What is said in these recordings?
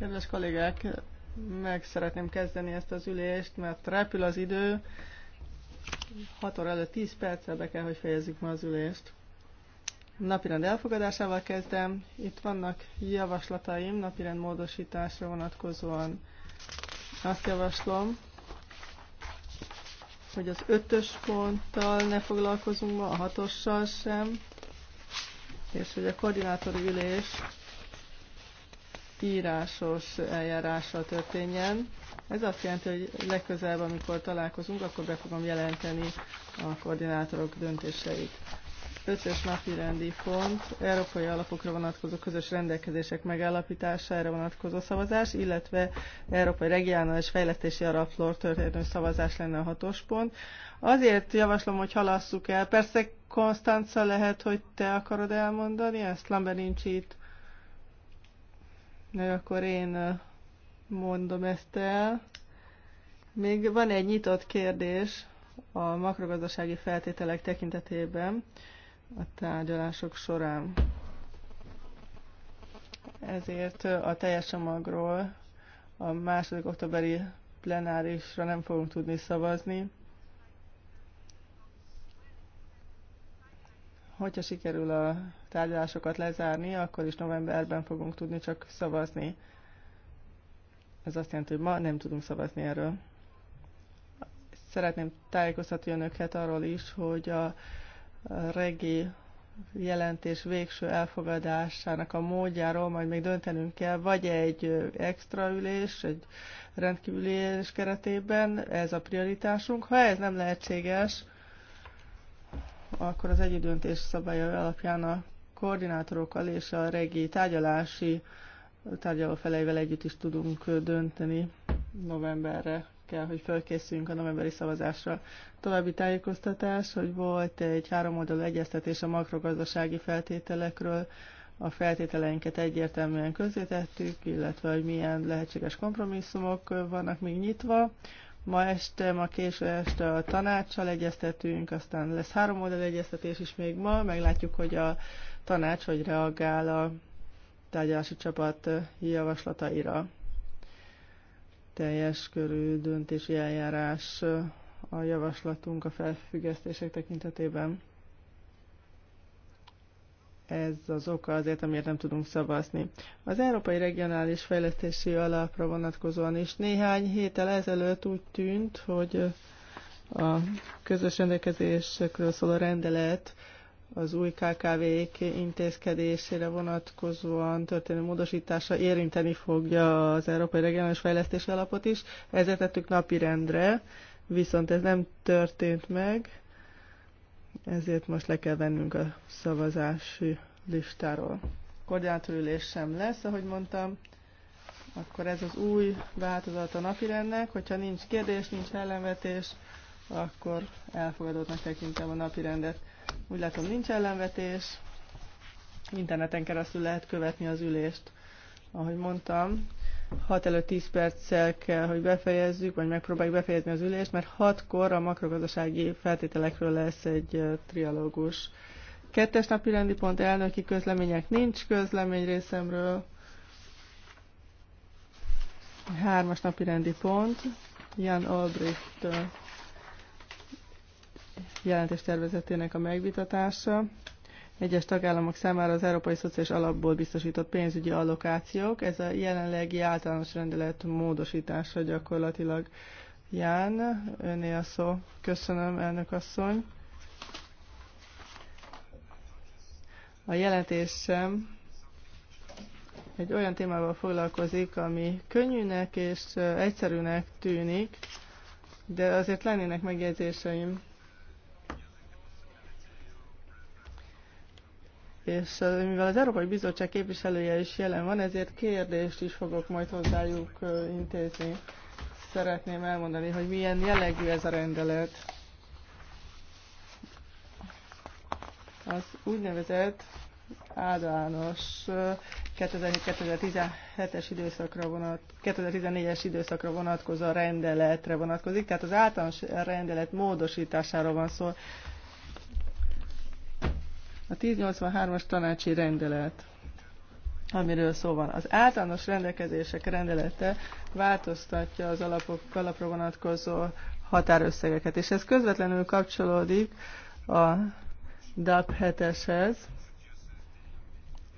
Kedves kollégák, meg szeretném kezdeni ezt az ülést, mert repül az idő. 6 óra előtt 10 perccel be kell, hogy fejezzük ma az ülést. Napirend elfogadásával kezdem. Itt vannak javaslataim napirend módosításra vonatkozóan. Azt javaslom, hogy az ötös ponttal ne foglalkozunk ma, a hatossal sem, és hogy a koordinátori ülés írásos eljárással történjen. Ez azt jelenti, hogy legközelebb, amikor találkozunk, akkor be fogom jelenteni a koordinátorok döntéseit. Összes napi rendi pont, európai alapokra vonatkozó közös rendelkezések megállapítására vonatkozó szavazás, illetve európai regionális fejlesztési alapról történő szavazás lenne a hatos pont. Azért javaslom, hogy halasszuk el. Persze Konstanca, lehet, hogy te akarod elmondani ezt? Lambert nincs itt. Meg akkor én mondom ezt el. Még van egy nyitott kérdés a makrogazdasági feltételek tekintetében a tárgyalások során. Ezért a teljes csomagról a második októberi plenárisra nem fogunk tudni szavazni. Hogyha sikerül a tárgyalásokat lezárni, akkor is novemberben fogunk tudni csak szavazni. Ez azt jelenti, hogy ma nem tudunk szavazni erről. Szeretném tájékoztatni önöket arról is, hogy a regi jelentés végső elfogadásának a módjáról majd még döntenünk kell, vagy egy extra ülés, egy rendkívüli ülés keretében, ez a prioritásunk. Ha ez nem lehetséges, akkor az együttdöntés szabálya alapján a koordinátorokkal és a regi tárgyalási tárgyalófeleivel együtt is tudunk dönteni novemberre kell, hogy felkészüljünk a novemberi szavazásra. További tájékoztatás, hogy volt egy háromoldalú egyeztetés a makrogazdasági feltételekről, a feltételeinket egyértelműen közzétettük, illetve hogy milyen lehetséges kompromisszumok vannak még nyitva. Ma este, ma késő este a tanácssal egyeztetünk, aztán lesz három oldal egyeztetés is még ma, meglátjuk, hogy a tanács hogy reagál a tárgyalási csapat javaslataira. Teljes körű döntési eljárás a javaslatunk a felfüggesztések tekintetében ez az oka azért, amiért nem tudunk szavazni. Az Európai Regionális Fejlesztési Alapra vonatkozóan is néhány héttel ezelőtt úgy tűnt, hogy a közös rendelkezésekről szóló rendelet az új KKV-k intézkedésére vonatkozóan történő módosítása érinteni fogja az Európai Regionális Fejlesztési Alapot is. Ezért tettük napirendre, viszont ez nem történt meg ezért most le kell vennünk a szavazási listáról. Koordinátorülés sem lesz, ahogy mondtam. Akkor ez az új változat a napirendnek, hogyha nincs kérdés, nincs ellenvetés, akkor elfogadottnak tekintem a napirendet. Úgy látom, nincs ellenvetés, interneten keresztül lehet követni az ülést. Ahogy mondtam, 6 előtt 10 perccel kell, hogy befejezzük, vagy megpróbáljuk befejezni az ülést, mert 6-kor a makrogazdasági feltételekről lesz egy trialógus. Kettes napi rendi pont elnöki közlemények nincs közlemény részemről. Hármas napi rendi pont. Jan Albrecht jelentés tervezetének a megvitatása egyes tagállamok számára az Európai Szociális Alapból biztosított pénzügyi allokációk. Ez a jelenlegi általános rendelet módosítása gyakorlatilag. Ján, öné a szó. Köszönöm, elnök asszony. A jelentésem egy olyan témával foglalkozik, ami könnyűnek és egyszerűnek tűnik, de azért lennének megjegyzéseim És mivel az Európai Bizottság képviselője is jelen van, ezért kérdést is fogok majd hozzájuk intézni. Szeretném elmondani, hogy milyen jellegű ez a rendelet. Az úgynevezett általános 2017-es időszakra vonat, 2014-es időszakra vonatkozó rendeletre vonatkozik, tehát az általános rendelet módosításáról van szó. A 1083-as tanácsi rendelet, amiről szó van. Az általános rendelkezések rendelete változtatja az alapok, alapra vonatkozó határösszegeket, és ez közvetlenül kapcsolódik a DAP 7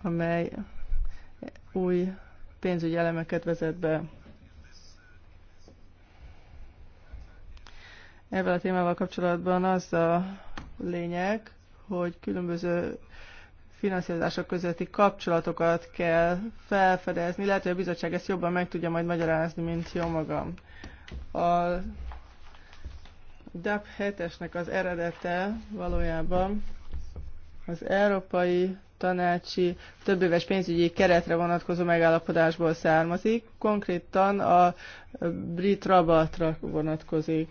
amely új pénzügyi elemeket vezet be. Ebben a témával kapcsolatban az a lényeg, hogy különböző finanszírozások közötti kapcsolatokat kell felfedezni. Lehet, hogy a bizottság ezt jobban meg tudja majd magyarázni, mint jó magam. A DAP 7-esnek az eredete valójában az Európai Tanácsi többéves pénzügyi keretre vonatkozó megállapodásból származik, konkrétan a brit rabatra vonatkozik.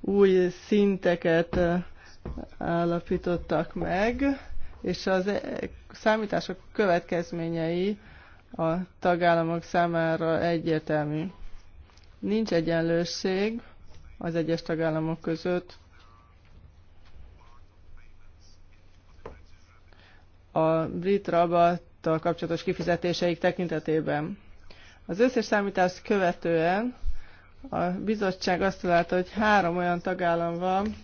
Új szinteket állapítottak meg, és az e- számítások következményei a tagállamok számára egyértelmű. Nincs egyenlőség az egyes tagállamok között. A brit rabattal kapcsolatos kifizetéseik tekintetében. Az összes számítást követően a bizottság azt találta, hogy három olyan tagállam van,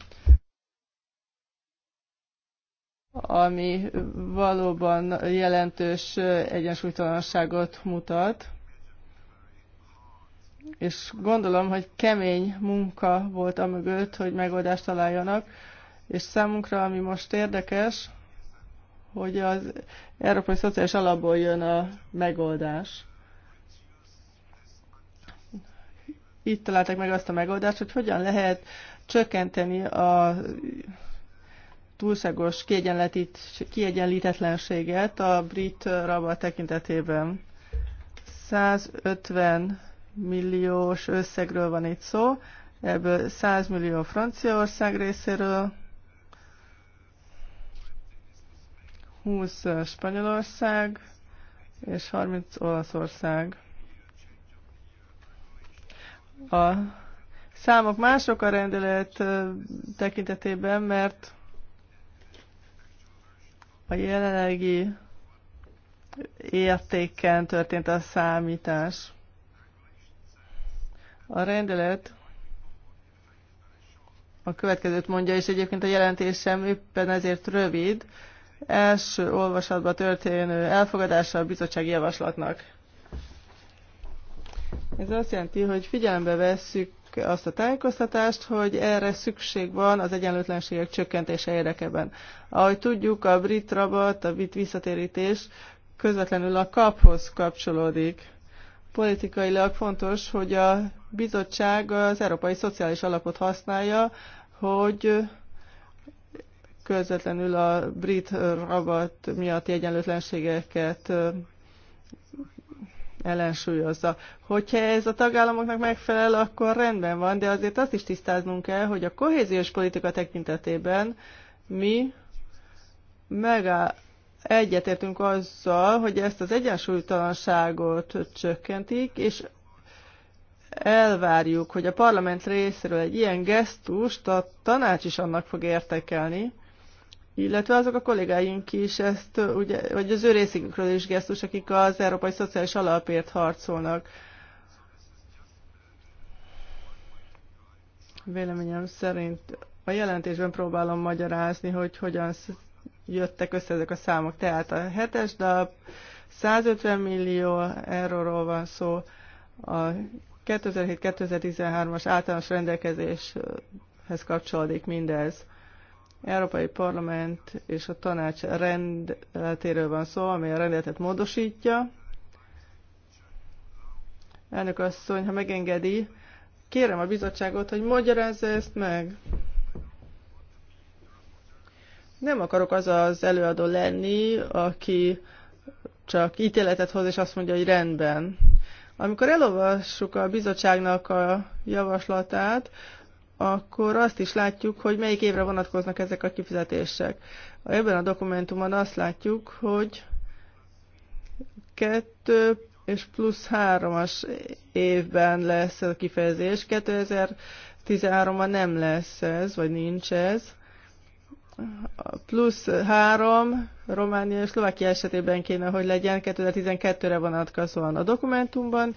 ami valóban jelentős egyensúlytalanságot mutat. És gondolom, hogy kemény munka volt a mögött, hogy megoldást találjanak. És számunkra, ami most érdekes, hogy az Európai Szociális Alapból jön a megoldás. Itt találták meg azt a megoldást, hogy hogyan lehet csökkenteni a túlságos kiegyenlítetlenséget a brit rabat tekintetében. 150 milliós összegről van itt szó, ebből 100 millió Franciaország részéről, 20 Spanyolország és 30 Olaszország. A számok mások a rendelet tekintetében, mert a jelenlegi értéken történt a számítás. A rendelet a következőt mondja, és egyébként a jelentésem éppen ezért rövid, első olvasatban történő elfogadása a bizottsági javaslatnak. Ez azt jelenti, hogy figyelembe vesszük azt a tájékoztatást, hogy erre szükség van az egyenlőtlenségek csökkentése érdekében. Ahogy tudjuk, a brit rabat, a brit visszatérítés közvetlenül a kaphoz kapcsolódik. Politikailag fontos, hogy a bizottság az Európai Szociális Alapot használja, hogy közvetlenül a brit rabat miatti egyenlőtlenségeket ellensúlyozza. Hogyha ez a tagállamoknak megfelel, akkor rendben van, de azért azt is tisztáznunk kell, hogy a kohéziós politika tekintetében mi megáll, egyetértünk azzal, hogy ezt az egyensúlytalanságot csökkentik, és elvárjuk, hogy a parlament részéről egy ilyen gesztust a tanács is annak fog értekelni, illetve azok a kollégáink is ezt, ugye, vagy az ő részünkről is gesztus, akik az Európai Szociális Alapért harcolnak. Véleményem szerint a jelentésben próbálom magyarázni, hogy hogyan jöttek össze ezek a számok. Tehát a hetes dap 150 millió euróról van szó, a 2007-2013-as általános rendelkezéshez kapcsolódik mindez. Európai Parlament és a tanács rendeletéről van szó, ami a rendeletet módosítja. Elnök asszony, ha megengedi, kérem a bizottságot, hogy magyarázza ezt meg. Nem akarok az az előadó lenni, aki csak ítéletet hoz, és azt mondja, hogy rendben. Amikor elolvassuk a bizottságnak a javaslatát, akkor azt is látjuk, hogy melyik évre vonatkoznak ezek a kifizetések. Ebben a dokumentumban azt látjuk, hogy 2 és plusz 3-as évben lesz a kifejezés. 2013-ban nem lesz ez, vagy nincs ez. Plusz 3 Románia és Szlovákia esetében kéne, hogy legyen 2012-re vonatkozóan a dokumentumban.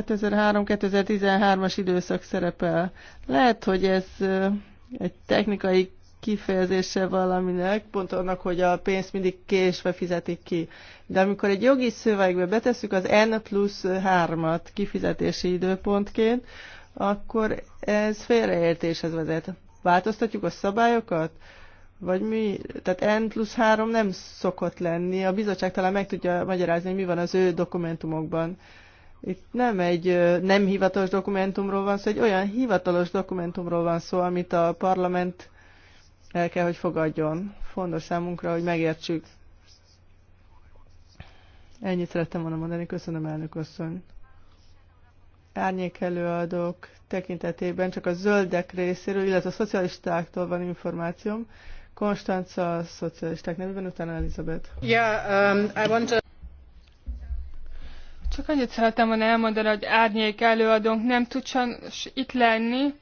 2003-2013-as időszak szerepel. Lehet, hogy ez egy technikai kifejezése valaminek, pont annak, hogy a pénzt mindig késve fizetik ki. De amikor egy jogi szövegbe betesszük az N plusz 3-at kifizetési időpontként, akkor ez félreértéshez vezet. Változtatjuk a szabályokat? Vagy mi? Tehát N plusz 3 nem szokott lenni. A bizottság talán meg tudja magyarázni, hogy mi van az ő dokumentumokban. Itt nem egy nem hivatalos dokumentumról van szó, egy olyan hivatalos dokumentumról van szó, amit a parlament el kell, hogy fogadjon. Fontos számunkra, hogy megértsük. Ennyit szerettem volna mondani. Köszönöm, elnök asszony. Árnyék előadók tekintetében csak a zöldek részéről, illetve a szocialistáktól van információm. Konstanca a szocialisták nevében, utána Elizabeth. Yeah, um, I want to... Csak annyit szeretem volna elmondani, hogy árnyék előadónk nem tud sajnos itt lenni.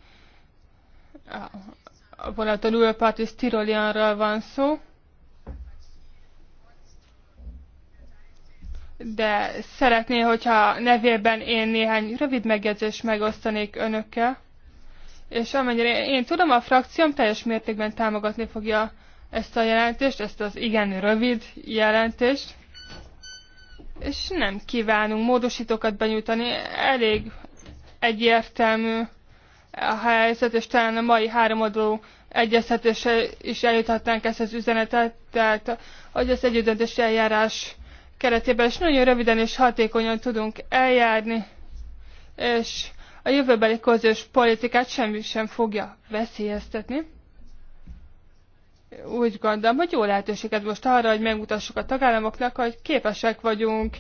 A vonaton és Tirolianról van szó. De szeretné, hogyha nevében én néhány rövid megjegyzést megosztanék önökkel. És amennyire én tudom, a frakcióm teljes mértékben támogatni fogja ezt a jelentést, ezt az igen rövid jelentést és nem kívánunk módosítókat benyújtani. Elég egyértelmű a helyzet, és talán a mai háromadó egyeztetése is eljuthatnánk ezt az üzenetet, tehát hogy az együttdöntés eljárás keretében is nagyon röviden és hatékonyan tudunk eljárni, és a jövőbeli közös politikát semmi sem fogja veszélyeztetni úgy gondolom, hogy jó lehetőséget most arra, hogy megmutassuk a tagállamoknak, hogy képesek vagyunk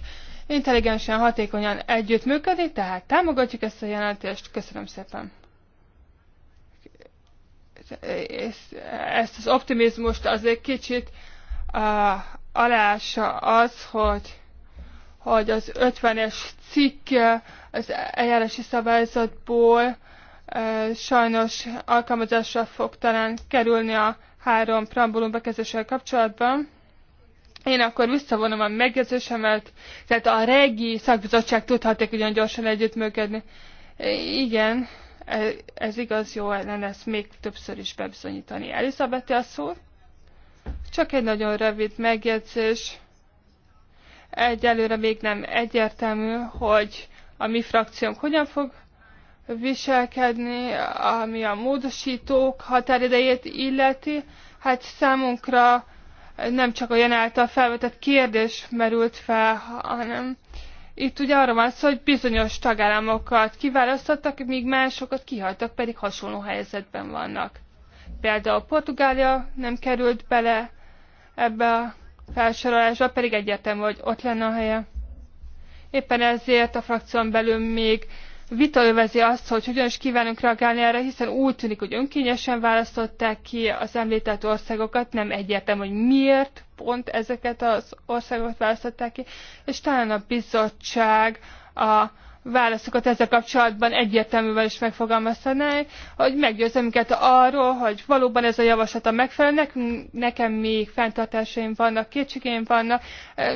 intelligensen, hatékonyan együttműködni, tehát támogatjuk ezt a jelentést. Köszönöm szépen! Ezt az optimizmust azért kicsit uh, alása az, hogy, hogy az 50-es cikk az eljárási szabályzatból uh, sajnos alkalmazásra fog talán kerülni a három preambulum bekezdéssel kapcsolatban. Én akkor visszavonom a megjegyzésemet, tehát a regi szakbizottság tudhaték ugyan gyorsan együttműködni. Igen, e- ez igaz, jó ellen ezt még többször is bebizonyítani. Elizabeth a szó. Csak egy nagyon rövid megjegyzés. Egyelőre még nem egyértelmű, hogy a mi frakciónk hogyan fog viselkedni, ami a módosítók határidejét illeti. Hát számunkra nem csak olyan által felvetett kérdés merült fel, hanem itt ugye arra van szó, hogy bizonyos tagállamokat kiválasztottak, míg másokat kihagytak, pedig hasonló helyzetben vannak. Például Portugália nem került bele ebbe a felsorolásba, pedig egyértelmű, hogy ott lenne a helye. Éppen ezért a frakción belül még vita övezi azt, hogy hogyan is kívánunk reagálni erre, hiszen úgy tűnik, hogy önkényesen választották ki az említett országokat, nem egyértelmű, hogy miért pont ezeket az országokat választották ki, és talán a bizottság a, válaszokat ezzel kapcsolatban egyértelművel is megfogalmaztanák, hogy meggyőzze minket arról, hogy valóban ez a javaslat a megfelelő. Nekünk, nekem még fenntartásaim vannak, kétségeim vannak,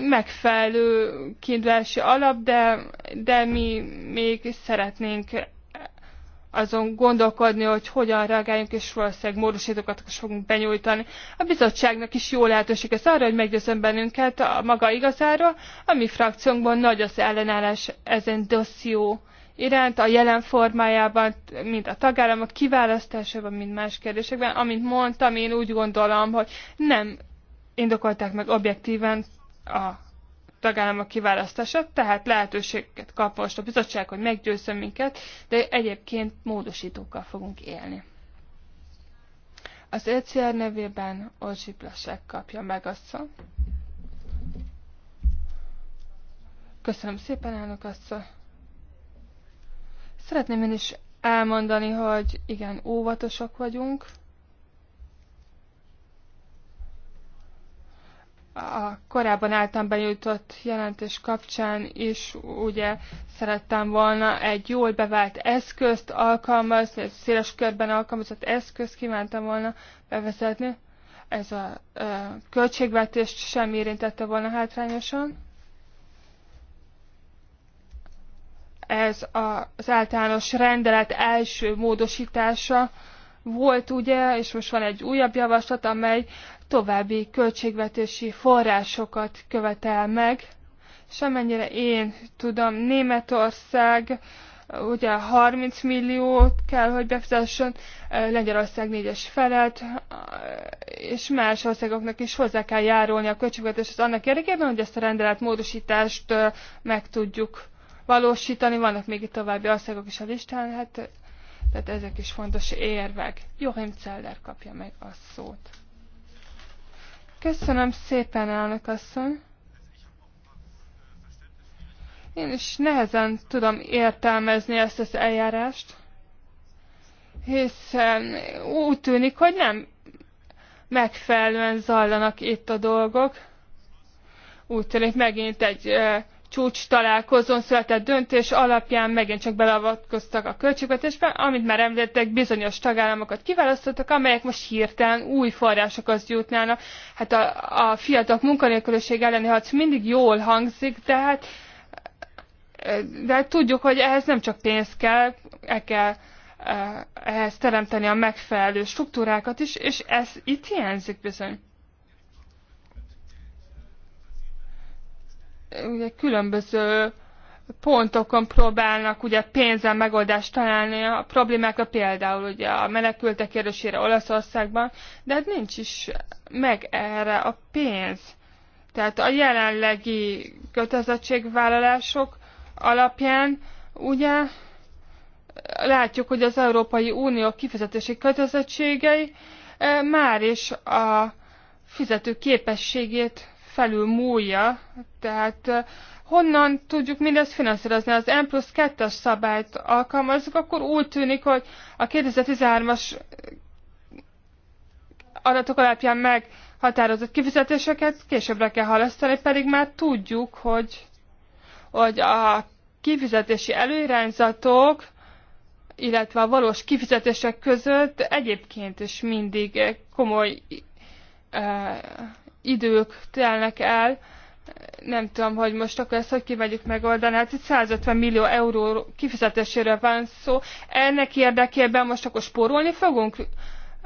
megfelelő kiindulási alap, de, de mi még szeretnénk azon gondolkodni, hogy hogyan reagáljunk, és valószínűleg módosítókat is fogunk benyújtani. A bizottságnak is jó lehetőség ez arra, hogy meggyőzön bennünket a maga igazáról. A mi frakciónkban nagy az ellenállás ezen dosszió iránt, a jelen formájában, mint a tagállamok kiválasztásában, mint más kérdésekben. Amint mondtam, én úgy gondolom, hogy nem indokolták meg objektíven a tagállamok kiválasztása, tehát lehetőséget kap most a bizottság, hogy meggyőzzön minket, de egyébként módosítókkal fogunk élni. Az ECR nevében Olcsi Plasek kapja meg azt, szó. Köszönöm szépen, elnök asszony. Szeretném én is elmondani, hogy igen, óvatosak vagyunk. a korábban általán benyújtott jelentés kapcsán is ugye szerettem volna egy jól bevált eszközt alkalmazni, egy széles körben alkalmazott eszközt kívántam volna bevezetni. Ez a ö, költségvetést sem érintette volna hátrányosan. Ez a, az általános rendelet első módosítása, volt ugye, és most van egy újabb javaslat, amely további költségvetési forrásokat követel meg, Semennyire én tudom, Németország uh, ugye 30 milliót kell, hogy befizessen, uh, Lengyelország négyes felett, uh, és más országoknak is hozzá kell járulni a költségvetéshez annak érdekében, hogy ezt a rendelet módosítást meg tudjuk valósítani. Vannak még itt további országok is a listán, hát, tehát ezek is fontos érvek. Joachim Zeller kapja meg a szót. Köszönöm szépen, elnök asszony. Én is nehezen tudom értelmezni ezt az eljárást, hiszen úgy tűnik, hogy nem megfelelően zajlanak itt a dolgok. Úgy tűnik megint egy uh, csúcs találkozón született döntés alapján megint csak beleavatkoztak a költségvetésbe, amit már említettek, bizonyos tagállamokat kiválasztottak, amelyek most hirtelen új forrásokhoz jutnának. Hát a, a fiatalok munkanélküliség elleni harc mindig jól hangzik, de hát de hát tudjuk, hogy ehhez nem csak pénz kell, e kell e, ehhez teremteni a megfelelő struktúrákat is, és ez itt hiányzik bizony. ugye különböző pontokon próbálnak ugye pénzzel megoldást találni a problémákra, például ugye a menekültek kérdésére Olaszországban, de hát nincs is meg erre a pénz. Tehát a jelenlegi kötelezettségvállalások alapján ugye látjuk, hogy az Európai Unió kifizetési kötelezettségei eh, már is a fizető képességét felül múlja, tehát eh, honnan tudjuk mindezt finanszírozni? Az N plusz 2-es szabályt alkalmazzuk, akkor úgy tűnik, hogy a 2013-as eh, adatok alapján meghatározott kifizetéseket későbbre kell halasztani, pedig már tudjuk, hogy, hogy a kifizetési előirányzatok illetve a valós kifizetések között egyébként is mindig eh, komoly idők telnek el, nem tudom, hogy most akkor ezt hogy kimegyük megoldani. Hát itt 150 millió euró kifizetéséről van szó. Ennek érdekében most akkor spórolni fogunk?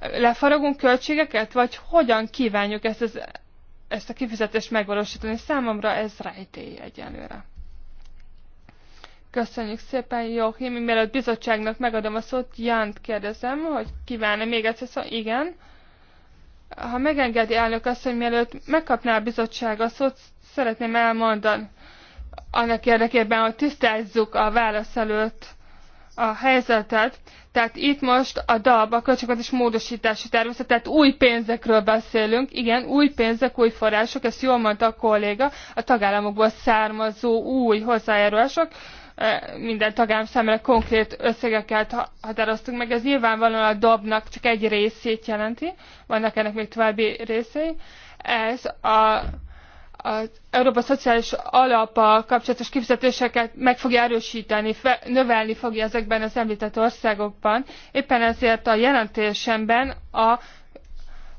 Lefaragunk költségeket? Vagy hogyan kívánjuk ezt, az, ezt a kifizetést megvalósítani? Számomra ez rejtély egyenlőre. Köszönjük szépen, jó, én Mielőtt bizottságnak megadom a szót, Jánt kérdezem, hogy kívánni még egyszer szó. Igen. Ha megengedi elnök azt, hogy mielőtt megkapná a bizottság a szót, szeretném elmondani annak érdekében, hogy tisztázzuk a válasz előtt a helyzetet. Tehát itt most a DAB, a költségvetés módosítási tervezet, tehát új pénzekről beszélünk. Igen, új pénzek, új források, ezt jól mondta a kolléga, a tagállamokból származó új hozzájárulások minden tagállam számára konkrét összegeket határoztunk meg. Ez nyilvánvalóan a dobnak csak egy részét jelenti, vannak ennek még további részei. Ez a az Európa Szociális Alapa kapcsolatos kifizetéseket meg fogja erősíteni, fe, növelni fogja ezekben az említett országokban. Éppen ezért a jelentésemben a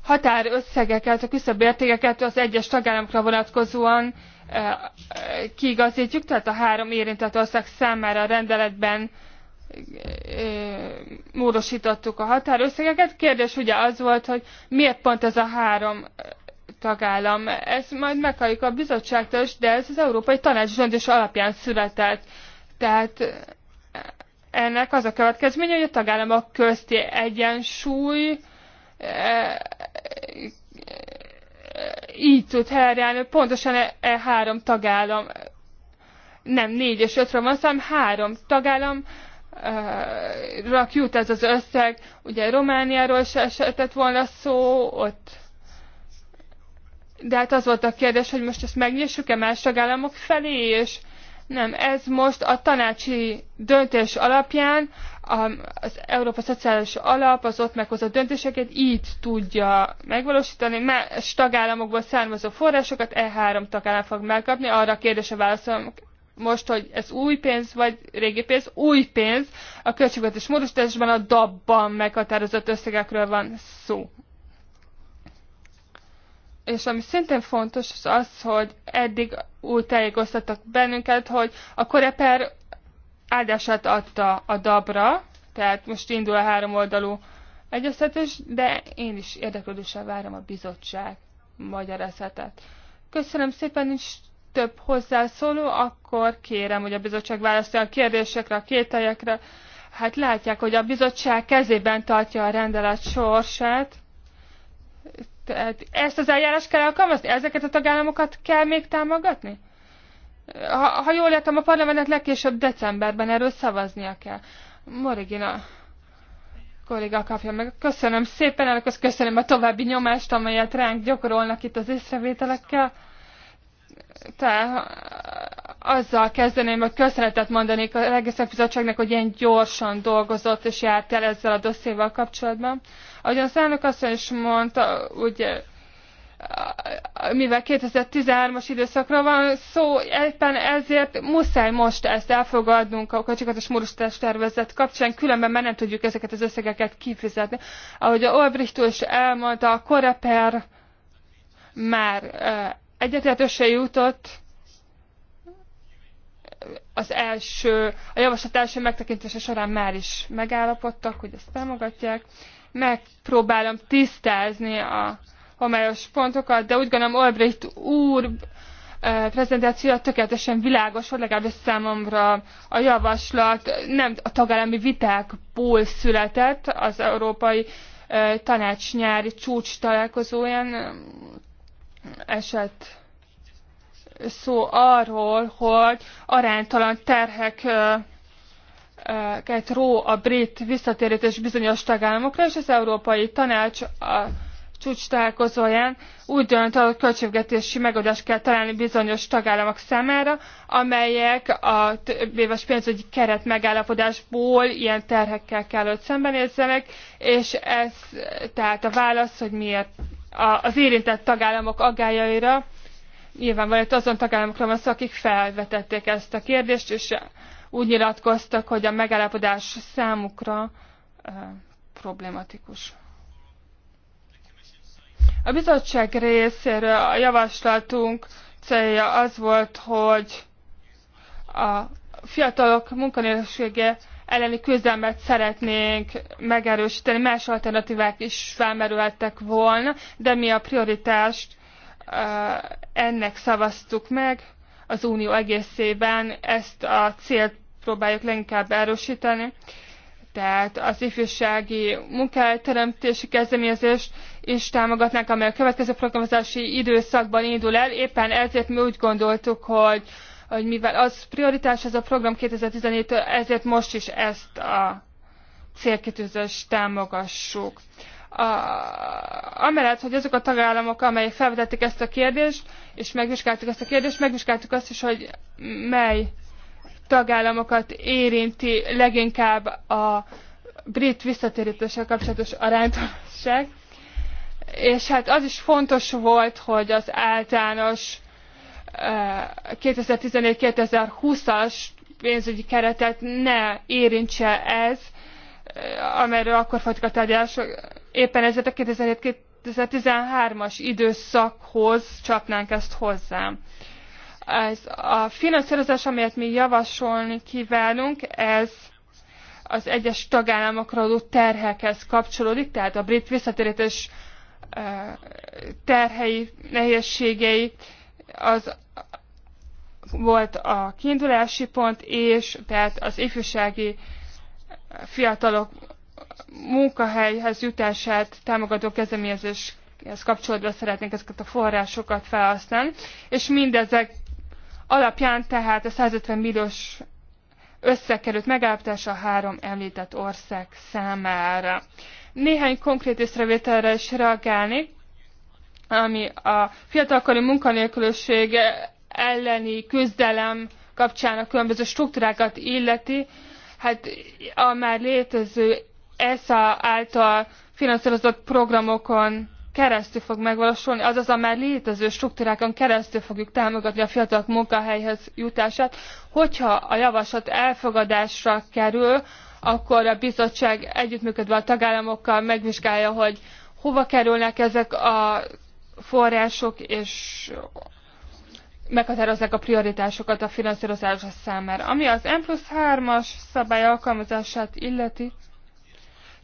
határösszegeket, a értékeket az egyes tagállamokra vonatkozóan kiigazítjuk, tehát a három érintett ország számára a rendeletben módosítottuk a határösszegeket. Kérdés ugye az volt, hogy miért pont ez a három tagállam. Ezt majd meghalljuk a bizottságtól is, de ez az Európai Tanács döntés alapján született. Tehát ennek az a következménye, hogy a tagállamok közti egyensúly így tud herjálni, pontosan e, e három tagállam, nem négy és ötre van, hanem három tagállam, e, jut ez az összeg, ugye Romániáról se esetett volna szó, ott de hát az volt a kérdés, hogy most ezt megnyissuk-e más tagállamok felé, és nem, ez most a tanácsi döntés alapján az Európa Szociális Alap az ott meghozott döntéseket így tudja megvalósítani. Más tagállamokból származó forrásokat E3 tagállam fog megkapni. Arra a kérdésre válaszolom most, hogy ez új pénz, vagy régi pénz, új pénz, a költségvetés módosításban a DAB-ban meghatározott összegekről van szó. És ami szintén fontos, az az, hogy eddig úgy tájékoztattak bennünket, hogy a Koreper áldását adta a dabra, tehát most indul a három oldalú egyeztetés, de én is érdeklődéssel várom a bizottság magyarázatát. Köszönöm szépen, nincs több hozzászóló, akkor kérem, hogy a bizottság válaszol a kérdésekre, a kételyekre. Hát látják, hogy a bizottság kezében tartja a rendelet sorsát. Tehát ezt az eljárás kell alkalmazni? Ezeket a tagállamokat kell még támogatni? ha, ha jól értem, a parlamentet legkésőbb decemberben erről szavaznia kell. Morigina kolléga kapja meg. Köszönöm szépen, elnök, köszönöm a további nyomást, amelyet ránk gyakorolnak itt az észrevételekkel. Te, azzal kezdeném, hogy köszönetet mondanék a Legeszek Bizottságnak, hogy ilyen gyorsan dolgozott és járt el ezzel a dosszéval kapcsolatban. Ahogyan az elnök azt is mondta, ugye mivel 2013-as időszakra van szó, éppen ezért muszáj most ezt elfogadnunk a kocsikat módosítás tervezet kapcsán, különben már nem tudjuk ezeket az összegeket kifizetni. Ahogy a Olbricht is elmondta, a Koreper már egyetértőse jutott az első, a javaslat első megtekintése során már is megállapodtak, hogy ezt támogatják. Megpróbálom tisztázni a homályos pontokat, de úgy gondolom Olbricht úr eh, prezentációja tökéletesen világos, vagy legalábbis számomra a javaslat nem a tagállami vitákból született az Európai eh, Tanács nyári csúcs találkozóján eh, esett szó arról, hogy aránytalan terhek ró a brit visszatérítés bizonyos tagállamokra, és az Európai Tanács a csúcs találkozóján úgy dönt, hogy költségvetési megoldást kell találni bizonyos tagállamok számára, amelyek a több éves pénzügyi keret megállapodásból ilyen terhekkel kell, hogy szembenézzenek, és ez tehát a válasz, hogy miért az érintett tagállamok aggájaira, nyilvánvalóan azon tagállamokra van szó, akik felvetették ezt a kérdést, és úgy nyilatkoztak, hogy a megállapodás számukra eh, problematikus. A bizottság részéről a javaslatunk célja az volt, hogy a fiatalok munkanélkülsége elleni küzdelmet szeretnénk megerősíteni, más alternatívák is felmerültek volna, de mi a prioritást ennek szavaztuk meg, az Unió egészében ezt a célt próbáljuk leginkább erősíteni. Tehát az ifjúsági munkahelyteremtési kezdeményezést is támogatnánk, amely a következő programozási időszakban indul el. Éppen ezért mi úgy gondoltuk, hogy, hogy mivel az prioritás, ez a program 2017 ezért most is ezt a célkitűzést támogassuk. A, amellett, hogy azok a tagállamok, amelyek felvetették ezt a kérdést, és megvizsgáltuk ezt a kérdést, megvizsgáltuk azt is, hogy mely tagállamokat érinti leginkább a brit visszatérítéssel kapcsolatos aránytalanság és hát az is fontos volt, hogy az általános 2014-2020-as pénzügyi keretet ne érintse ez, amelyről akkor folytik a tárgyalások. Éppen ezért a 2013-as időszakhoz csapnánk ezt hozzá. Ez a finanszírozás, amelyet mi javasolni kívánunk, ez az egyes tagállamokra adó terhekhez kapcsolódik, tehát a brit visszatérítés terhei, nehézségei, az volt a kiindulási pont, és tehát az ifjúsági fiatalok munkahelyhez jutását támogató kezdeményezéshez kapcsolatban szeretnénk ezeket a forrásokat felhasználni, és mindezek alapján tehát a 150 milliós összekerült megállapítása a három említett ország számára. Néhány konkrét észrevételre is reagálni, ami a fiatalkori munkanélkülösség elleni küzdelem kapcsán a különböző struktúrákat illeti, hát a már létező ESA által finanszírozott programokon keresztül fog megvalósulni, azaz a már létező struktúrákon keresztül fogjuk támogatni a fiatalok munkahelyhez jutását. Hogyha a javaslat elfogadásra kerül, akkor a bizottság együttműködve a tagállamokkal megvizsgálja, hogy hova kerülnek ezek a források, és meghatározzák a prioritásokat a finanszírozás számára. Ami az M plusz 3-as szabály alkalmazását illeti,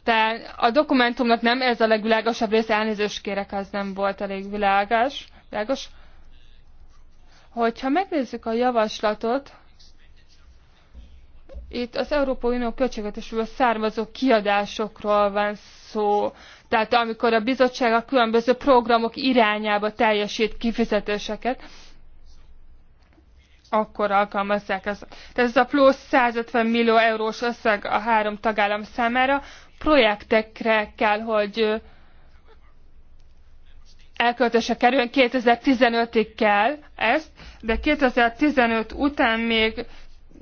tehát a dokumentumnak nem ez a legvilágosabb rész, elnézést kérek, az nem volt elég világos. világos. Hogyha megnézzük a javaslatot, itt az Európai Unió költségvetésből származó kiadásokról van szó. Tehát amikor a bizottság a különböző programok irányába teljesít kifizetéseket, akkor alkalmazzák ezt. Tehát ez a plusz 150 millió eurós összeg a három tagállam számára, projektekre kell, hogy elköltése kerüljön, 2015-ig kell ezt, de 2015 után még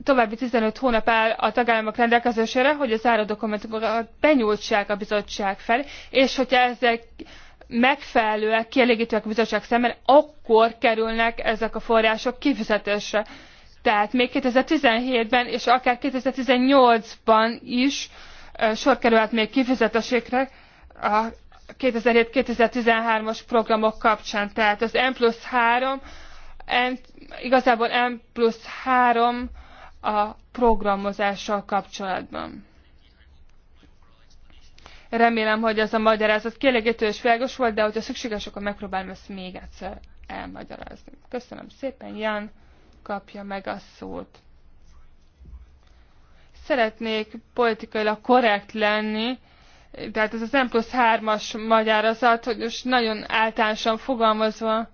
további 15 hónap áll a tagállamok rendelkezésére, hogy az áradokumentumokat benyújtsák a bizottság felé, és hogyha ezek megfelelőek, kielégítőek a bizottság szemben, akkor kerülnek ezek a források kifizetésre. Tehát még 2017-ben és akár 2018-ban is sor kerülhet még kifizetésekre a 2007-2013-as programok kapcsán. Tehát az M plusz 3, M, igazából M plusz 3 a programozással kapcsolatban. Remélem, hogy ez a magyarázat kielégítő és világos volt, de hogyha szükséges, akkor megpróbálom ezt még egyszer elmagyarázni. Köszönöm szépen, Jan kapja meg a szót szeretnék politikailag korrekt lenni, tehát ez az M plusz 3-as magyarázat, hogy most nagyon általánosan fogalmazva,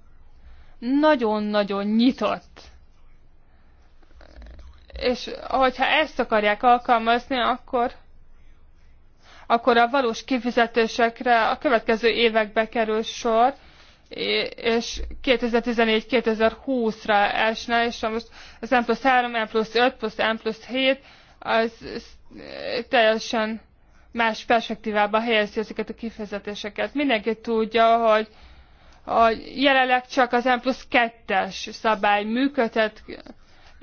nagyon-nagyon nyitott. És hogyha ezt akarják alkalmazni, akkor, akkor a valós kifizetésekre a következő évekbe kerül sor, és 2014-2020-ra esne, és most az M plusz 3, M plusz 5, plusz M plusz 7, az eh, teljesen más perspektívába helyezi ezeket a kifejezetéseket. Mindenki tudja, hogy a jelenleg csak az M plusz 2-es szabály működhet,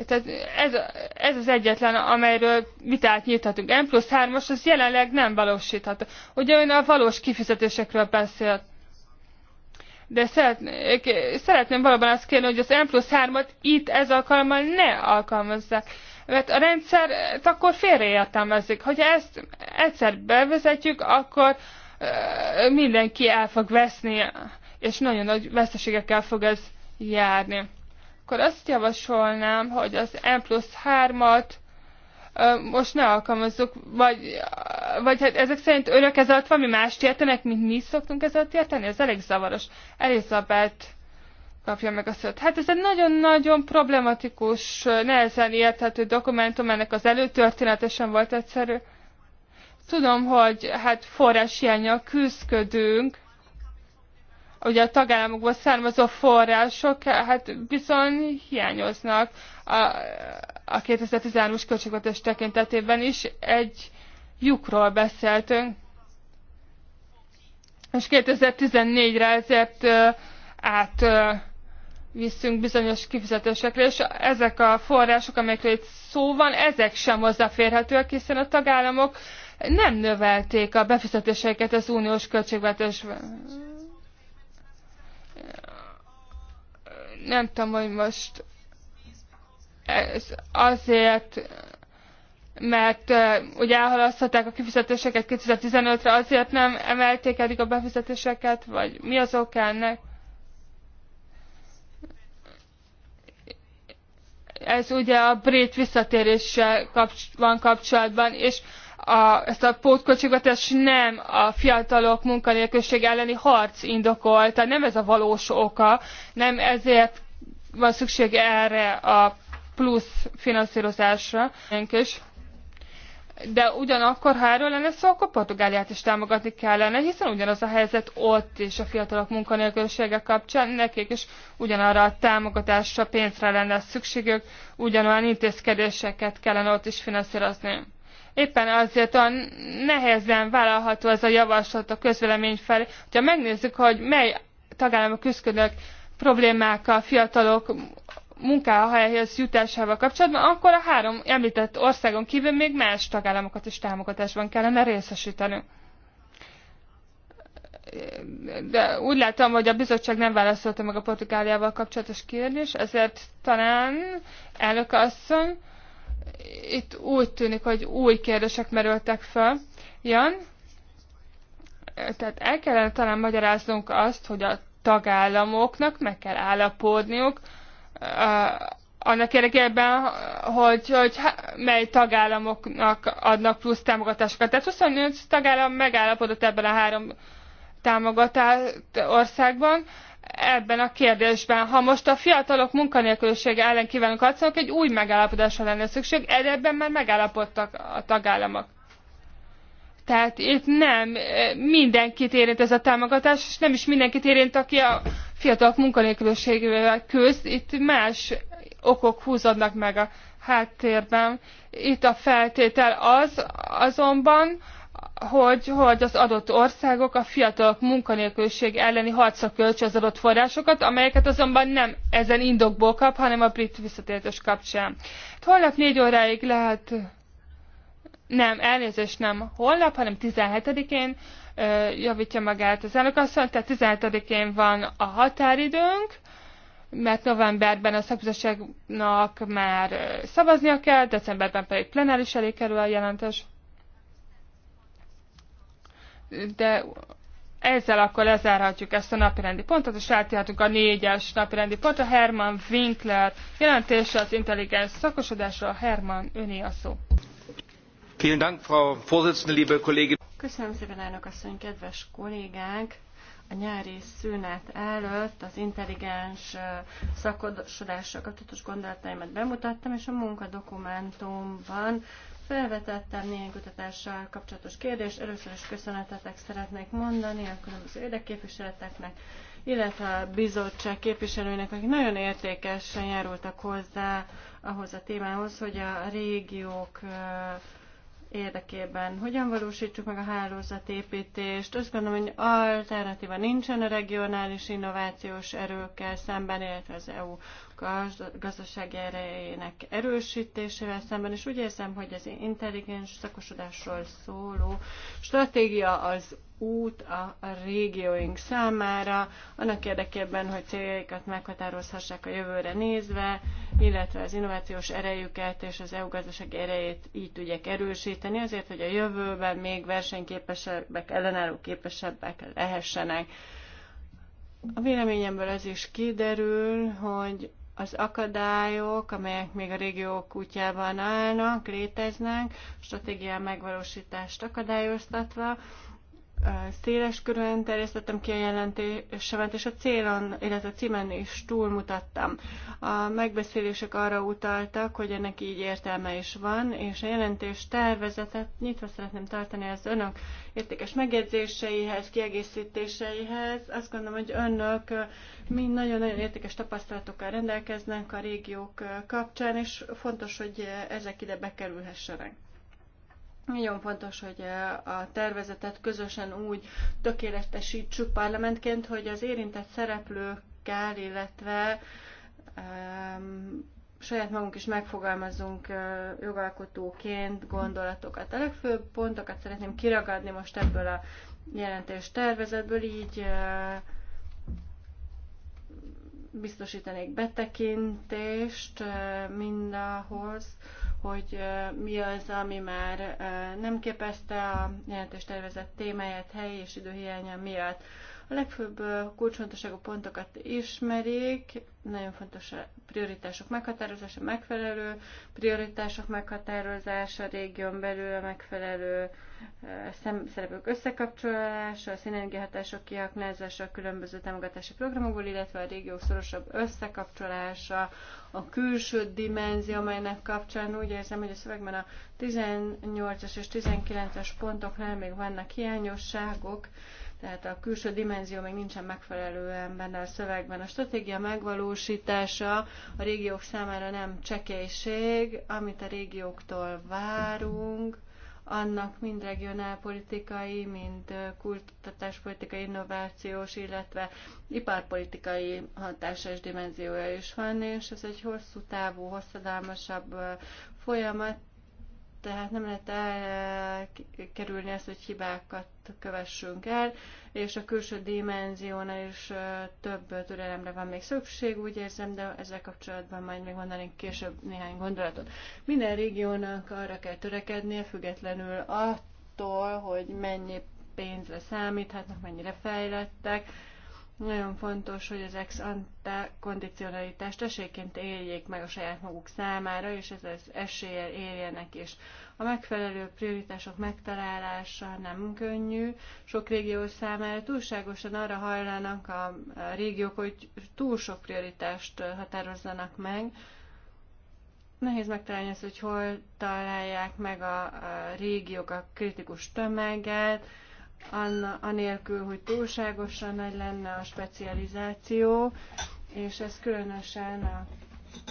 tehát ez, ez az egyetlen, amelyről vitát nyithatunk. M plusz 3-as az jelenleg nem valósítható. Ugye ön a valós kifizetésekről beszélt. De szeretném, eh, szeretném valóban azt kérni, hogy az M plusz 3-at itt ez alkalommal ne alkalmazzák mert hát a rendszer, hát akkor félreértelmezik. Hogyha ezt egyszer bevezetjük, akkor mindenki el fog veszni, és nagyon nagy veszteségekkel fog ez járni. Akkor azt javasolnám, hogy az M plusz 3-at most ne alkalmazzuk, vagy, vagy hát ezek szerint önök ez alatt valami mást értenek, mint mi szoktunk ez alatt érteni? Ez elég zavaros. Elizabeth kapja meg a szót. Hát ez egy nagyon-nagyon problematikus, nehezen érthető dokumentum, ennek az előtörténetesen volt egyszerű. Tudom, hogy hát forrás hiányjal küzdködünk, ugye a tagállamokból származó források hát bizony hiányoznak a, a 2013-as költségvetés tekintetében is. Egy lyukról beszéltünk, és 2014-re ezért át viszünk bizonyos kifizetésekre, és ezek a források, amelyekről itt szó van, ezek sem hozzáférhetőek, hiszen a tagállamok nem növelték a befizetéseiket az uniós költségvetésben. Nem tudom, hogy most ez azért, mert ugye elhalasztották a kifizetéseket 2015-re, azért nem emelték eddig a befizetéseket, vagy mi az oka ennek? ez ugye a brit visszatéréssel kapcs van kapcsolatban, és a, ezt a pótköltségvetés nem a fiatalok munkanélküliség elleni harc indokolta, tehát nem ez a valós oka, nem ezért van szükség erre a plusz finanszírozásra. És de ugyanakkor, ha erről lenne szó, akkor Portugáliát is támogatni kellene, hiszen ugyanaz a helyzet ott és a fiatalok munkanélkülisége kapcsán, nekik is ugyanarra a támogatásra, pénzre lenne szükségük, ugyanolyan intézkedéseket kellene ott is finanszírozni. Éppen azért a nehezen vállalható ez a javaslat a közvélemény felé. Ha megnézzük, hogy mely tagállamok küzdködnek problémákkal, fiatalok munkahelyhez jutásával kapcsolatban, akkor a három említett országon kívül még más tagállamokat is támogatásban kellene részesíteni. De úgy látom, hogy a bizottság nem válaszolta meg a Portugáliával kapcsolatos kérdés, ezért talán elnök asszony, itt úgy tűnik, hogy új kérdések merültek fel. Jan, tehát el kellene talán magyaráznunk azt, hogy a tagállamoknak meg kell állapodniuk, annak érdekében, hogy, hogy mely tagállamoknak adnak plusz támogatásokat. Tehát 28 tagállam megállapodott ebben a három támogatás országban ebben a kérdésben. Ha most a fiatalok munkanélkülisége ellen kívánunk harcolni, egy új megállapodásra lenne szükség, ebben már megállapodtak a tagállamok. Tehát itt nem mindenkit érint ez a támogatás, és nem is mindenkit érint, aki a fiatalok munkanélküliségével küzd. Itt más okok húzódnak meg a háttérben. Itt a feltétel az azonban, hogy, hogy az adott országok a fiatalok munkanélküliség elleni harcra költse az adott forrásokat, amelyeket azonban nem ezen indokból kap, hanem a brit visszatértés kapcsán. Holnap négy óráig lehet nem, elnézést nem holnap, hanem 17-én javítja magát az elnökasszony, tehát 17-én van a határidőnk, mert novemberben a szakbizottságnak már szavaznia kell, decemberben pedig plenáris elé kerül a jelentés. De ezzel akkor lezárhatjuk ezt a napirendi pontot, és átjártunk a négyes napirendi pontra. Herman Winkler jelentése az intelligens szakosodásról. Herman, öné a szó. Köszönöm szépen, kedves kollégák! A nyári szünet előtt az intelligens szakosodással kapcsolatos gondolataimat bemutattam, és a munkadokumentumban felvetettem néhány kutatással kapcsolatos kérdést. Először is köszönetetek szeretnék mondani a különböző érdekképviseleteknek, illetve a bizottság képviselőinek, akik nagyon értékesen járultak hozzá ahhoz a témához, hogy a régiók érdekében hogyan valósítsuk meg a hálózatépítést. Azt gondolom, hogy alternatíva nincsen a regionális innovációs erőkkel szemben, illetve az EU gazdaság erejének erősítésével szemben, és úgy érzem, hogy az intelligens szakosodásról szóló stratégia az út a régióink számára, annak érdekében, hogy céljaikat meghatározhassák a jövőre nézve, illetve az innovációs erejüket és az EU gazdaság erejét így tudják erősíteni, azért, hogy a jövőben még versenyképesebbek, ellenálló képesebbek lehessenek. A véleményemből az is kiderül, hogy az akadályok, amelyek még a régiók útjában állnak, léteznek, stratégiá megvalósítást akadályoztatva, széles körülön terjesztettem ki a jelentésemet, és a célon, illetve a címen is túlmutattam. A megbeszélések arra utaltak, hogy ennek így értelme is van, és a jelentés tervezetet nyitva szeretném tartani az önök értékes megjegyzéseihez, kiegészítéseihez. Azt gondolom, hogy önök mind nagyon-nagyon értékes tapasztalatokkal rendelkeznek a régiók kapcsán, és fontos, hogy ezek ide bekerülhessenek. Nagyon fontos, hogy a tervezetet közösen úgy tökéletesítsük parlamentként, hogy az érintett szereplőkkel, illetve um, saját magunk is megfogalmazunk jogalkotóként gondolatokat. A legfőbb pontokat szeretném kiragadni most ebből a jelentés tervezetből, így biztosítanék betekintést mindahhoz, hogy mi az, ami már nem képezte a jelentés tervezett témáját helyi és időhiánya miatt. A legfőbb kulcsfontosságú pontokat ismerik, nagyon fontos a prioritások meghatározása, megfelelő prioritások meghatározása, a régión belül a megfelelő szereplők összekapcsolása, a szinergiahatások kiaknázása a különböző támogatási programokból, illetve a régiók szorosabb összekapcsolása, a külső dimenzió, amelynek kapcsán úgy érzem, hogy a szövegben a 18-as és 19-as pontoknál még vannak hiányosságok, tehát a külső dimenzió még nincsen megfelelően benne a szövegben. A stratégia megvalósítása a régiók számára nem csekélység, amit a régióktól várunk, annak mind regionálpolitikai, mind kultatáspolitikai, innovációs, illetve iparpolitikai hatásos dimenziója is van, és ez egy hosszú távú, hosszadalmasabb folyamat, tehát nem lehet elkerülni azt, hogy hibákat kövessünk el, és a külső dimenziónál is több türelemre van még szükség, úgy érzem, de ezzel kapcsolatban majd még mondanék később néhány gondolatot. Minden régiónak arra kell törekednie, függetlenül attól, hogy mennyi pénzre számíthatnak, mennyire fejlettek, nagyon fontos, hogy az ex ante kondicionalitást esélyként éljék meg a saját maguk számára, és ez az eséllyel éljenek is. A megfelelő prioritások megtalálása nem könnyű. Sok régió számára túlságosan arra hajlanak a régiók, hogy túl sok prioritást határozzanak meg. Nehéz megtalálni azt, hogy hol találják meg a, a régiók a kritikus tömeget, anélkül, hogy túlságosan nagy lenne a specializáció, és ez különösen a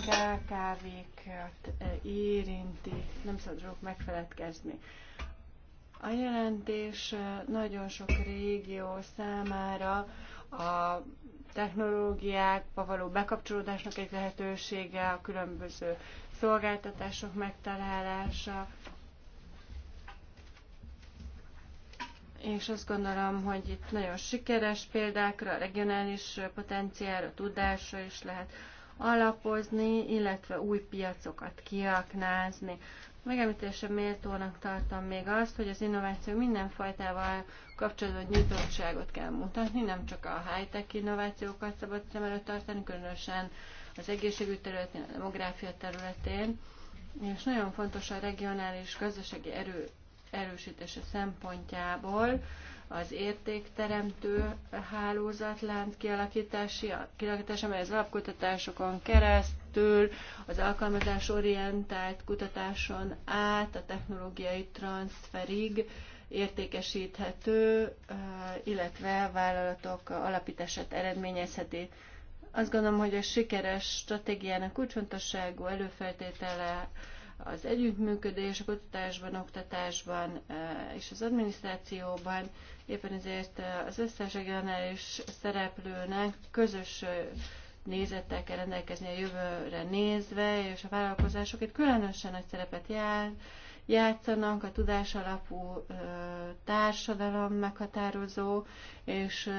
KKV-kat eh, érinti, nem szabad megfeledkezni. A jelentés eh, nagyon sok régió számára a technológiákba való bekapcsolódásnak egy lehetősége, a különböző szolgáltatások megtalálása, és azt gondolom, hogy itt nagyon sikeres példákra, a regionális potenciálra, tudásra is lehet alapozni, illetve új piacokat kiaknázni. Megemlítésre méltónak tartom még azt, hogy az innováció minden fajtával kapcsolatban nyitottságot kell mutatni, nem csak a high-tech innovációkat szabad szem előtt tartani, különösen az egészségügy területén, a demográfia területén, és nagyon fontos a regionális gazdasági erő erősítése szempontjából az értékteremtő hálózatlánc kialakítása, kialakítása, mely az alapkutatásokon keresztül, az alkalmazás orientált kutatáson át, a technológiai transferig értékesíthető, eh, illetve vállalatok alapítását eredményezheti. Azt gondolom, hogy a sikeres stratégiának kulcsfontosságú előfeltétele az együttműködés, a kutatásban, oktatásban eh, és az adminisztrációban. Éppen ezért eh, az összes regionális szereplőnek közös eh, nézettel kell rendelkezni a jövőre nézve, és a vállalkozások itt különösen nagy szerepet jár, játszanak a tudásalapú társadalom meghatározó, és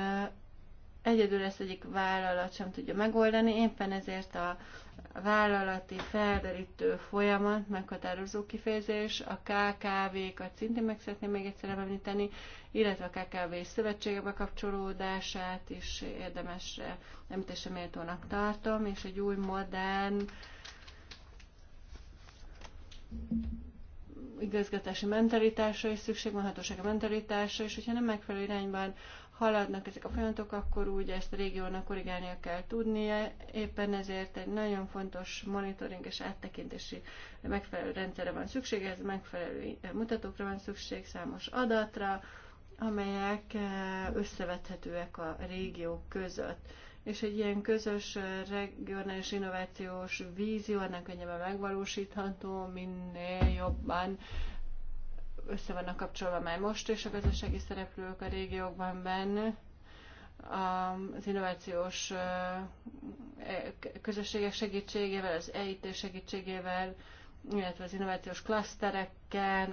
Egyedül ezt egyik vállalat sem tudja megoldani, éppen ezért a vállalati felderítő folyamat, meghatározó kifejezés, a KKV-kat szintén meg szeretném még egyszer említeni, illetve a KKV szövetségebe kapcsolódását is érdemes említésre méltónak tartom, és egy új modern igazgatási mentalitásra is szükség van, hatósági mentalitásra, és hogyha nem megfelelő irányban haladnak ezek a folyamatok, akkor úgy ezt a régiónak korrigálnia kell tudnia. Éppen ezért egy nagyon fontos monitoring és áttekintési megfelelő rendszerre van szükség, ez megfelelő mutatókra van szükség, számos adatra, amelyek eh, összevethetőek a régiók között. És egy ilyen közös eh, regionális innovációs vízió, ennek könnyebben megvalósítható, minél jobban össze vannak kapcsolva már most és a gazdasági szereplők a régiókban benne. Az innovációs e, közösségek segítségével, az EIT segítségével, illetve az innovációs klasztereken,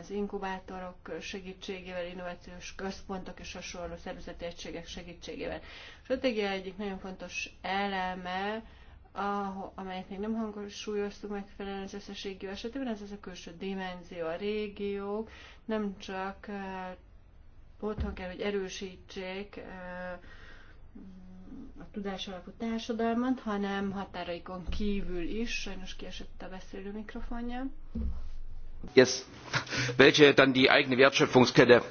az inkubátorok segítségével, innovációs központok és hasonló szervezeti egységek segítségével. A stratégia egyik nagyon fontos eleme, a, amelyet még nem hangsúlyoztuk megfelelően az összes régió esetében, ez az a külső dimenzió. A régiók nem csak uh, otthon kell, hogy erősítsék uh, a tudás alapú társadalmat, hanem határaikon kívül is. Sajnos kiesett a beszélő mikrofonja. Yes. Welche dann die eigene Wertschöpfungskette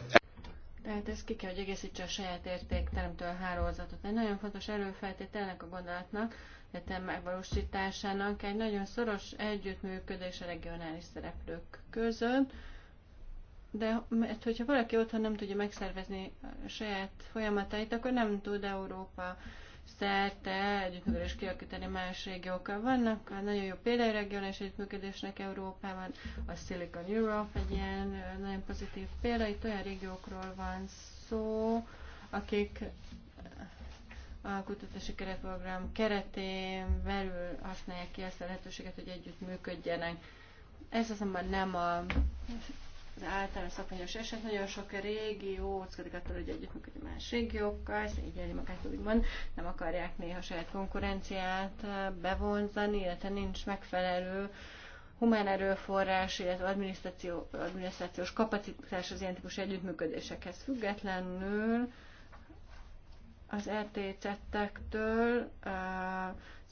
tehát ez ki kell, hogy egészítse a saját értékteremtő a hálózatot. Egy nagyon fontos előfeltételnek a gondolatnak, egyetem megvalósításának egy nagyon szoros együttműködés a regionális szereplők között, de mert hogyha valaki otthon nem tudja megszervezni a saját folyamatait, akkor nem tud Európa szerte együttműködést kialakítani más régiókkal. Vannak a nagyon jó például regionális együttműködésnek Európában, a Silicon Europe egy ilyen nagyon pozitív példa, itt olyan régiókról van szó, akik a kutatási keretprogram keretén belül használják ki ezt a lehetőséget, hogy együtt működjenek. Ez azonban nem a, az általános szakmányos eset. Nagyon sok régió óckodik attól, hogy együttműködik más régiókkal, szégyeli magát úgymond, nem akarják néha saját konkurenciát bevonzani, illetve nincs megfelelő humán erőforrás, illetve adminisztráció, adminisztrációs kapacitás az ilyen típusú együttműködésekhez függetlenül az RTC-tektől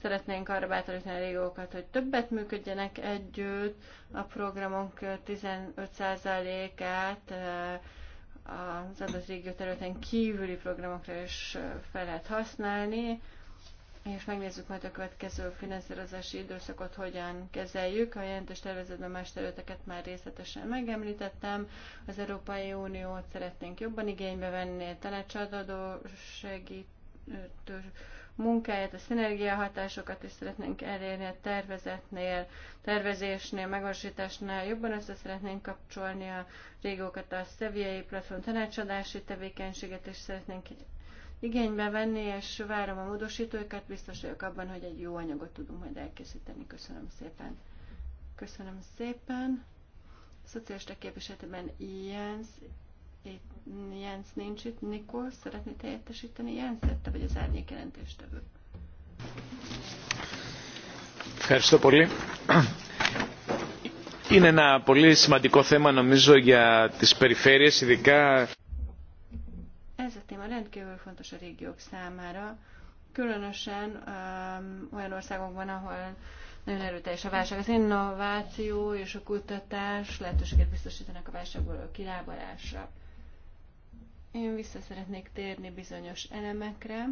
szeretnénk arra bátorítani a régókat, hogy többet működjenek együtt. A programunk 15%-át az adott régió területen kívüli programokra is fel lehet használni és megnézzük majd a következő finanszírozási időszakot hogyan kezeljük. A jelentős tervezetben más területeket már részletesen megemlítettem. Az Európai Uniót szeretnénk jobban igénybe venni, tanácsadó segítő munkáját, a szinergiahatásokat is szeretnénk elérni a tervezetnél, tervezésnél, megvalósításnál, jobban össze szeretnénk kapcsolni a régókat a szeviai platform tanácsadási tevékenységet, és szeretnénk igénybe venni, és várom a módosítókat, biztos vagyok abban, hogy egy jó anyagot tudunk majd elkészíteni. Köszönöm szépen. Köszönöm szépen. A szocialista képviseletben Jens, Jens nincs itt. Nikol, szeretné teljesíteni Jenset, te vagy az árnyék jelentéstevő? Ευχαριστώ πολύ. Είναι ένα πολύ σημαντικό θέμα νομίζω για τις περιφέρειες, ειδικά ez a téma rendkívül fontos a régiók számára, különösen um, olyan országokban, ahol nagyon erőteljes a válság. Az innováció és a kutatás lehetőséget biztosítanak a válságból a kilábalásra. Én vissza szeretnék térni bizonyos elemekre,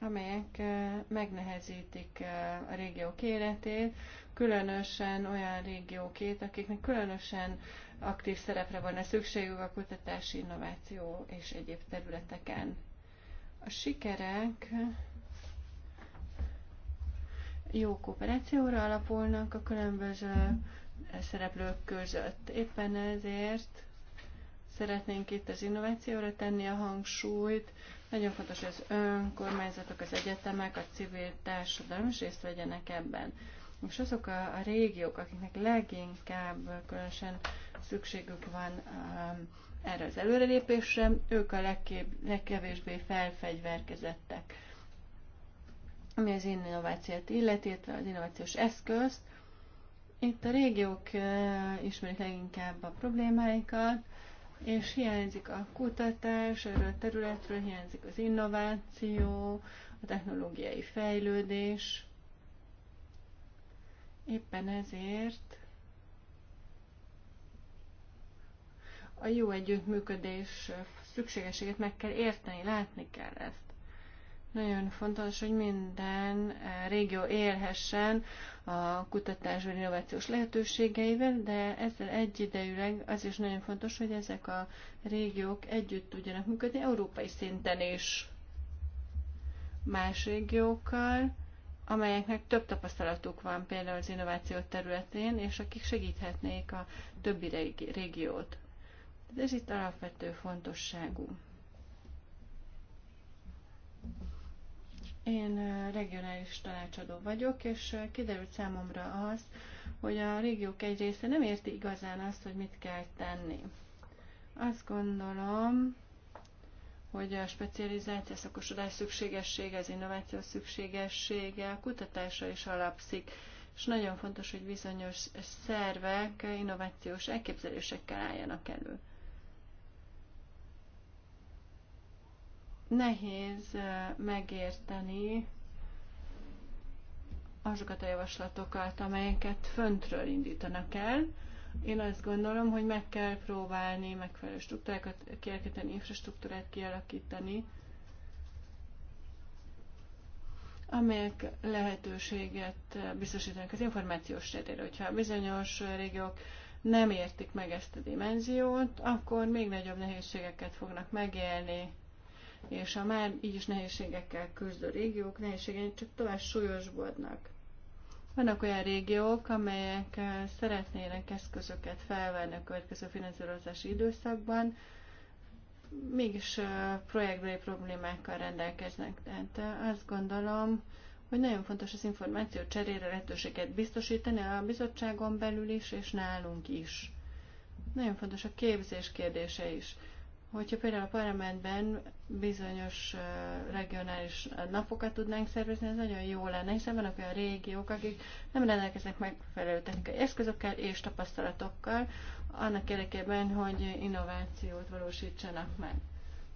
amelyek uh, megnehezítik uh, a régiók életét, különösen olyan régiókét, akiknek különösen aktív szerepre van-e szükségük a kutatási innováció és egyéb területeken. A sikerek jó kooperációra alapulnak a különböző szereplők között. Éppen ezért szeretnénk itt az innovációra tenni a hangsúlyt. Nagyon fontos, hogy az önkormányzatok, az egyetemek, a civil társadalom is részt vegyenek ebben. És azok a, a régiók, akiknek leginkább különösen szükségük van um, erre az előrelépésre, ők a legképp, legkevésbé felfegyverkezettek. Ami az innovációt illeti, illetve az innovációs eszközt, itt a régiók uh, ismerik leginkább a problémáikat, és hiányzik a kutatás erről a területről, hiányzik az innováció, a technológiai fejlődés. Éppen ezért a jó együttműködés szükségességét meg kell érteni, látni kell ezt. Nagyon fontos, hogy minden eh, régió élhessen a kutatásban innovációs lehetőségeivel, de ezzel egyidejűleg az is nagyon fontos, hogy ezek a régiók együtt tudjanak működni európai szinten is más régiókkal, amelyeknek több tapasztalatuk van például az innováció területén, és akik segíthetnék a többi régiót. De ez itt alapvető fontosságú. Én regionális tanácsadó vagyok, és kiderült számomra az, hogy a régiók egy része nem érti igazán azt, hogy mit kell tenni. Azt gondolom, hogy a specializáció szakosodás szükségessége, az innováció szükségessége, a kutatásra is alapszik, és nagyon fontos, hogy bizonyos szervek innovációs elképzelésekkel álljanak elő. nehéz megérteni azokat a javaslatokat, amelyeket föntről indítanak el. Én azt gondolom, hogy meg kell próbálni megfelelő struktúrákat kialakítani, infrastruktúrát kialakítani, amelyek lehetőséget biztosítanak az információs terére. Hogyha bizonyos régiók nem értik meg ezt a dimenziót, akkor még nagyobb nehézségeket fognak megélni és a már így is nehézségekkel küzdő régiók nehézségei csak tovább súlyosbodnak. Vannak olyan régiók, amelyek szeretnének eszközöket felvenni a következő finanszírozási időszakban, mégis projektbeli problémákkal rendelkeznek. Tehát azt gondolom, hogy nagyon fontos az információ cserére lehetőséget biztosítani a bizottságon belül is, és nálunk is. Nagyon fontos a képzés kérdése is. Hogyha például a parlamentben bizonyos regionális napokat tudnánk szervezni, ez nagyon jó lenne, hiszen vannak olyan régiók, akik nem rendelkeznek megfelelő technikai eszközökkel és tapasztalatokkal, annak érdekében, hogy innovációt valósítsanak meg.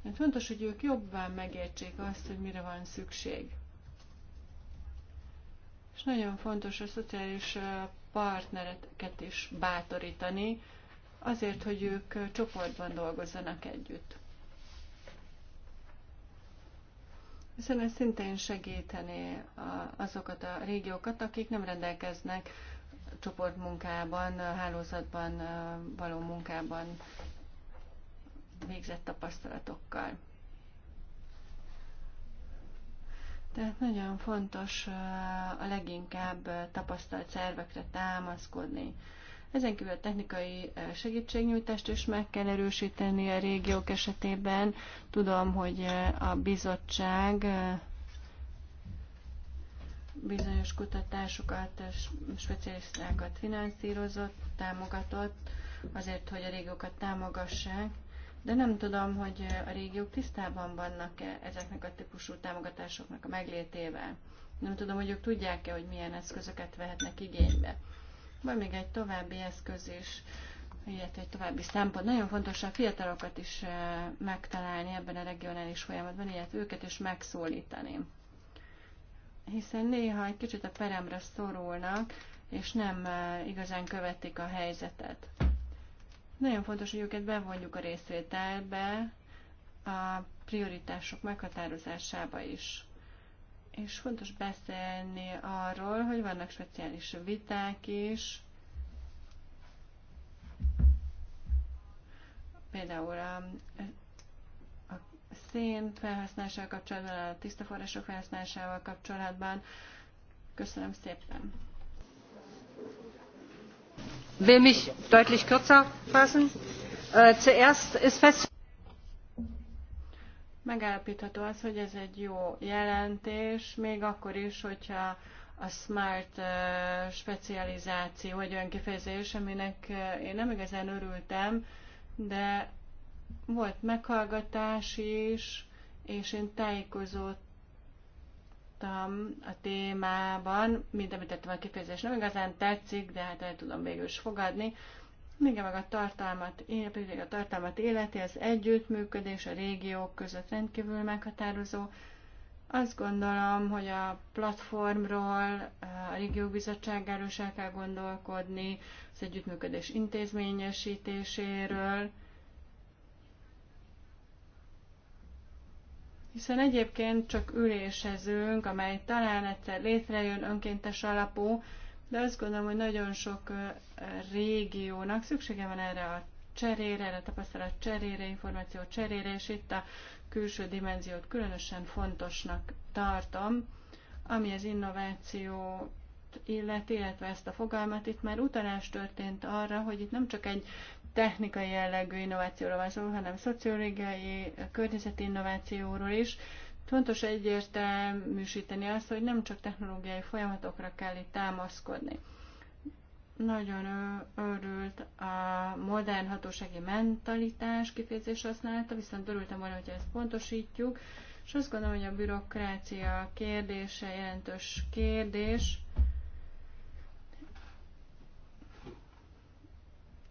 Mert fontos, hogy ők jobban megértsék azt, hogy mire van szükség. És nagyon fontos a szociális partnereket is bátorítani, azért, hogy ők csoportban dolgozzanak együtt. Hiszen ez szintén segítené azokat a régiókat, akik nem rendelkeznek csoportmunkában, hálózatban való munkában végzett tapasztalatokkal. Tehát nagyon fontos a leginkább tapasztalt szervekre támaszkodni. Ezen kívül a technikai eh, segítségnyújtást is meg kell erősíteni a régiók esetében. Tudom, hogy eh, a bizottság eh, bizonyos kutatásokat, specialistákat finanszírozott, támogatott, azért, hogy a régiókat támogassák, de nem tudom, hogy a régiók tisztában vannak-e ezeknek a típusú támogatásoknak a meglétével. Nem tudom, hogy ők tudják-e, hogy milyen eszközöket vehetnek igénybe. Van még egy további eszköz is, illetve egy további szempont. Nagyon fontos a fiatalokat is eh, megtalálni ebben a regionális folyamatban, illetve őket is megszólítani. Hiszen néha egy kicsit a peremre szorulnak, és nem eh, igazán követik a helyzetet. Nagyon fontos, hogy őket bevonjuk a részvételbe, a prioritások meghatározásába is. És fontos beszélni arról, hogy vannak speciális viták is, például a, a szén felhasználásával kapcsolatban, a tiszta források felhasználásával kapcsolatban. Köszönöm szépen! will mich deutlich kürzer fassen. Äh, zuerst ist fest megállapítható az, hogy ez egy jó jelentés, még akkor is, hogyha a smart specializáció egy olyan kifejezés, aminek én nem igazán örültem, de volt meghallgatás is, és én tájékozódtam a témában, mint amit tettem a kifejezés nem igazán tetszik, de hát el tudom végül is fogadni. Még meg a tartalmat, a tartalmat életi, az együttműködés a régiók között rendkívül meghatározó. Azt gondolom, hogy a platformról, a régiók bizottságáról el kell gondolkodni, az együttműködés intézményesítéséről, hiszen egyébként csak ülésezünk, amely talán egyszer létrejön önkéntes alapú, de azt gondolom, hogy nagyon sok régiónak szüksége van erre a cserére, erre a tapasztalat cserére, információ cserére, és itt a külső dimenziót különösen fontosnak tartom, ami az innováció illeti, illetve ezt a fogalmat, itt már utalás történt arra, hogy itt nem csak egy technikai jellegű innovációról van szó, hanem szociológiai, környezeti innovációról is, Fontos egyértelműsíteni azt, hogy nem csak technológiai folyamatokra kell itt támaszkodni. Nagyon örült a modern hatósági mentalitás kifejezés használata, viszont örültem volna, hogy ezt pontosítjuk, és azt gondolom, hogy a bürokrácia kérdése jelentős kérdés,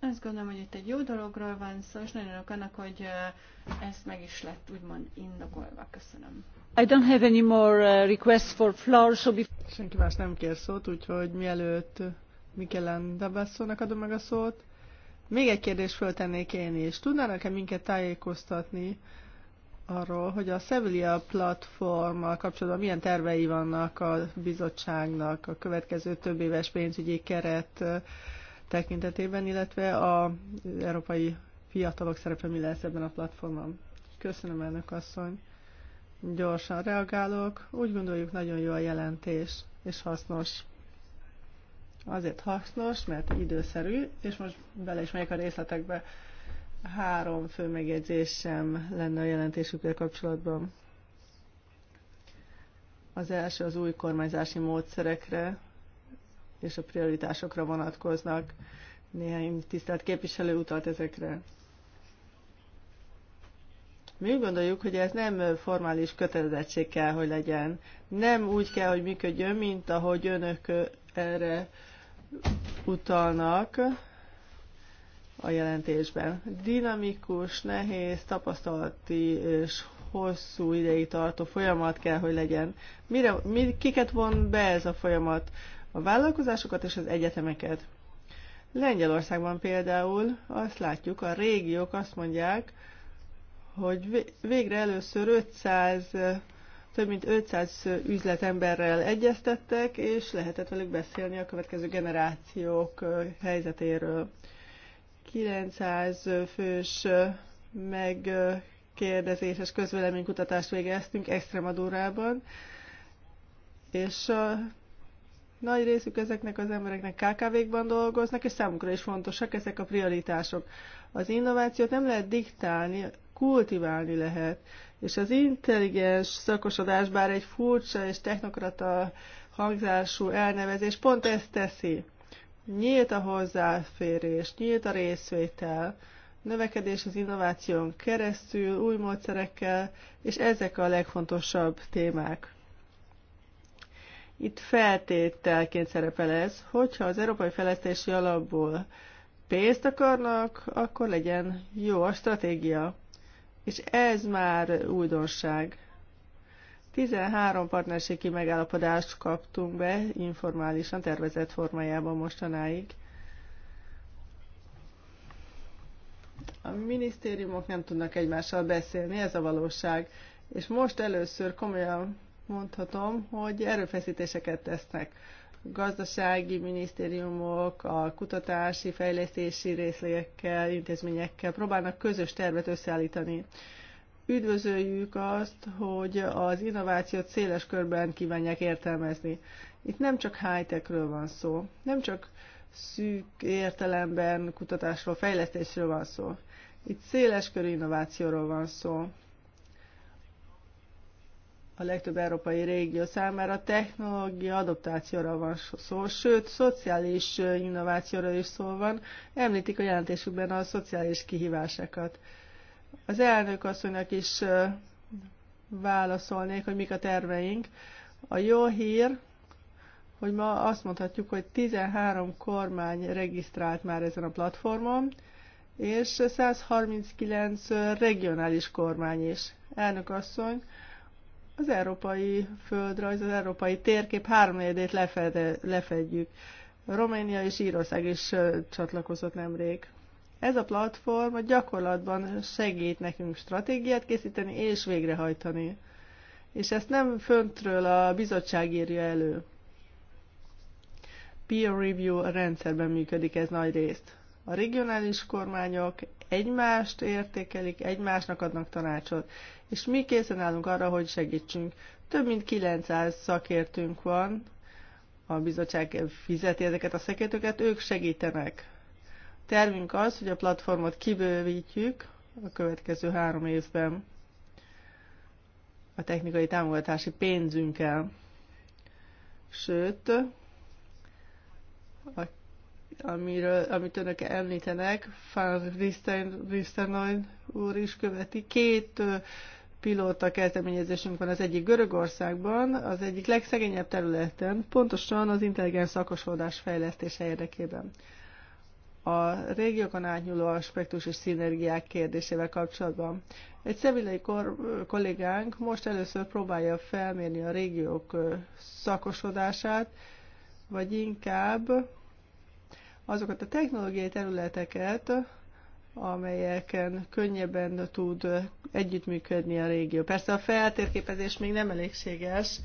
Azt gondolom, hogy itt egy jó dologról van szó, és nagyon örülök annak, hogy ezt meg is lett úgymond indokolva. Köszönöm. I don't have any more uh, requests for floor, so be... Senki más nem kér szót, úgyhogy mielőtt Mikelen Dabasszónak adom meg a szót. Még egy kérdést föltennék én is. Tudnának-e minket tájékoztatni arról, hogy a Sevilla platformmal kapcsolatban milyen tervei vannak a bizottságnak a következő több éves pénzügyi keret tekintetében, illetve az európai fiatalok szerepe mi lesz ebben a platformon. Köszönöm, elnök asszony. Gyorsan reagálok. Úgy gondoljuk, nagyon jó a jelentés, és hasznos. Azért hasznos, mert időszerű, és most bele is megyek a részletekbe. Három fő megjegyzésem lenne a jelentésükkel kapcsolatban. Az első az új kormányzási módszerekre és a prioritásokra vonatkoznak. Néhány tisztelt képviselő utalt ezekre. Mi úgy gondoljuk, hogy ez nem formális kötelezettség kell, hogy legyen. Nem úgy kell, hogy működjön, mint ahogy önök erre utalnak a jelentésben. Dinamikus, nehéz, tapasztalati és hosszú ideig tartó folyamat kell, hogy legyen. Mire, mi, kiket von be ez a folyamat? a vállalkozásokat és az egyetemeket. Lengyelországban például azt látjuk, a régiók azt mondják, hogy végre először 500, több mint 500 üzletemberrel egyeztettek, és lehetett velük beszélni a következő generációk helyzetéről. 900 fős megkérdezéses közvéleménykutatást végeztünk Extremadurában, és a nagy részük ezeknek az embereknek KKV-kban dolgoznak, és számukra is fontosak ezek a prioritások. Az innovációt nem lehet diktálni, kultiválni lehet. És az intelligens szakosodás, bár egy furcsa és technokrata hangzású elnevezés, pont ezt teszi. Nyílt a hozzáférés, nyílt a részvétel, növekedés az innováción keresztül, új módszerekkel, és ezek a legfontosabb témák. Itt feltételként szerepel ez, hogyha az Európai Fejlesztési Alapból pénzt akarnak, akkor legyen jó a stratégia. És ez már újdonság. 13 partnerségi megállapodást kaptunk be informálisan, tervezett formájában mostanáig. A minisztériumok nem tudnak egymással beszélni, ez a valóság. És most először komolyan mondhatom, hogy erőfeszítéseket tesznek. Gazdasági minisztériumok, a kutatási, fejlesztési részlegekkel, intézményekkel próbálnak közös tervet összeállítani. Üdvözöljük azt, hogy az innovációt széles körben kívánják értelmezni. Itt nem csak high-techről van szó, nem csak szűk értelemben kutatásról, fejlesztésről van szó. Itt körű innovációról van szó a legtöbb európai régió számára technológia adaptációra van szó, sőt, szociális innovációra is szó van. Említik a jelentésükben a szociális kihívásokat. Az elnök asszonynak is válaszolnék, hogy mik a terveink. A jó hír, hogy ma azt mondhatjuk, hogy 13 kormány regisztrált már ezen a platformon, és 139 regionális kormány is. Elnök asszony, az európai földrajz, az európai térkép háromnegyedét lefedjük. Románia és Írország is csatlakozott nemrég. Ez a platform a gyakorlatban segít nekünk stratégiát készíteni és végrehajtani. És ezt nem föntről a bizottság írja elő. Peer review rendszerben működik ez nagy részt. A regionális kormányok egymást értékelik, egymásnak adnak tanácsot, és mi készen állunk arra, hogy segítsünk. Több mint 900 szakértünk van, a bizottság fizeti ezeket a szakértőket, ők segítenek. Tervünk az, hogy a platformot kibővítjük a következő három évben a technikai támogatási pénzünkkel. Sőt, a amiről, amit önök említenek, Van Ristenloin úr is követi. Két pilóta kezdeményezésünk van az egyik Görögországban, az egyik legszegényebb területen, pontosan az intelligens szakosodás fejlesztése érdekében. A régiókon átnyúló aspektus és szinergiák kérdésével kapcsolatban. Egy szevilei kollégánk most először próbálja felmérni a régiók szakosodását, vagy inkább azokat a technológiai területeket, amelyeken könnyebben tud együttműködni a régió. Persze a feltérképezés még nem elégséges,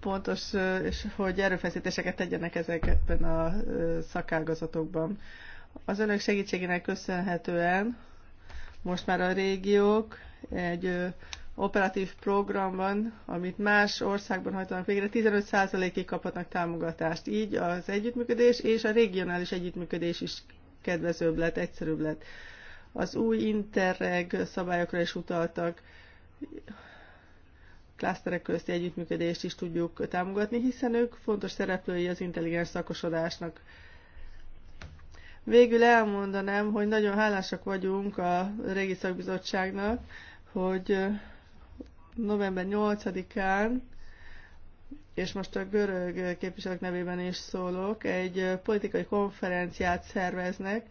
pontos, és hogy erőfeszítéseket tegyenek ezekben a szakágazatokban. Az önök segítségének köszönhetően most már a régiók egy operatív programban, amit más országban hajtanak végre, 15%-ig kaphatnak támogatást. Így az együttműködés és a regionális együttműködés is kedvezőbb lett, egyszerűbb lett. Az új interreg szabályokra is utaltak, klaszterek közti együttműködést is tudjuk támogatni, hiszen ők fontos szereplői az intelligens szakosodásnak. Végül elmondanám, hogy nagyon hálásak vagyunk a Régi Szakbizottságnak, hogy november 8-án, és most a görög képviselők nevében is szólok, egy politikai konferenciát szerveznek,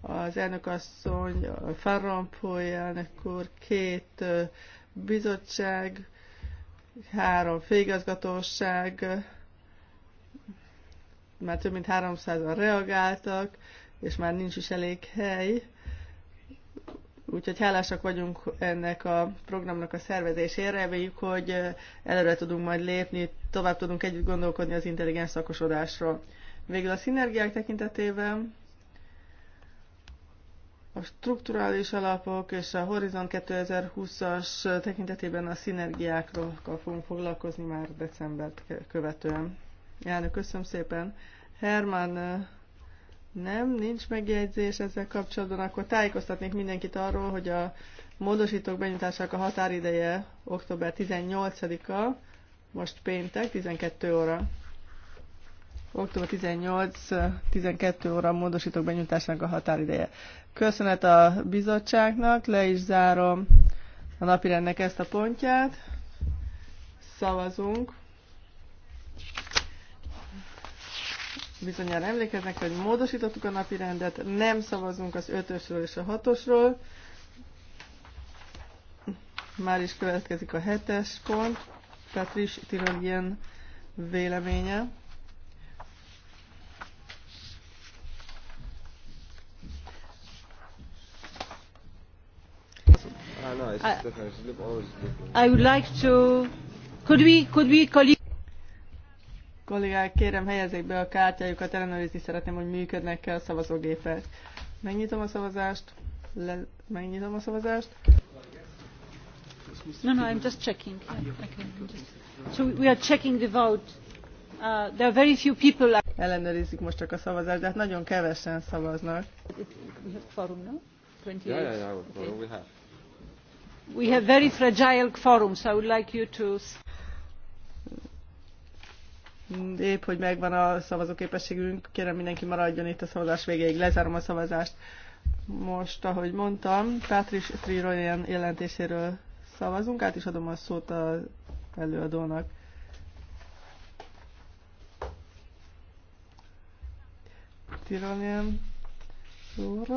az elnökasszony, Van Rompuy elnök úr, két bizottság, három főigazgatóság, már több mint 300-an reagáltak, és már nincs is elég hely. Úgyhogy hálásak vagyunk ennek a programnak a szervezésére, reméljük, hogy eh, előre tudunk majd lépni, tovább tudunk együtt gondolkodni az intelligens szakosodásról. Végül a szinergiák tekintetében a strukturális alapok és a Horizon 2020-as tekintetében a szinergiákról fogunk foglalkozni már decembert követően. Elnök, köszönöm szépen. Herman eh, nem, nincs megjegyzés ezzel kapcsolatban, akkor tájékoztatnék mindenkit arról, hogy a módosítók benyújtásának a határideje október 18-a, most péntek, 12 óra. Október 18-12 óra módosítók benyújtásának a határideje. Köszönet a bizottságnak, le is zárom a napirendnek ezt a pontját. Szavazunk Bizonyára emlékeznek, hogy módosítottuk a napi rendet, nem szavazunk az 5-ösről és a 6-osról. Már is következik a 7-es pont, Patrice Tirogyen véleménye. Ah, I would like to. Could we, could we, call you? Kollégák, kérem helyezzék be a kártyájukat, ellenőrizni szeretném, hogy működnek-e a szavazógépek. Megnyitom a szavazást. Le, megnyitom a szavazást. No, no, I'm just checking. Yeah, okay, just... So we are checking the vote. Uh, there are very few people. Ellenőrizzük most csak a szavazást, de hát nagyon kevesen szavaznak. Forum, no? 28. Yeah, yeah, yeah. Okay. We have. We have very fragile forum, so I would like you to épp, hogy megvan a szavazóképességünk, kérem mindenki maradjon itt a szavazás végéig, lezárom a szavazást. Most, ahogy mondtam, Patrice Triroyen jelentéséről szavazunk, át is adom a szót az előadónak. Triroyen úr.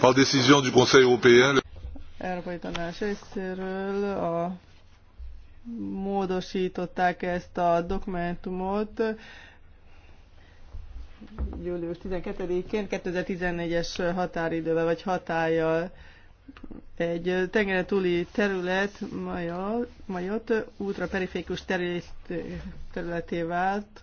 Par décision du Conseil européen. Tanács részéről a módosították ezt a dokumentumot július 12-én 2014-es határidővel vagy hatállyal egy tengeren túli terület majd útra periférikus terület, területé vált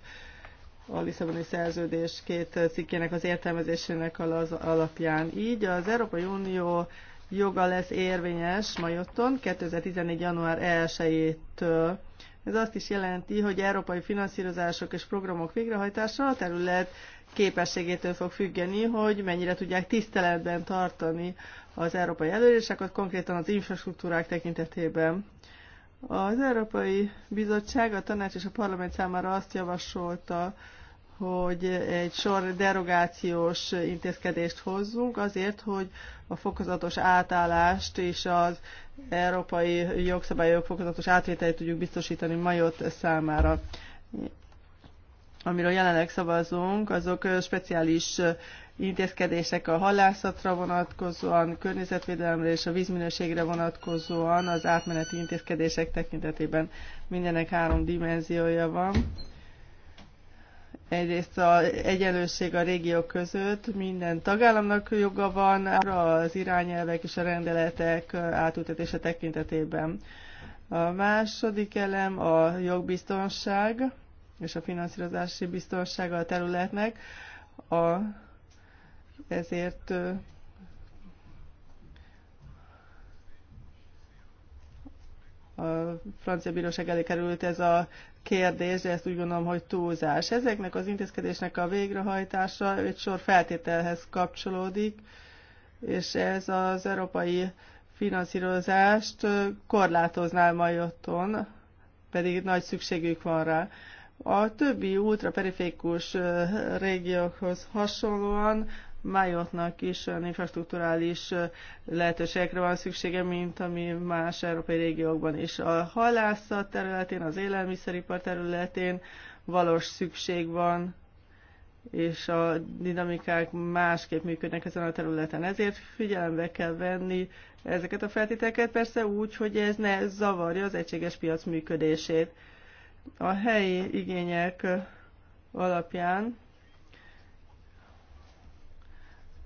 a Lisszaboni szerződés két cikkének az értelmezésének az alapján. Így az Európai Unió joga lesz érvényes majotton 2014. január 1-től. Ez azt is jelenti, hogy európai finanszírozások és programok végrehajtása a terület képességétől fog függeni, hogy mennyire tudják tiszteletben tartani az európai előírásokat, konkrétan az infrastruktúrák tekintetében. Az Európai Bizottság, a Tanács és a Parlament számára azt javasolta, hogy egy sor derogációs intézkedést hozzunk azért, hogy a fokozatos átállást és az európai jogszabályok fokozatos átvételét tudjuk biztosítani majot számára. Amiről jelenleg szavazunk, azok speciális intézkedések a halászatra vonatkozóan, környezetvédelemre és a vízminőségre vonatkozóan az átmeneti intézkedések tekintetében mindenek három dimenziója van Egyrészt az egyenlőség a régiók között minden tagállamnak joga van az irányelvek és a rendeletek átültetése tekintetében. A második elem a jogbiztonság és a finanszírozási biztonság a területnek. A, ezért a francia bíróság elé került ez a kérdés, de ezt úgy gondolom, hogy túlzás. Ezeknek az intézkedésnek a végrehajtása egy sor feltételhez kapcsolódik, és ez az európai finanszírozást korlátozná majotton, pedig nagy szükségük van rá. A többi ultraperifékus eh, régiókhoz hasonlóan Májotnak is olyan infrastruktúrális lehetőségekre van szüksége, mint ami más európai régiókban is. A halászat területén, az élelmiszeripar területén valós szükség van, és a dinamikák másképp működnek ezen a területen. Ezért figyelembe kell venni ezeket a feltételeket, persze úgy, hogy ez ne zavarja az egységes piac működését. A helyi igények alapján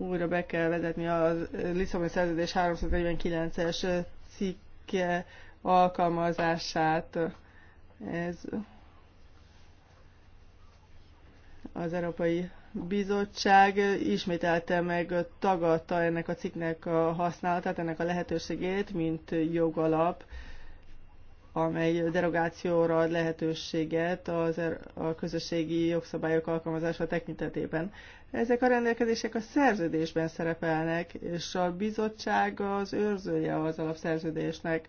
újra be kell vezetni a Lisszaboni Szerződés 349-es cikke alkalmazását. Ez az Európai Bizottság ismételte meg tagadta ennek a cikknek a használatát, ennek a lehetőségét, mint jogalap, amely derogációra ad lehetőséget az, er- a közösségi jogszabályok alkalmazása tekintetében. Ezek a rendelkezések a szerződésben szerepelnek, és a bizottság az őrzője az alapszerződésnek.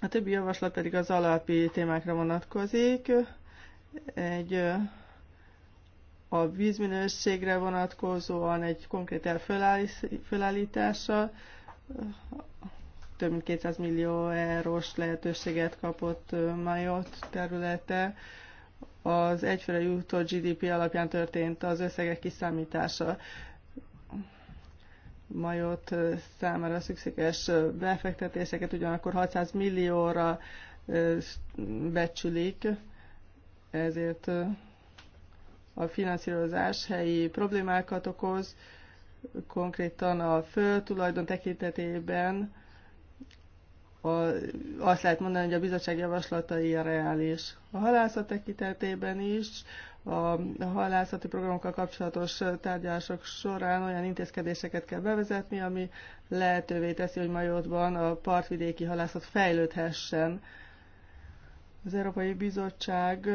A többi javaslat pedig az alapi témákra vonatkozik. Egy a vízminőségre vonatkozóan egy konkrét felállítása több mint 200 millió eurós lehetőséget kapott Majot területe az egyfőre jutó GDP alapján történt az összegek kiszámítása. Majott számára szükséges befektetéseket ugyanakkor 600 millióra becsülik, ezért a finanszírozás helyi problémákat okoz, konkrétan a föltulajdon tekintetében a, azt lehet mondani, hogy a bizottság javaslatai a reális. A halászat tekintetében is a halászati programokkal kapcsolatos tárgyalások során olyan intézkedéseket kell bevezetni, ami lehetővé teszi, hogy Majótban a partvidéki halászat fejlődhessen. Az Európai Bizottság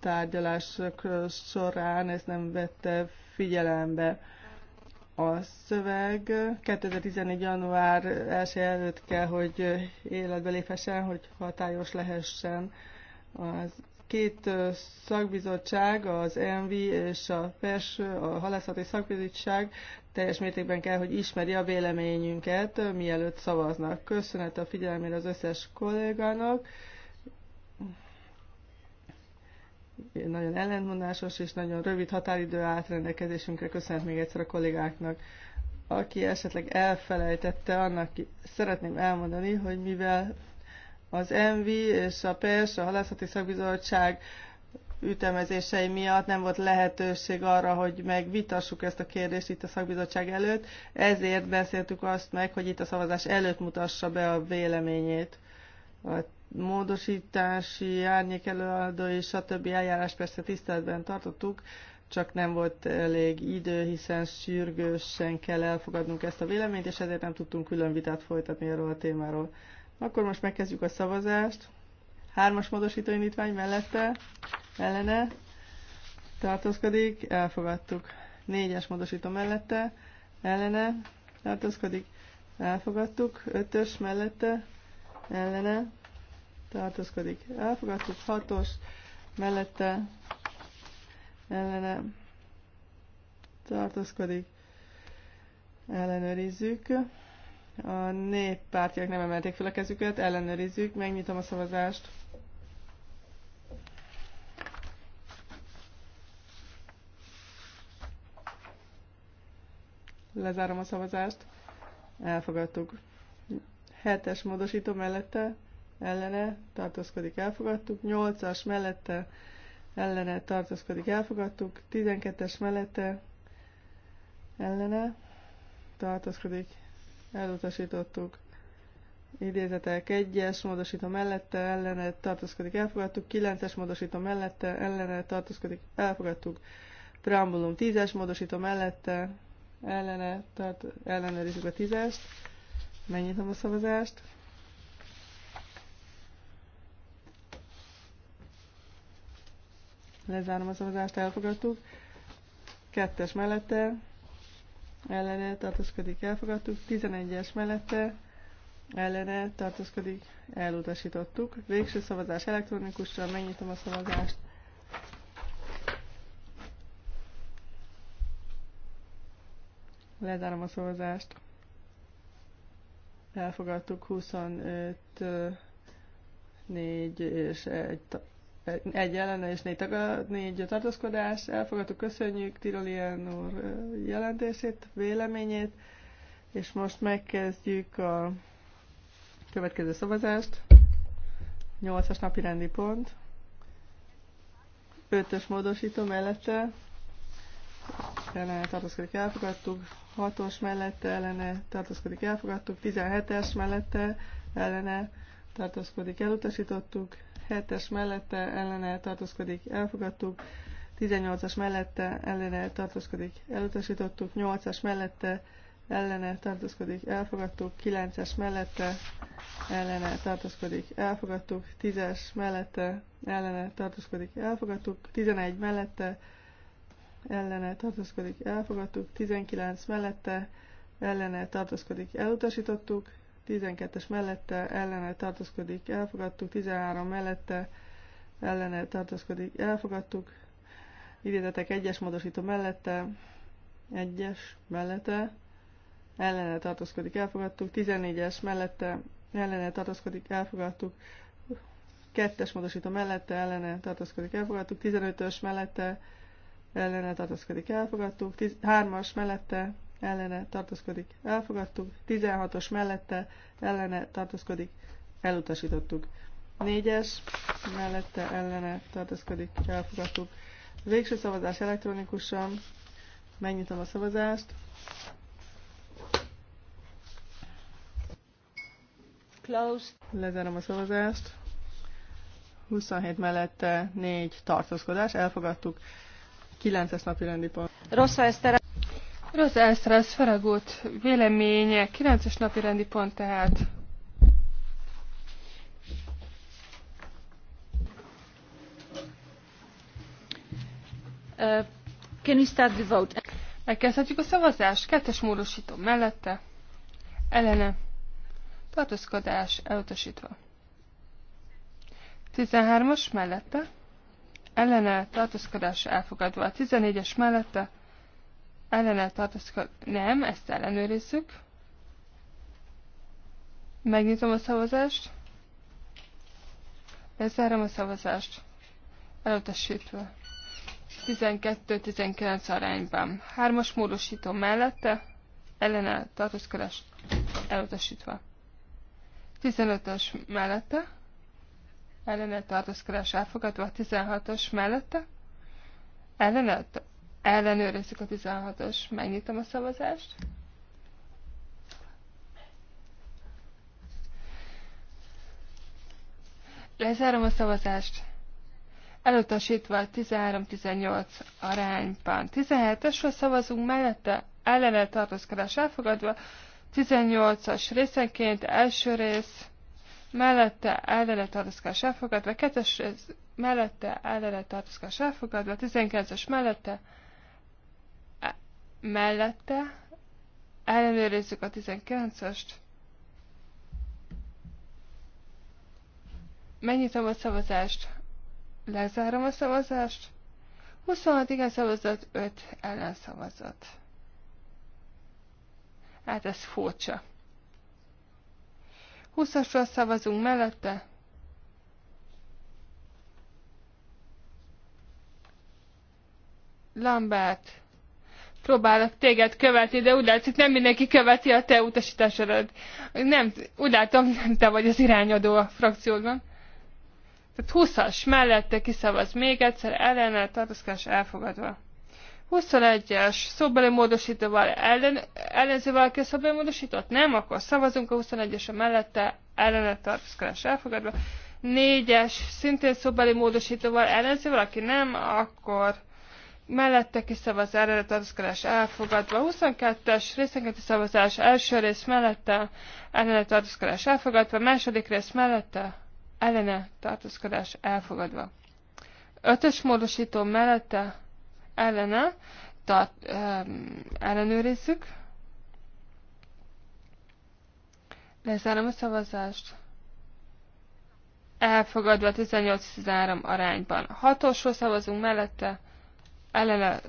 tárgyalások során ezt nem vette figyelembe a szöveg 2014. január 1 előtt kell, hogy életbe léphessen, hogy hatályos lehessen. Az két szakbizottság, az ENVI és a PES, a halászati szakbizottság teljes mértékben kell, hogy ismeri a véleményünket, mielőtt szavaznak. Köszönet a figyelmére az összes kollégának. nagyon ellentmondásos és nagyon rövid határidő állt rendelkezésünkre. Köszönöm még egyszer a kollégáknak. Aki esetleg elfelejtette, annak szeretném elmondani, hogy mivel az MV és a PES, a Halászati Szakbizottság ütemezései miatt nem volt lehetőség arra, hogy megvitassuk ezt a kérdést itt a szakbizottság előtt, ezért beszéltük azt meg, hogy itt a szavazás előtt mutassa be a véleményét a módosítási, árnyék előadó és a többi eljárás persze tiszteletben tartottuk, csak nem volt elég idő, hiszen sürgősen kell elfogadnunk ezt a véleményt, és ezért nem tudtunk külön vitát folytatni erről a témáról. Akkor most megkezdjük a szavazást. Hármas módosító indítvány mellette, ellene, tartózkodik, elfogadtuk. Négyes módosító mellette, ellene, tartózkodik, elfogadtuk. Ötös mellette, ellene, tartózkodik. Elfogadtuk hatos mellette ellene tartózkodik. Ellenőrizzük. A néppártiak nem emelték fel a kezüket, ellenőrizzük, megnyitom a szavazást. Lezárom a szavazást. Elfogadtuk. Hetes módosító mellette ellene tartózkodik, elfogadtuk. 8-as mellette ellene tartózkodik, elfogadtuk. 12-es mellette ellene tartózkodik, elutasítottuk. Idézetek 1-es módosító mellette ellene tartózkodik, elfogadtuk. 9-es módosító mellette ellene tartózkodik, elfogadtuk. Preambulum 10-es módosító mellette ellene, tart, ellenőrizzük a 10-est. Megnyitom a szavazást. Lezárom a szavazást, elfogadtuk. Kettes mellette, ellene tartózkodik, elfogadtuk. 11-es mellette, ellene tartózkodik, elutasítottuk. Végső szavazás elektronikusra, megnyitom a szavazást. Lezárom a szavazást. Elfogadtuk 25, 4 és egy egy ellene és négy, taga, négy tartózkodás. Elfogadtuk, köszönjük Tirolien úr jelentését, véleményét, és most megkezdjük a következő szavazást. 8-as napi rendi pont. 5-ös módosító mellette ellene tartózkodik, elfogadtuk. 6-os mellette ellene tartózkodik, elfogadtuk. 17-es mellette ellene tartózkodik, elutasítottuk. 7-es mellette ellene tartózkodik, elfogadtuk. 18-as mellette ellene tartózkodik, elutasítottuk. 8-as mellette ellene tartózkodik, elfogadtuk. 9-es mellette ellene tartózkodik, elfogadtuk. 10-es mellette ellene tartózkodik, elfogadtuk. 11 mellette ellene tartózkodik, elfogadtuk. 19 mellette ellene tartózkodik, elutasítottuk. 12-es mellette ellene tartozkodik, elfogadtuk, 13 mellette ellene tartozkodik, elfogadtuk, idézetek egyes módosító mellette, egyes mellette, ellene tartozkodik, elfogadtuk, 14-es mellette ellene tartozkodik, elfogadtuk, kettes módosító mellette ellene tartozkodik, elfogadtuk, 15-ös mellette ellene tartozkodik. elfogadtuk, 3-as mellette ellene tartózkodik, elfogadtuk, 16-os mellette ellene tartózkodik, elutasítottuk. 4-es mellette ellene tartózkodik, elfogadtuk. Végső szavazás elektronikusan, megnyitom a szavazást. Closed. Lezárom a szavazást. 27 mellette 4 tartózkodás, elfogadtuk. 9-es napi rendi pont. Rossz Eszter. Rossz Elszerez Faragút véleménye, 9-es napi rendi pont tehát. Uh, can we start the vote? Megkezdhetjük a szavazást. Kettes módosító mellette. Ellene. Tartózkodás elutasítva. 13-as mellette. Ellene tartózkodás elfogadva. 14-es mellette ellene tartozkodik, nem, ezt ellenőrizzük. Megnyitom a szavazást. Lezárom a szavazást. Elutasítva. 12-19 arányban. Hármas módosítom mellette, ellene tartózkodás elutasítva. 15-ös mellette, ellene tartózkodás elfogadva, 16-os mellette, ellene Ellenőrizzük a 16-os. Megnyitom a szavazást. Lezárom a szavazást. Elutasítva 13-18 arányban. 17-esről szavazunk mellette, ellene tartózkodás elfogadva. 18-as részenként első rész mellette ellene tartózkodás elfogadva. 2-es rész mellette ellene tartózkodás elfogadva. 19-es mellette mellette, ellenőrizzük a 19-est, megnyitom a szavazást, lezárom a szavazást, 26 igen szavazat, 5 ellen szavazat. Hát ez furcsa. 20 asra szavazunk mellette. Lambert próbálok téged követni, de úgy látszik, nem mindenki követi a te utasításodat. Nem, úgy látom, nem te vagy az irányadó a frakciódban. Tehát 20-as mellette kiszavaz még egyszer, ellene tartózkodás elfogadva. 21-es szóbeli módosítóval ellen, ellenző valaki a szóbeli módosított? Nem, akkor szavazunk a 21-es mellette, ellene tartozkodás elfogadva. 4-es szintén szóbeli módosítóval ellenző valaki? Nem, akkor mellette kiszavaz erre tartózkodás elfogadva, 22-es részenkénti szavazás első rész mellette ellene tartózkodás elfogadva, második rész mellette ellene tartózkodás elfogadva. Ötös módosító mellette ellene tart, um, ellenőrizzük. Lezárom a szavazást. Elfogadva 18-13 arányban. Hatosról szavazunk mellette ellene,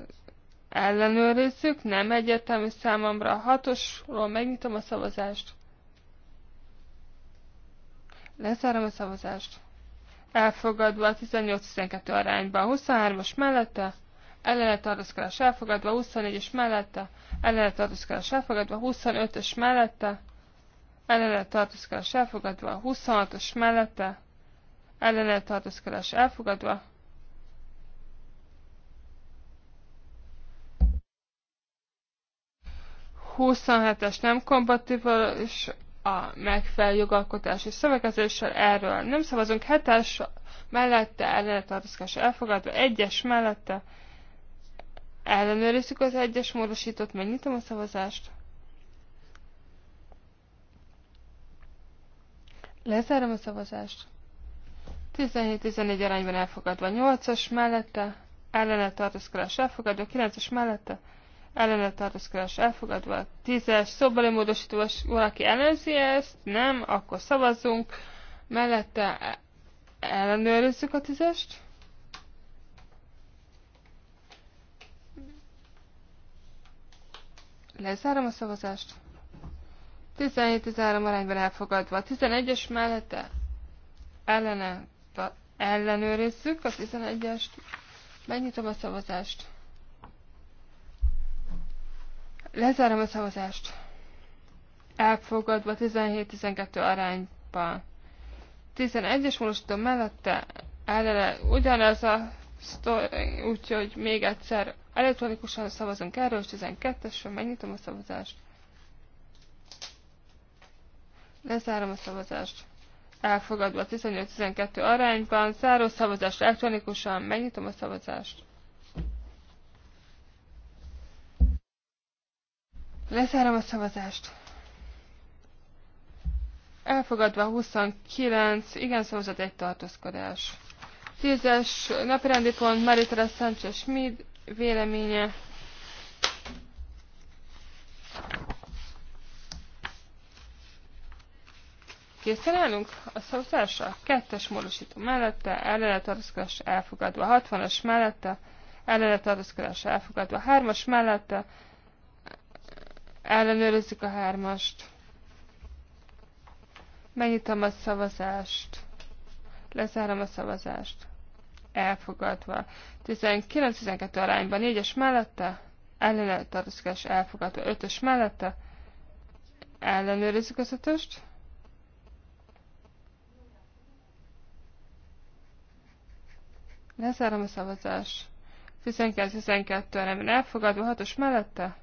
ellenőrizzük, nem egyetemű számomra. A hatosról megnyitom a szavazást. Lezárom a szavazást. Elfogadva 18-12 arányban. 23-as mellette, ellene tartózkodás elfogadva, 24-es mellette, ellene tartózkodás elfogadva, 25-ös mellette, ellene tartózkodás elfogadva, 26-os mellette, ellene tartózkodás elfogadva, 27-es nem kompatibilis a megfelelő jogalkotási szövegezéssel, erről nem szavazunk. 7-es mellette ellenetartozkás elfogadva, 1-es mellette ellenőrizzük az 1-es módosítót, megnyitom a szavazást. Lezárom a szavazást. 17-14 arányban elfogadva, 8-as mellette ellenetartozkás elfogadva, 9-es mellette ellenetartozkodás elfogadva, 10-es szóbeli módosítós, valaki ellenzi ezt, nem, akkor szavazzunk, mellette ellenőrizzük a 10 Lezárom a szavazást. 17-13 arányban elfogadva. 11-es mellette ellene, ellenőrizzük a 11-est. Megnyitom a szavazást. Lezárom a szavazást. Elfogadva 17-12 arányban. 11-es módosító mellette ellene ugyanez a sztori, úgyhogy még egyszer elektronikusan szavazunk erről, és 12-esről megnyitom a szavazást. Lezárom a szavazást. Elfogadva 18-12 arányban, záró szavazást elektronikusan, megnyitom a szavazást. Lezárom a szavazást. Elfogadva 29, igen szavazat egy tartózkodás. 10-es napirendi pont Maritela Sánchez Schmid véleménye. Készen állunk a szavazásra? Kettes módosító mellette, ellene tartózkodás elfogadva. 60-as mellette, ellene tartózkodás elfogadva. 3-as mellette, Ellenőrizzük a hármast. Megnyitom a szavazást. Lezárom a szavazást. Elfogadva. 19-12 arányban 4-es mellette, ellene tartózkodás elfogadva 5-ös mellette. Ellenőrizzük az 5 Lezárom a szavazást. 19-12 arányban elfogadva 6-os mellette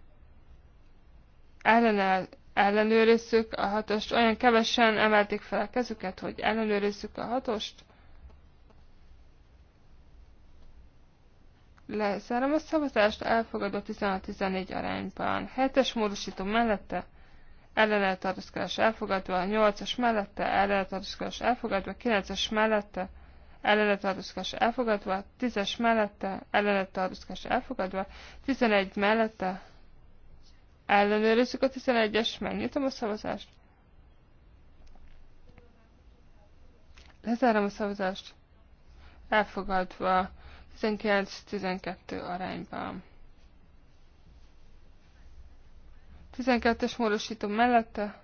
ellenáll, ellenőrizzük a hatost. Olyan kevesen emelték fel a kezüket, hogy ellenőrizzük a hatost. Lezárom a szavazást, elfogadott 16-14 arányban. 7-es módosító mellette ellenáltartozkodás elfogadva, 8-as mellette ellenáltartozkodás elfogadva, 9-es mellette ellenáltartozkodás elfogadva, 10-es mellette ellenáltartozkodás elfogadva, 11 mellette Ellenőrizzük a 11-es, megnyitom a szavazást. Lezárom a szavazást. Elfogadva 19-12 arányban. 12-es módosító mellette.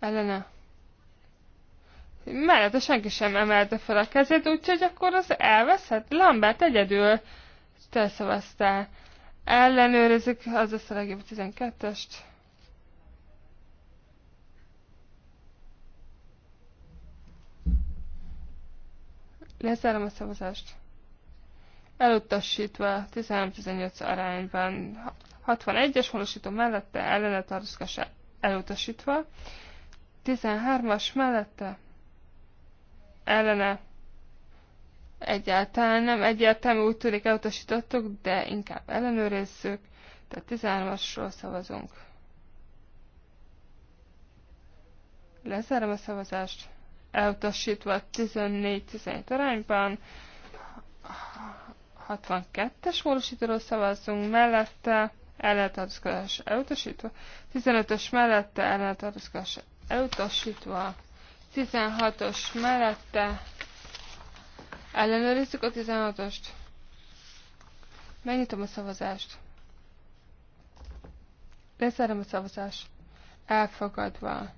Ellene. Mellette senki sem emelte fel a kezét, úgyhogy akkor az elveszett. Lambert egyedül te szavaztál ellenőrizzük az a legjobb 12-est. Lezárom a szavazást. Elutasítva 13-18 arányban 61-es honosító mellette ellene elutasítva, 13-as mellette ellene Egyáltalán nem egyértelmű, úgy tűnik elutasítottuk, de inkább ellenőrizzük. Tehát 13-asról szavazunk. Lezárom a szavazást. Elutasítva 14-17 arányban. 62-es módosítóról szavazunk mellette ellentartozkodás elutasítva, 15-ös mellette ellentartozkodás elutasítva, 16-os mellette Ellenőrizzük a 16-ost. Megnyitom a szavazást. Leszárom a szavazást. Elfogadva.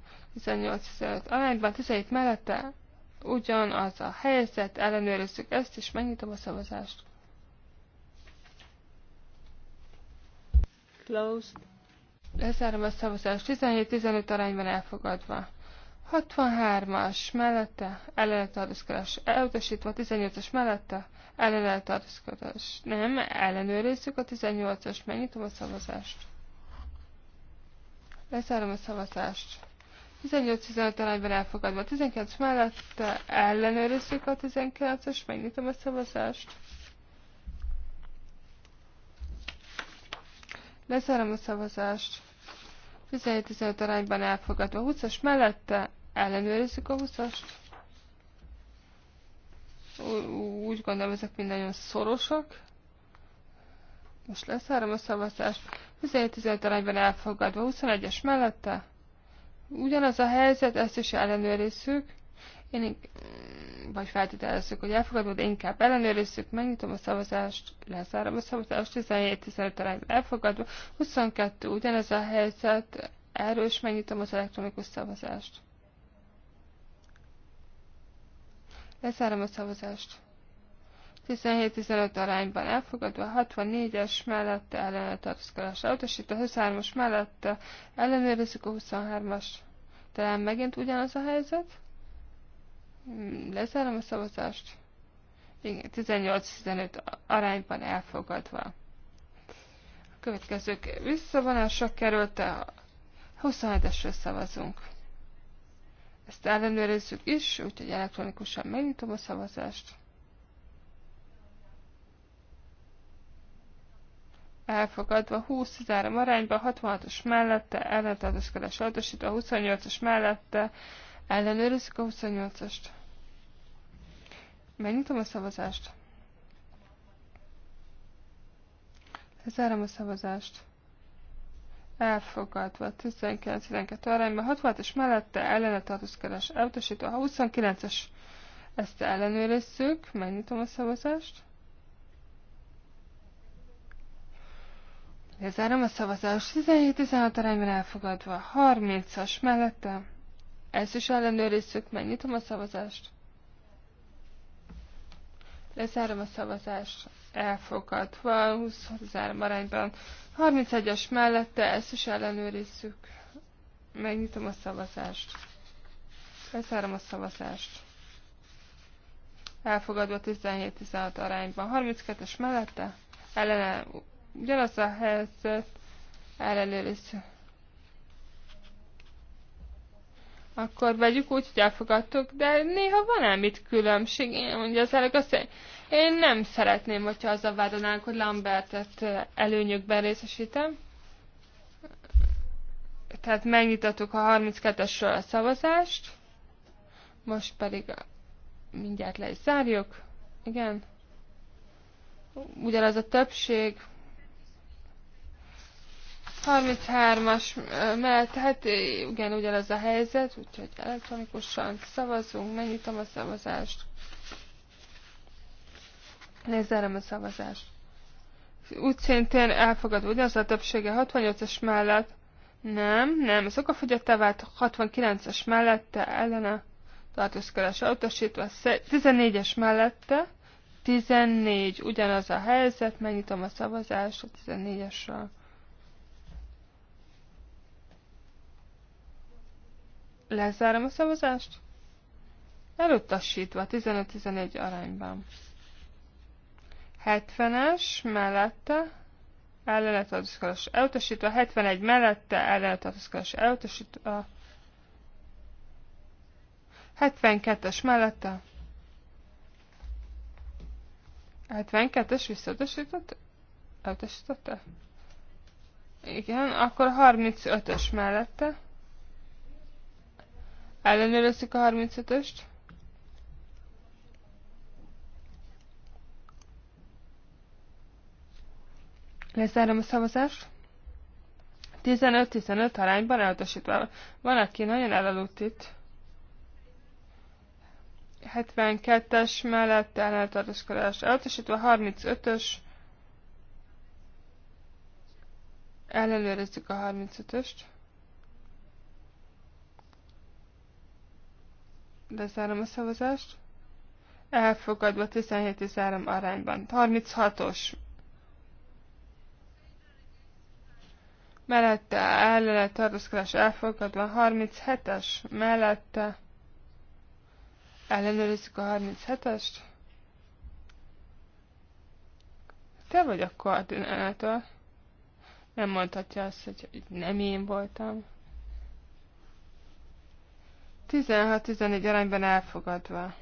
18-15 arányban, 17 mellette ugyanaz a helyzet, ellenőrizzük ezt, és megnyitom a szavazást. Closed. Leszárom a szavazást. 17-15 arányban elfogadva. 63-as mellette ellenetartózkodás elutasítva, 18-as mellette ellenetartózkodás. Nem, ellenőrizzük a 18-as. Megnyitom a szavazást. Lezárom a szavazást. 18-15 arányban elfogadva. 19 mellette ellenőrizzük a 19 as Megnyitom a szavazást. Lezárom a szavazást. 17-15 arányban elfogadva. 20-as mellette Ellenőrizzük a 20-ast. Úgy gondolom, ezek mind nagyon szorosak. Most három a szavazást. 17-15 arányban elfogadva. 21-es mellette. Ugyanaz a helyzet, ezt is ellenőrizzük. Én vagy feltételezzük, hogy elfogadod, de inkább ellenőrizzük, megnyitom a szavazást, lezárom a szavazást, 17-15 arányban elfogadva, 22 ugyanez a helyzet, erről is megnyitom az elektronikus szavazást. Lezárom a szavazást. 17-15 arányban elfogadva, 64-es mellette ellene tartózkodás a 23-as mellette ellenőrizzük a 23-as. Talán megint ugyanaz a helyzet? Hmm, lezárom a szavazást. Igen, 18-15 arányban elfogadva. A következők visszavonásra került, a 27-esről szavazunk. Ezt ellenőrizzük is, úgyhogy elektronikusan megnyitom a szavazást. Elfogadva 20-13 arányba, 66-os mellette, ellentartózkodás a 28 os mellette, ellenőrizzük a 28-ast. Megnyitom a szavazást. Lezárom a szavazást elfogadva 19-12 arányban, 60 és mellette ellene tartózkodás elutasító. Ha 29-es ezt ellenőrizzük, megnyitom a szavazást. Lezárom a szavazást, 17-16 arányban elfogadva, 30-as mellette, ezt is ellenőrizzük, megnyitom a szavazást. Lezárom a szavazást, elfogadva, 23 arányban. 31-es mellette ezt is ellenőrizzük. Megnyitom a szavazást. Beszárom a szavazást. Elfogadva 17-16 arányban. 32-es mellette ellene ugyanaz a helyzet ellenőrizzük. Akkor vegyük úgy, hogy elfogadtuk, de néha van ám különbség. Én mondja az előbb azt, hogy én nem szeretném, hogyha azzal vádolnánk, hogy Lambertet eh, előnyökben részesítem. Tehát megnyitottuk a 32-esről a szavazást. Most pedig eh, mindjárt le is zárjuk. Igen. Ugyanaz a többség. 33-as eh, mellett, hát igen, ugyanaz a helyzet, úgyhogy elektronikusan szavazunk, megnyitom a szavazást. Lezárom a szavazást. Úgy szintén elfogad, ugyanaz a többsége 68-as mellett. Nem, nem, ez okafogyatá vált 69-es mellette, ellene tartózkodás autosítva, 14-es mellette, 14, ugyanaz a helyzet, megnyitom a szavazást a 14-esről. Lezárom a szavazást. Elutasítva 15 14 arányban. 70-es mellette ellenet tartózkodás elutasítva, 71 mellette ellenet tartózkodás elutasítva, 72-es mellette 72-es visszautasított? Elutasította? Igen, akkor 35-ös mellette. Ellenőrizzük a 35-öst. Lezárom a szavazást. 15-15 arányban elutasítva. Van, aki nagyon elaludt itt. 72-es mellett ellentartózkodás elutasítva, 35-ös ellenőrizzük a 35-öst. Lezárom a szavazást. Elfogadva 17-13 arányban. 36-os mellette ellene tartózkodás elfogadva, 37-es mellette ellenőrizzük a 37-est. Te vagy a koordinátor. Nem mondhatja azt, hogy nem én voltam. 16-14 arányban elfogadva.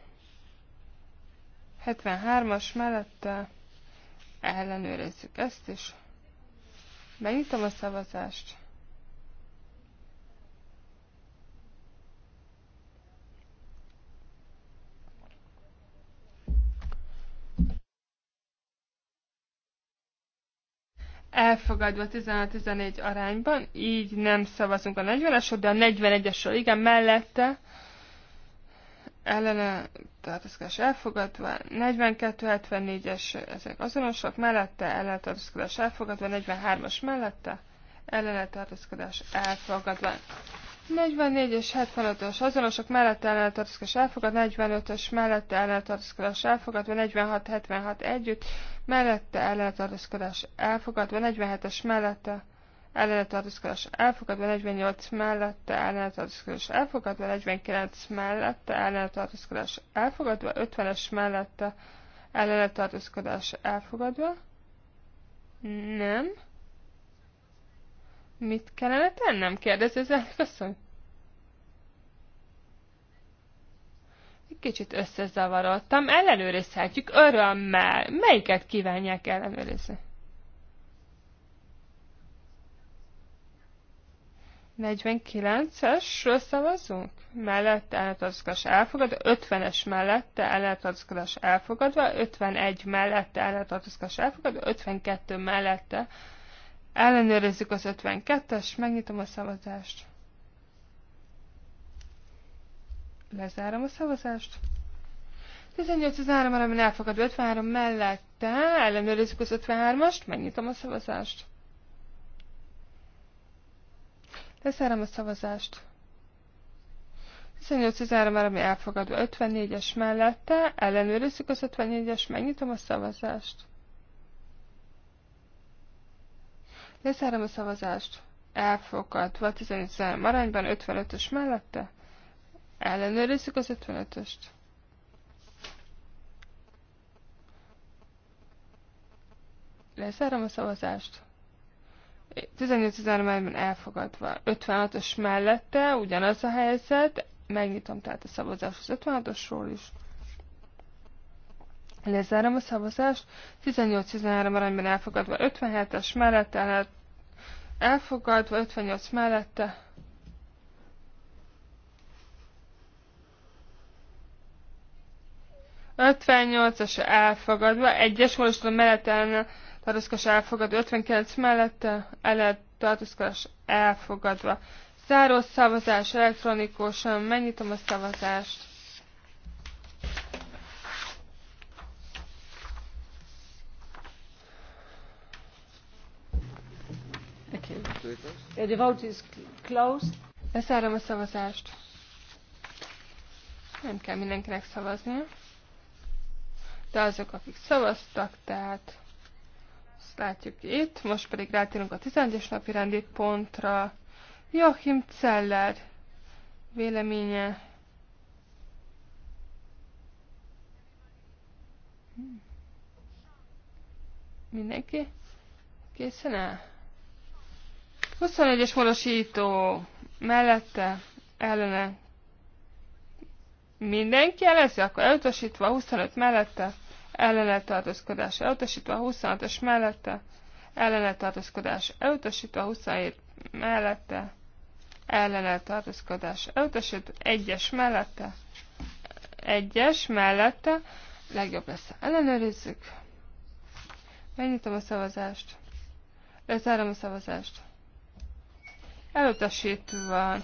73-as mellette ellenőrizzük ezt is. Megnyitom a szavazást. elfogadva 16-14 arányban, így nem szavazunk a 40-esről, de a 41-esről igen, mellette ellene tartózkodás elfogadva, 42-74-es ezek azonosak, mellette ellene tartózkodás elfogadva, 43-as mellette ellene tartózkodás elfogadva. 44 és 75-ös azonosok mellette ellentartózkodás elfogadva, 45-ös mellette ellentartózkodás elfogadva, 46-76 együtt, mellette ellentartózkodás elfogadva, 47-es mellette ellene elfogadva, 48 mellette ellene tartózkodás elfogadva, 49 mellette ellene tartózkodás elfogadva, 50-es mellette ellene elfogadva. Nem. Mit kellene tennem? Kérdezi az elnökasszony. Egy kicsit összezavarodtam. Ellenőrizhetjük örömmel. Melyiket kívánják ellenőrizni? 49-esről szavazunk? Mellett eltartózkodás elfogadva, 50-es mellette eltartózkodás elfogadva, 51 mellette eltartózkodás elfogadva, 52 mellette ellenőrizzük az 52-es, megnyitom a szavazást. Lezárom a szavazást. 18-13, amin elfogadva, 53 mellette ellenőrizzük az 53-ast, megnyitom a szavazást. Leszárom a szavazást. 18-13 ami elfogadó 54-es mellette, ellenőrizzük az 54-es, megnyitom a szavazást. Leszárom a szavazást. Elfogadva 18-13 arányban 55-ös mellette, ellenőrizzük az 55-öst. Leszárom a szavazást. 18 ben elfogadva. 56-os mellette ugyanaz a helyzet, megnyitom tehát a szavazást az 56-osról is. Lezárom a szavazást, 18-13 arányban elfogadva, 57-es mellette el, hát elfogadva, 58 mellette. Ötvennyolcas elfogadva, egyes a mellett ellen tartózkodás elfogadva, 59 mellette ellen tartózkodás elfogadva. Záró szavazás elektronikusan, megnyitom a szavazást. Okay. The vote is closed. Leszárom a szavazást. Nem kell mindenkinek szavazni. De azok, akik szavaztak, tehát ezt látjuk itt. Most pedig rátérünk a 11-es napi rendi pontra. Joachim Zeller véleménye. Mindenki? Készen el? 21-es módosító mellette ellene mindenki elezi, akkor elutasítva 25 mellette ellene tartózkodás elutasítva, 26-os mellette ellene tartózkodás elutasítva, 27 mellette ellene tartózkodás elutasítva, 1-es mellette, 1-es mellette, legjobb lesz ellenőrizzük. Megnyitom a szavazást. Lezárom a szavazást. Elutasítva.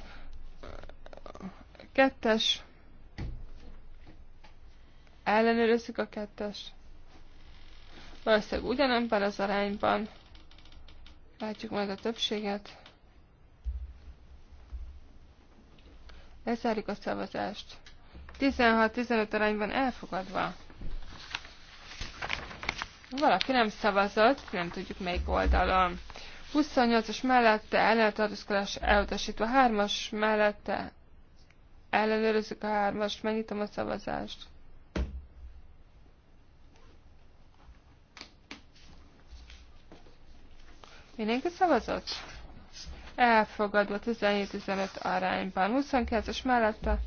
2-es, ellenőrizzük a kettes. Valószínűleg ugyanebben az arányban. Látjuk majd a többséget. Lezárjuk a szavazást. 16-15 arányban elfogadva. Valaki nem szavazott, nem tudjuk melyik oldalon. 28-as mellette ellentartózkodás elutasítva, 3-as mellette ellenőrizzük a 3-ast, megnyitom a szavazást. Mindenki szavazott? Elfogadva 17-15 arányban. 29-es mellette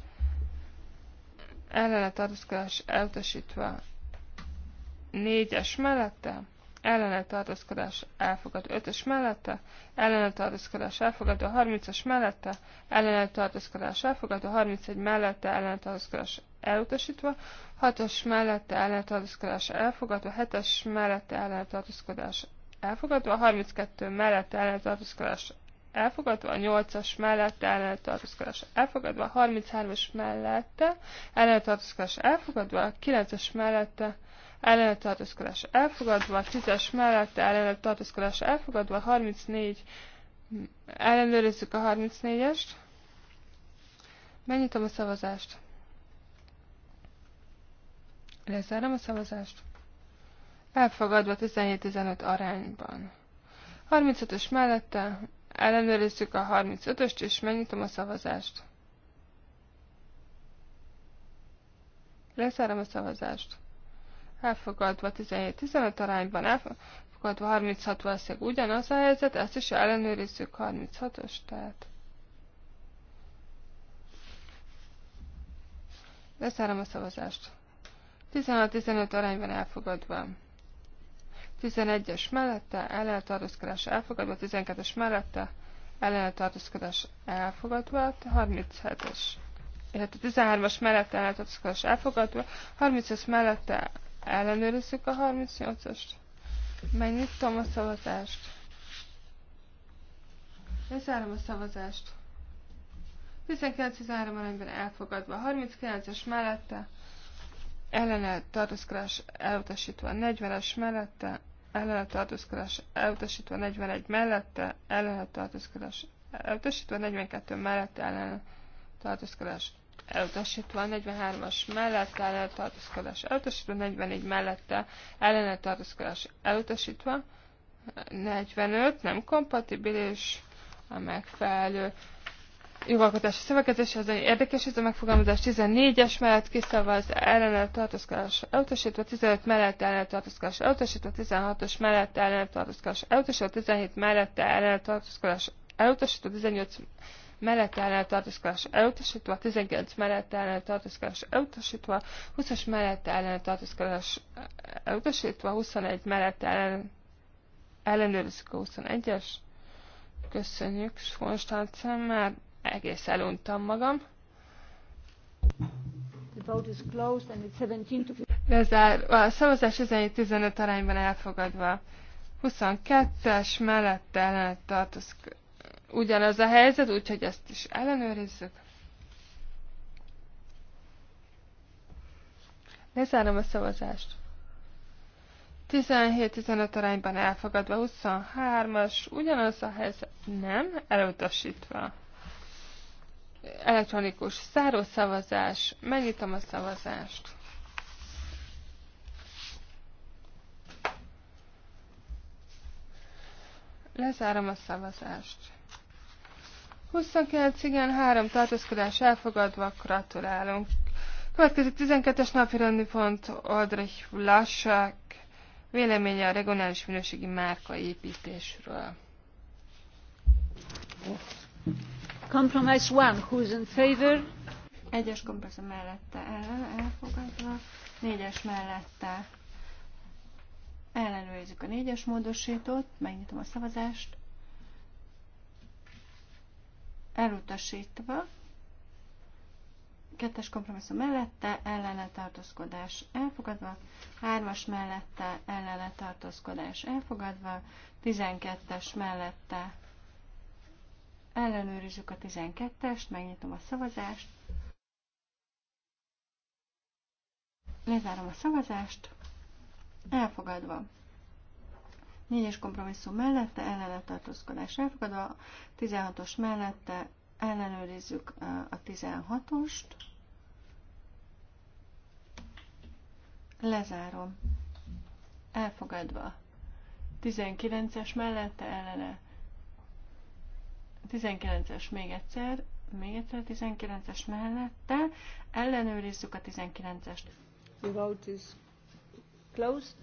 ellene tartózkodás elutasítva. 4-es mellette ellene tartózkodás elfogadó 5-ös mellette, ellene tartózkodás elfogadó 30-as mellette, ellene tartózkodás elfogadó 31 mellette, ellene tartózkodás elutasítva, 6-os mellette ellentartózkodás elfogadó, 7-es mellette tartózkodás elfogadva, a 32 mellett ellen tartózkodás elfogadva, a 8-as mellett ellen tartózkodás elfogadva, a 33-as mellette ellen tartózkodás elfogadva, a 9-es mellette ellen tartózkodás elfogadva, a 10-es mellette ellen tartózkodás elfogadva, a 34 ellenőrizzük a 34-est. Megnyitom a szavazást. Lezárom a szavazást. Elfogadva 17-15 arányban. 35-ös mellette ellenőrizzük a 35-öst, és megnyitom a szavazást. Leszárom a szavazást. Elfogadva 17-15 arányban, elfogadva 36 valószínűleg ugyanaz a helyzet, ezt is ellenőrizzük 36-os, tehát. Leszárom a szavazást. 16-15 arányban elfogadva. 11-es mellette ellene elfogadva, 12-es mellette ellene elfogadva, 37-es illetve 13-as mellette ellene elfogadva, 30-as mellette ellenőrizzük a 38-ast. Megnyitom a szavazást. Lezárom a szavazást. 19-13 arányban elfogadva, 39-es mellette ellene tartózkodás elutasítva 40-es mellette, ellene tartózkodás elutasítva 41 mellette, ellene tartózkodás elutasítva 42 mellette, ellene tartózkodás elutasítva 43-as mellette, ellene tartózkodás elutasítva 44 mellette, ellene tartózkodás elutasítva 45 nem kompatibilis a megfelelő jogalkotási szövegezés, és ez egy érdekes, ez a megfogalmazás 14-es mellett az ellenet tartozkodás elutasítva, 15 mellett ellenet tartozkodás elutasítva, 16-os mellett ellenet tartozkodás elutasítva, 17 mellett ellenet tartozkodás elutasítva, 18 mellett ellenet tartozkodás elutasítva, 19 mellett ellenet tartozkodás elutasítva, 20-as mellett ellenet tartozkodás elutasítva, 21 mellett ellen, ellenőrizzük a 21-es. Köszönjük, Skonstantin, mert egész eluntam magam. The a szavazás 17-15 arányban elfogadva. 22-es mellette ellenet tartozik. Ugyanaz a helyzet, úgyhogy ezt is ellenőrizzük. Lezárom a szavazást. 17-15 arányban elfogadva 23-as, ugyanaz a helyzet nem elutasítva. Elektronikus száros szavazás. Megnyitom a szavazást. Lezárom a szavazást. 29 igen, 3 tartózkodás elfogadva, gratulálunk. Következő 12-es napi rendi pont Aldrich Vlassák véleménye a regionális minőségi Oh. Compromise one, who's in favor? Egyes kompromisszum mellette el elfogadva, négyes mellette ellenőrizzük a négyes módosítót, megnyitom a szavazást, elutasítva, kettes kompromisszum mellette ellene tartózkodás elfogadva, hármas mellette ellene tartózkodás elfogadva, tizenkettes mellette Ellenőrizzük a 12-est, megnyitom a szavazást. Lezárom a szavazást. Elfogadva. Négyes kompromisszum mellette, ellene tartózkodás elfogadva. 16-os mellette ellenőrizzük a 16-ost. Lezárom. Elfogadva. 19-es mellette ellene 19-es még egyszer, még egyszer 19-es mellette, ellenőrizzük a 19-est. The vote is closed.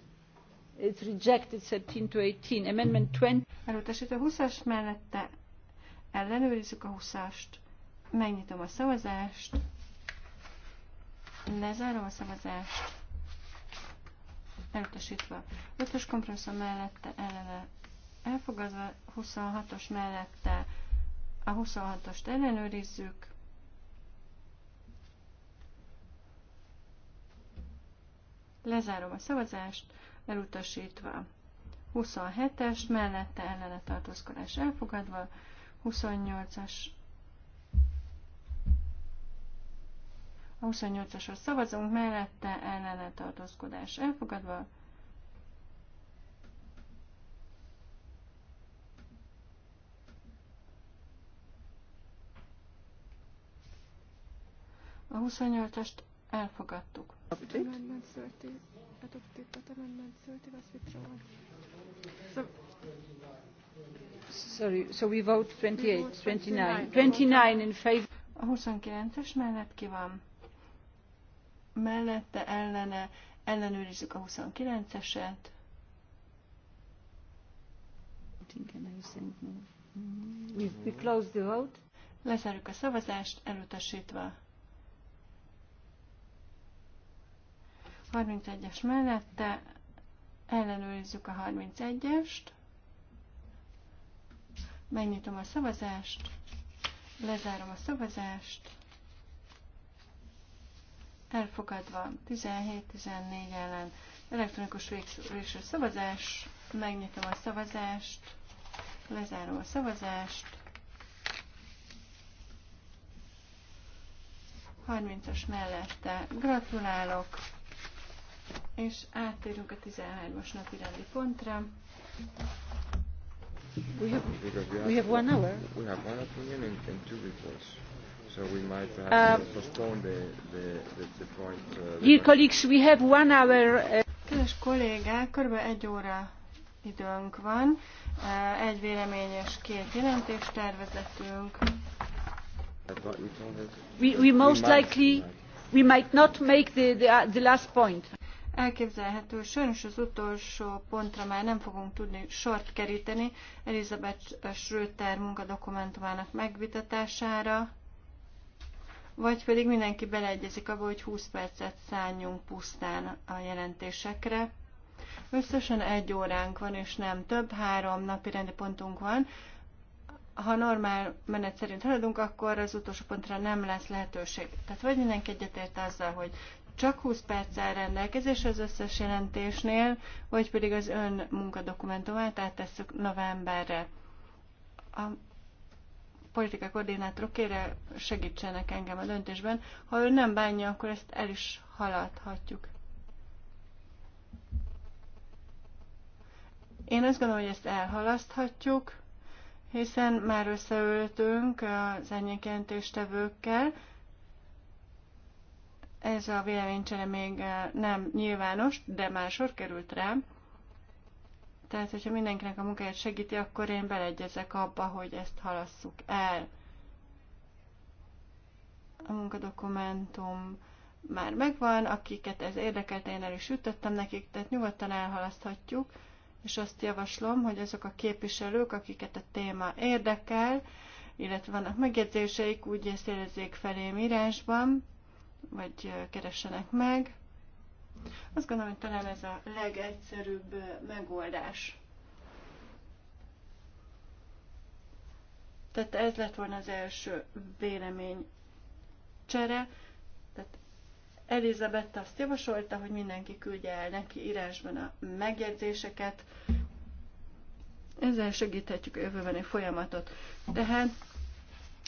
It's rejected 13 to 18. Amendment 20. Elutasító 20-as mellette ellenőrizzük a 20-ast. Megnyitom a szavazást. Lezárom a szavazást. Elutasítva. 5-ös kompromisszum mellette ellene elfogadva, 26-os mellette a 26 ast ellenőrizzük. Lezárom a szavazást, elutasítva. 27-est, mellette ellene tartózkodás elfogadva, 28-as a 28-asra szavazunk, mellette ellene tartózkodás elfogadva, A 28-est elfogadtuk. Sorry, so we vote 28, 29. 29 in favor. A 29-es mellett ki van? Mellette, ellene, ellenőrizzük a 29-eset. We close the vote. Lezárjuk a szavazást, elutasítva. 31-es mellette ellenőrizzük a 31-est. Megnyitom a szavazást, lezárom a szavazást. Elfogadva 17-14 ellen elektronikus végzésre szavazás. Megnyitom a szavazást, lezárom a szavazást. 30-as mellette gratulálok és áttérünk a 13-as napi rendi pontra. We have, we have one hour. We have one opinion and, and two reports. So we might have uh, postpone the, the, the, the point. Uh, the dear colleagues, we have one hour. Uh, Kedves kollégák, kb. egy óra időnk van. Uh, egy véleményes két jelentés tervezetünk. We, we most likely we might not make the, the, uh, the last point elképzelhető. Sajnos az utolsó pontra már nem fogunk tudni sort keríteni Elizabeth Schröter munkadokumentumának megvitatására, vagy pedig mindenki beleegyezik abba, hogy 20 percet szálljunk pusztán a jelentésekre. Összesen egy óránk van, és nem több, három napi rendi pontunk van. Ha normál menet szerint haladunk, akkor az utolsó pontra nem lesz lehetőség. Tehát vagy mindenki egyetért azzal, hogy csak 20 perc rendelkezés az összes jelentésnél, vagy pedig az ön munkadokumentumát áttesszük novemberre. A politika koordinátorok kére segítsenek engem a döntésben. Ha ő nem bánja, akkor ezt el is haladhatjuk. Én azt gondolom, hogy ezt elhalaszthatjuk, hiszen már összeültünk az árnyékjelentéstevőkkel, ez a véleménycsere még eh, nem nyilvános, de már sor került rá. Tehát, hogyha mindenkinek a munkáját segíti, akkor én beleegyezek abba, hogy ezt halasszuk el. A munkadokumentum már megvan, akiket ez érdekelt, én el is ütöttem nekik, tehát nyugodtan elhalaszthatjuk, és azt javaslom, hogy azok a képviselők, akiket a téma érdekel, illetve vannak megjegyzéseik, úgy ezt érezzék felém írásban, vagy keressenek meg. Azt gondolom, hogy talán ez a legegyszerűbb megoldás. Tehát ez lett volna az első vélemény csere. Tehát Elizabeth azt javasolta, hogy mindenki küldje el neki írásban a megjegyzéseket. Ezzel segíthetjük a jövőbeni folyamatot. Tehát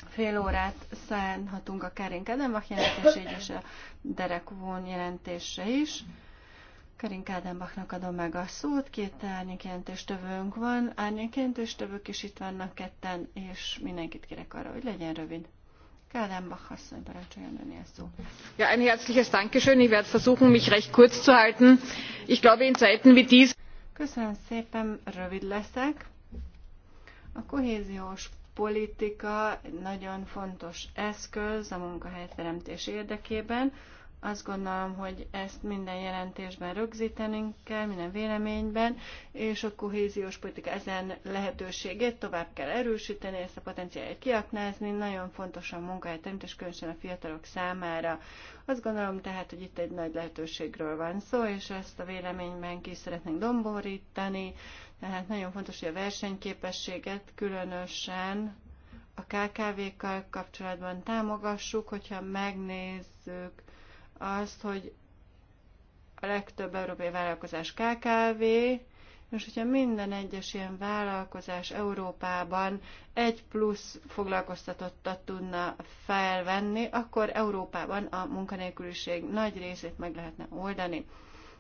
fél órát szállhatunk a Karin Kadenbach jelentésére és a Derek Vaughan jelentésre is. Karin Kádenbachnak adom meg a szót, két árnyékjelentéstövőnk van, árnyékjelentéstövők is itt vannak ketten, és mindenkit kérek arra, hogy legyen rövid. Ja, ein herzliches Dankeschön, ich werde versuchen, mich recht kurz zu halten. Ich glaube, in Zeiten wie diesen. Köszönöm szépen, rövid leszek. A kohéziós politika nagyon fontos eszköz a munkahelyteremtés érdekében. Azt gondolom, hogy ezt minden jelentésben rögzítenünk kell, minden véleményben, és a kohéziós politika ezen lehetőségét tovább kell erősíteni, ezt a potenciáját kiaknázni. Nagyon fontos a munkahelyteremtés, különösen a fiatalok számára. Azt gondolom tehát, hogy itt egy nagy lehetőségről van szó, és ezt a véleményben ki szeretnénk domborítani, tehát nagyon fontos, hogy a versenyképességet különösen a KKV-kkal kapcsolatban támogassuk, hogyha megnézzük azt, hogy a legtöbb európai vállalkozás KKV, és hogyha minden egyes ilyen vállalkozás Európában egy plusz foglalkoztatottat tudna felvenni, akkor Európában a munkanélküliség nagy részét meg lehetne oldani.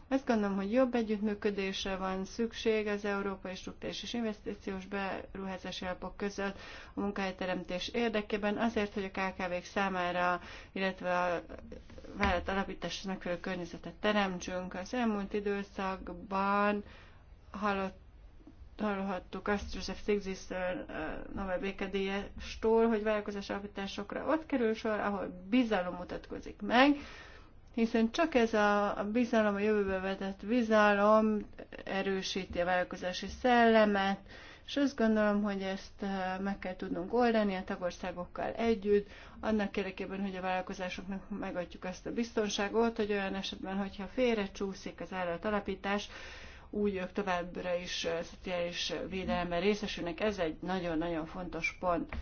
Azt gondolom, hogy jobb együttműködésre van szükség az Európai Struktúrás és Investíciós Beruházási Alapok között a munkahelyteremtés érdekében, azért, hogy a KKV-k számára, illetve a vállalat alapításhoz megfelelő környezetet teremtsünk. Az elmúlt időszakban hallott hallhattuk azt Joseph Sigzis Nobel békedélyestól, hogy vállalkozás alapításokra ott kerül sor, ahol bizalom mutatkozik meg, hiszen csak ez a bizalom, a jövőbe vetett bizalom erősíti a vállalkozási szellemet, és azt gondolom, hogy ezt eh, meg kell tudnunk oldani a tagországokkal együtt, annak érdekében, hogy a vállalkozásoknak megadjuk ezt a biztonságot, hogy olyan esetben, hogyha félre csúszik az állat alapítás, úgy ők továbbra is eh, szociális védelemben részesülnek. Ez egy nagyon-nagyon fontos pont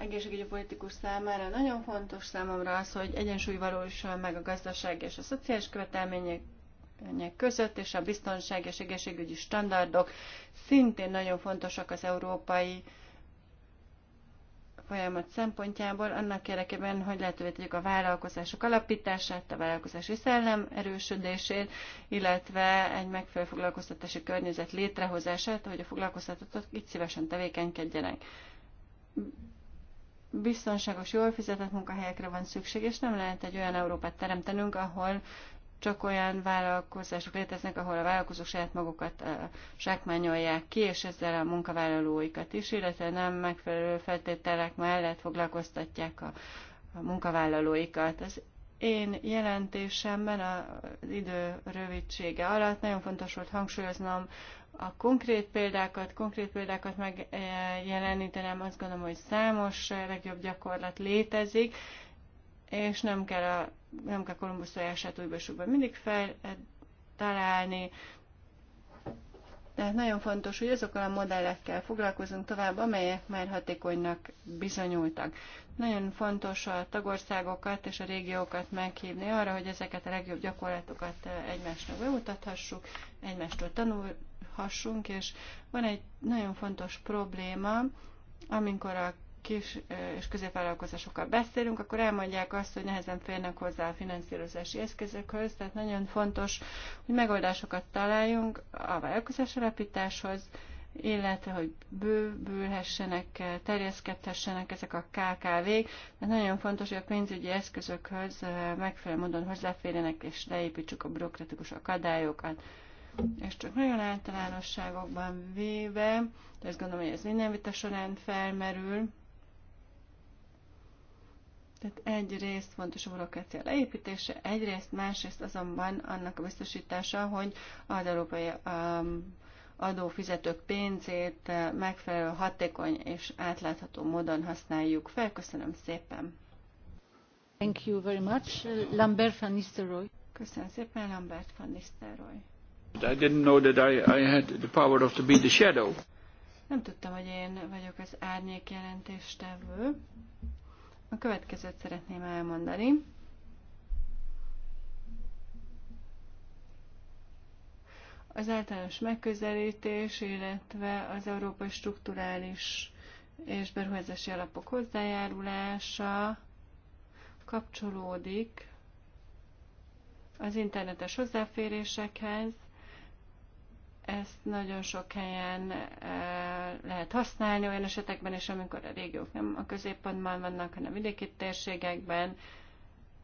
egészségügyi politikus számára nagyon fontos számomra az, hogy egyensúly valósul meg a gazdaság és a szociális követelmények között, és a biztonság és egészségügyi standardok szintén nagyon fontosak az európai folyamat szempontjából, annak érdekében, hogy lehetővé tegyük a vállalkozások alapítását, a vállalkozási szellem erősödését, illetve egy megfelelő foglalkoztatási környezet létrehozását, hogy a foglalkoztatottak itt szívesen tevékenykedjenek biztonságos, jól fizetett munkahelyekre van szükség, és nem lehet egy olyan Európát teremtenünk, ahol csak olyan vállalkozások léteznek, ahol a vállalkozók saját magukat zsákmányolják ki, és ezzel a munkavállalóikat is, illetve nem megfelelő feltételek mellett foglalkoztatják a, a munkavállalóikat. Az én jelentésemben az idő rövidsége alatt nagyon fontos volt hangsúlyoznom a konkrét példákat, konkrét példákat megjelenítenem, azt gondolom, hogy számos legjobb gyakorlat létezik, és nem kell, a, nem kell Kolumbusz tojását sokban mindig fel találni. Tehát nagyon fontos, hogy azokkal a modellekkel foglalkozunk tovább, amelyek már hatékonynak bizonyultak. Nagyon fontos a tagországokat és a régiókat meghívni arra, hogy ezeket a legjobb gyakorlatokat egymásnak bemutathassuk, egymástól tanul, hassunk, és van egy nagyon fontos probléma, amikor a kis és középvállalkozásokkal beszélünk, akkor elmondják azt, hogy nehezen férnek hozzá a finanszírozási eszközökhöz, tehát nagyon fontos, hogy megoldásokat találjunk a vállalkozás alapításhoz, illetve hogy bővülhessenek, terjeszkedhessenek ezek a KKV-k. mert nagyon fontos, hogy a pénzügyi eszközökhöz megfelelő módon hozzáférjenek, és leépítsük a bürokratikus akadályokat és csak nagyon általánosságokban véve, de azt gondolom, hogy ez minden vita során felmerül, tehát egyrészt fontos a burokrácia leépítése, egyrészt, másrészt azonban annak a biztosítása, hogy az európai um, adófizetők pénzét uh, megfelelő, hatékony és átlátható módon használjuk fel. Köszönöm szépen! Thank you very much. Uh, Lambert van Nistelrooy. Köszönöm szépen, Lambert van Nistelrooy. I didn't know that I, I had the power of to be the shadow. Nem tudtam, hogy én vagyok az árnyék jelentéstevő. A következőt szeretném elmondani. Az általános megközelítés, illetve az európai strukturális és beruházási alapok hozzájárulása kapcsolódik az internetes hozzáférésekhez, ezt nagyon sok helyen eh, lehet használni olyan esetekben is, amikor a régiók nem a középpontban vannak, hanem vidéki térségekben,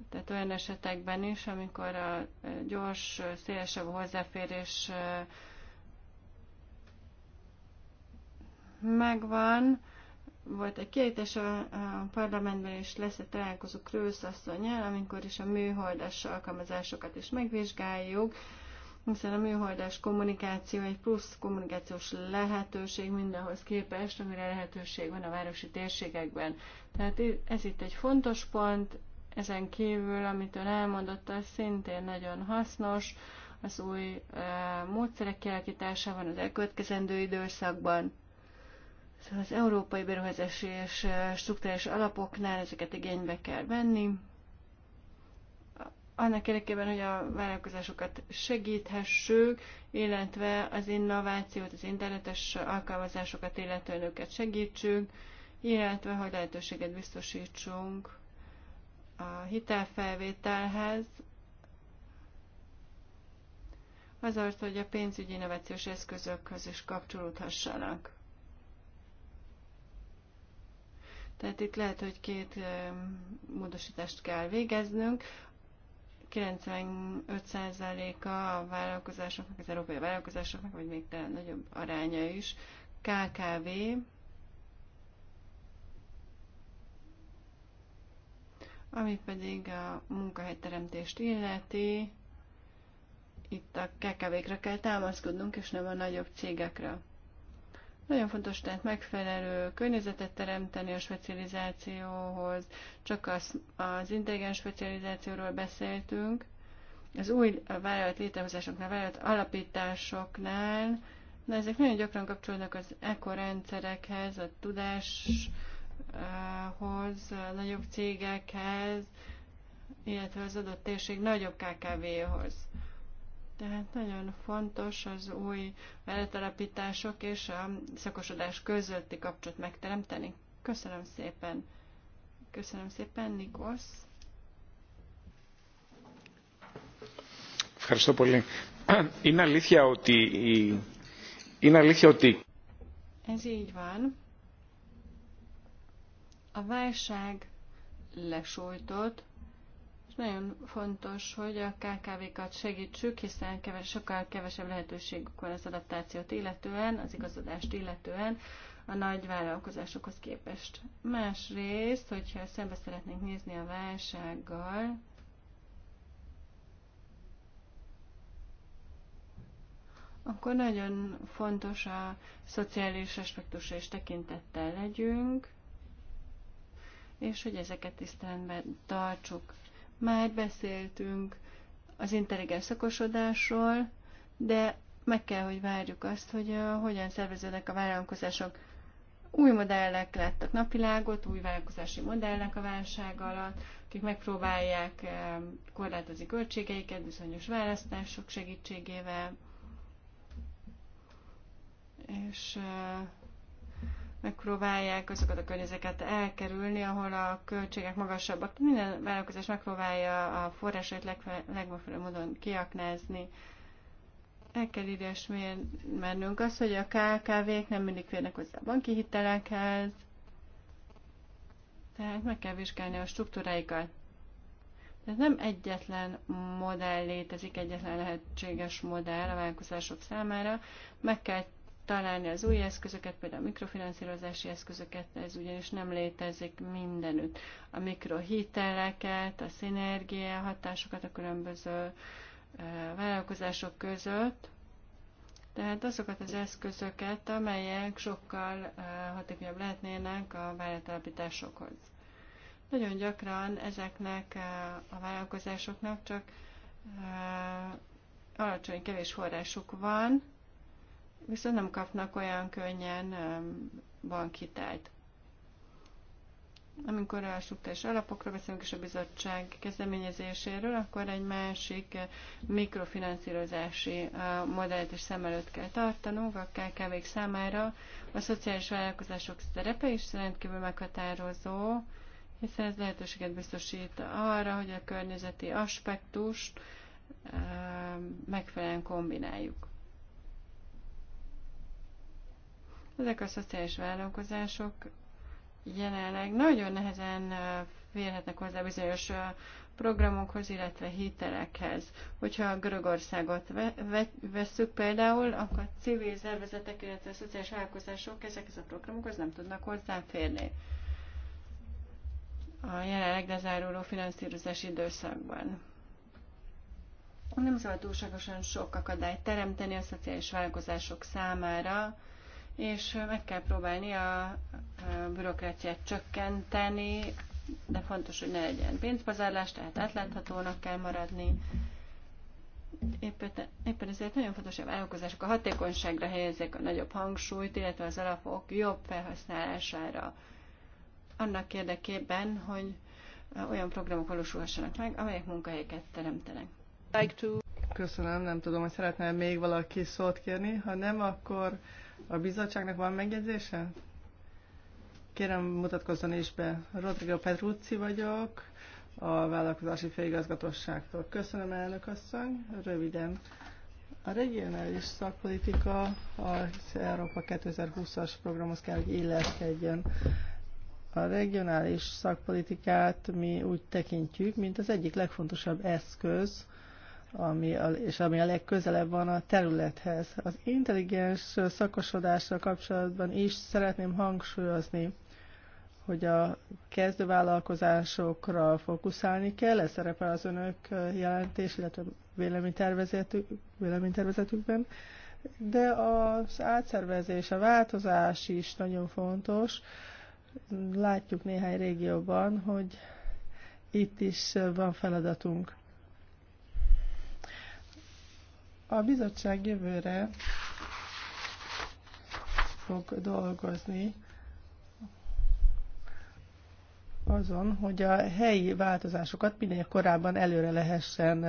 tehát olyan esetekben is, amikor a eh, gyors, szélesebb hozzáférés eh, megvan. Volt egy kiállítás a parlamentben, és lesz egy találkozó Krősz amikor is a műholdas alkalmazásokat is megvizsgáljuk, hiszen a műholdás kommunikáció egy plusz kommunikációs lehetőség mindenhoz képest, amire lehetőség van a városi térségekben. Tehát ez itt egy fontos pont, ezen kívül, amit ön elmondott, az szintén nagyon hasznos, az új módszerek van az elkövetkezendő időszakban. Szóval az európai beruházási és struktúrás alapoknál ezeket igénybe kell venni, annak érdekében, hogy a vállalkozásokat segíthessük, illetve az innovációt, az internetes alkalmazásokat, illetve önöket segítsünk, illetve hogy lehetőséget biztosítsunk a hitelfelvételhez, azért, hogy a pénzügyi innovációs eszközökhöz is kapcsolódhassanak. Tehát itt lehet, hogy két eh, módosítást kell végeznünk. 95%-a a vállalkozásoknak, az európai vállalkozásoknak, vagy még talán nagyobb aránya is, KKV, ami pedig a munkahelyteremtést illeti, itt a KKV-kra kell támaszkodnunk, és nem a nagyobb cégekre. Nagyon fontos tehát megfelelő környezetet teremteni a specializációhoz. Csak az, az intelligens specializációról beszéltünk. Az új vállalat létrehozásoknál, vállalat alapításoknál, de ezek nagyon gyakran kapcsolódnak az ekorendszerekhez, a tudáshoz, a nagyobb cégekhez, illetve az adott térség nagyobb KKV-hoz. Tehát nagyon fontos az új beletelepítások és a szakosodás közötti kapcsolat megteremteni. Köszönöm szépen. Köszönöm szépen, Nikosz. Ευχαριστώ πολύ. Είναι αλήθεια ότι Είναι αλήθεια ότι... Ez így van. A válság lesújtott, nagyon fontos, hogy a KKV-kat segítsük, hiszen keves, sokkal kevesebb lehetőségük van az adaptációt illetően, az igazodást illetően a nagy vállalkozásokhoz képest. Másrészt, hogyha szembe szeretnénk nézni a válsággal, akkor nagyon fontos a szociális aspektusra is tekintettel legyünk, és hogy ezeket tiszteletben tartsuk. Már beszéltünk az intelligens szakosodásról, de meg kell, hogy várjuk azt, hogy uh, hogyan szerveződnek a vállalkozások. Új modellek láttak napvilágot, új vállalkozási modellek a válság alatt, akik megpróbálják uh, korlátozni költségeiket bizonyos választások segítségével, és uh, megpróbálják azokat a környezeket elkerülni, ahol a költségek magasabbak. Minden vállalkozás megpróbálja a forrásait legmegfelelőbb módon kiaknázni. El kell írás mennünk az, hogy a KKV-k nem mindig férnek hozzá a banki hitelekhez, tehát meg kell vizsgálni a struktúráikat. Tehát nem egyetlen modell létezik, egyetlen lehetséges modell a vállalkozások számára. Meg kell találni az új eszközöket, például a mikrofinanszírozási eszközöket, ez ugyanis nem létezik mindenütt. A mikrohiteleket, a szinergia hatásokat a különböző e, vállalkozások között, tehát azokat az eszközöket, amelyek sokkal e, hatékonyabb lehetnének a vállalatalapításokhoz. Nagyon gyakran ezeknek e, a vállalkozásoknak csak alacsony, kevés forrásuk van, viszont nem kapnak olyan könnyen bankhitelt. Amikor a struktúrás alapokról beszélünk és a bizottság kezdeményezéséről, akkor egy másik eh, mikrofinanszírozási eh, modellt is szem előtt kell tartanunk a kkv számára. A szociális vállalkozások szerepe is rendkívül meghatározó, hiszen ez lehetőséget biztosít arra, hogy a környezeti aspektust eh, megfelelően kombináljuk. Ezek a szociális vállalkozások jelenleg nagyon nehezen férhetnek hozzá bizonyos programokhoz, illetve hitelekhez. Hogyha a Görögországot vesszük például, akkor a civil szervezetek, illetve a szociális vállalkozások ezekhez a programokhoz nem tudnak hozzáférni a jelenleg lezáruló finanszírozási időszakban. Nem szabad túlságosan sok akadályt teremteni a szociális vállalkozások számára, és meg kell próbálni a bürokráciát csökkenteni, de fontos, hogy ne legyen pénzpazárlás, tehát átláthatónak kell maradni. Éppen, éppen ezért nagyon fontos, hogy a vállalkozások a hatékonyságra helyezzék a nagyobb hangsúlyt, illetve az alapok jobb felhasználására. Annak érdekében, hogy olyan programok valósulhassanak meg, amelyek munkahelyeket teremtenek. Köszönöm, nem tudom, hogy szeretne még valaki szót kérni, ha nem, akkor a bizottságnak van megjegyzése? Kérem, mutatkozzon is be. Rodrigo Petrucci vagyok, a vállalkozási főigazgatóságtól. Köszönöm, elnök asszony. Röviden. A regionális szakpolitika az Európa 2020-as programhoz kell, hogy illeszkedjen. A regionális szakpolitikát mi úgy tekintjük, mint az egyik legfontosabb eszköz, ami a, és ami a legközelebb van a területhez. Az intelligens szakosodásra kapcsolatban is szeretném hangsúlyozni, hogy a kezdővállalkozásokra fókuszálni kell, ez szerepel az önök jelentés, illetve véleménytervezetük, véleménytervezetükben, de az átszervezés, a változás is nagyon fontos. Látjuk néhány régióban, hogy itt is van feladatunk A bizottság jövőre fog dolgozni azon, hogy a helyi változásokat minél korábban előre lehessen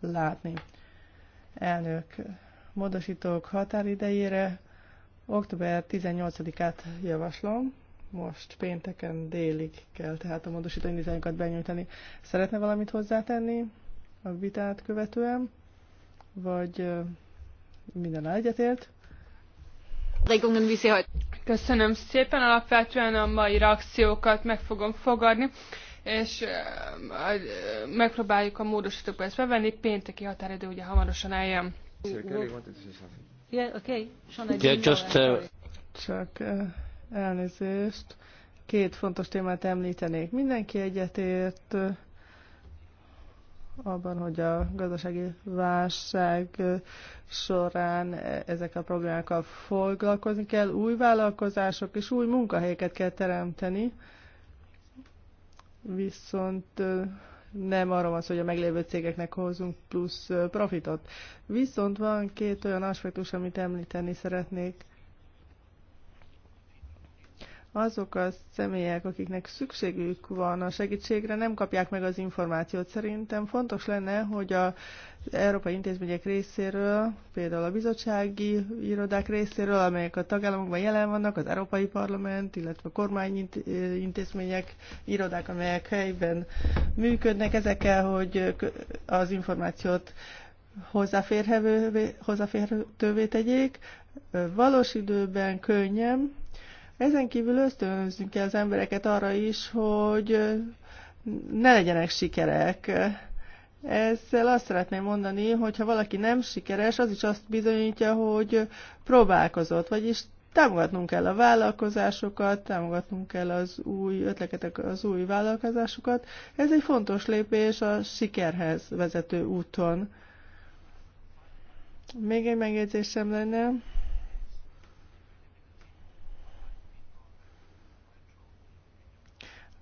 látni. Elnök módosítók határidejére október 18-át javaslom. Most pénteken délig kell tehát a módosítói dizájnokat benyújtani. Szeretne valamit hozzátenni a vitát követően? vagy minden egyetért. Köszönöm szépen, alapvetően a mai reakciókat meg fogom fogadni, és megpróbáljuk a módosítókba ezt bevenni, pénteki határidő ugye hamarosan eljön. Yeah, okay. yeah, just, uh... Csak elnézést. Két fontos témát említenék. Mindenki egyetért abban, hogy a gazdasági válság során ezek a problémákkal foglalkozni kell, új vállalkozások és új munkahelyeket kell teremteni, viszont nem arról van szó, hogy a meglévő cégeknek hozunk plusz profitot. Viszont van két olyan aspektus, amit említeni szeretnék azok a személyek, akiknek szükségük van a segítségre, nem kapják meg az információt. Szerintem fontos lenne, hogy az Európai Intézmények részéről, például a bizottsági irodák részéről, amelyek a tagállamokban jelen vannak, az Európai Parlament, illetve a kormányintézmények, irodák, amelyek helyben működnek, ezekkel, hogy az információt hozzáférhetővé tegyék, valós időben, könnyen, ezen kívül ösztönözzünk el az embereket arra is, hogy ne legyenek sikerek. Ezzel azt szeretném mondani, hogy ha valaki nem sikeres, az is azt bizonyítja, hogy próbálkozott, vagyis támogatnunk kell a vállalkozásokat, támogatnunk kell az új ötleketek, az új vállalkozásokat. Ez egy fontos lépés a sikerhez vezető úton. Még egy megjegyzésem lenne.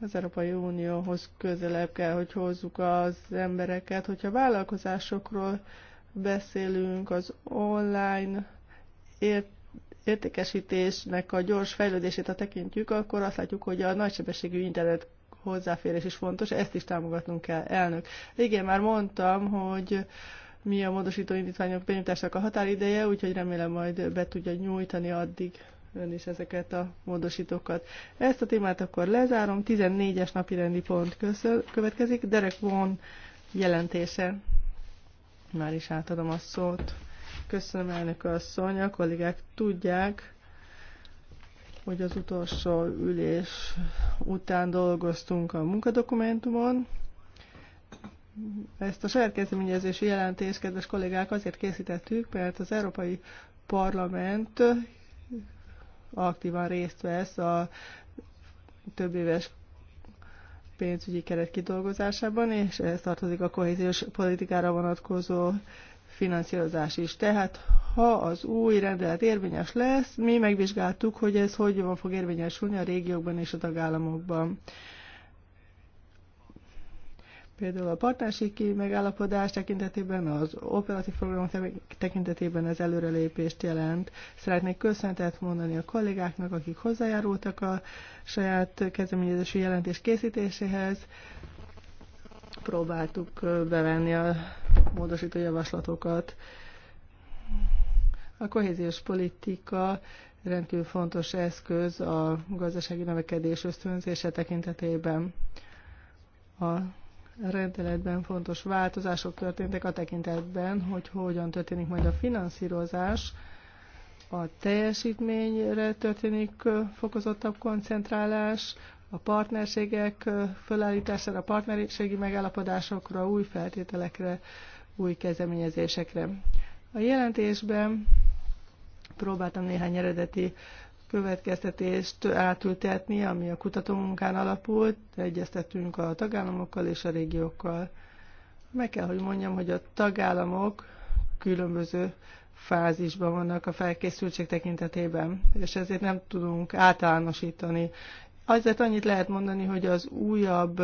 az Európai Unióhoz közelebb kell, hogy hozzuk az embereket. Hogyha vállalkozásokról beszélünk, az online ért értékesítésnek a gyors fejlődését, a tekintjük, akkor azt látjuk, hogy a nagysebességű internet hozzáférés is fontos, ezt is támogatnunk kell, elnök. Igen, már mondtam, hogy mi a módosító indítványok benyújtásnak a határideje, úgyhogy remélem majd be tudja nyújtani addig ön is ezeket a módosítókat. Ezt a témát akkor lezárom. 14-es napi rendi pont köszön, következik. Derek von jelentése. Már is átadom a szót. Köszönöm, elnök asszony. A kollégák tudják, hogy az utolsó ülés után dolgoztunk a munkadokumentumon. Ezt a saját kezdeményezési jelentést, kedves kollégák, azért készítettük, mert az Európai Parlament aktívan részt vesz a több éves pénzügyi keret kidolgozásában, és ehhez tartozik a kohéziós politikára vonatkozó finanszírozás is. Tehát ha az új rendelet érvényes lesz, mi megvizsgáltuk, hogy ez hogyan fog érvényesülni a régiókban és a tagállamokban. Például a partnerségi megállapodás tekintetében, az operatív program tekintetében ez előrelépést jelent. Szeretnék köszöntet mondani a kollégáknak, akik hozzájárultak a saját kezdeményezési jelentés készítéséhez. Próbáltuk bevenni a módosító javaslatokat. A kohéziós politika rendkívül fontos eszköz a gazdasági növekedés ösztönzése tekintetében. A rendeletben fontos változások történtek a tekintetben, hogy hogyan történik majd a finanszírozás, a teljesítményre történik fokozottabb koncentrálás, a partnerségek fölállítására, a partnerségi megállapodásokra, új feltételekre, új kezdeményezésekre. A jelentésben próbáltam néhány eredeti következtetést átültetni, ami a kutatómunkán alapult, egyeztetünk a tagállamokkal és a régiókkal. Meg kell, hogy mondjam, hogy a tagállamok különböző fázisban vannak a felkészültség tekintetében, és ezért nem tudunk általánosítani. Azért annyit lehet mondani, hogy az újabb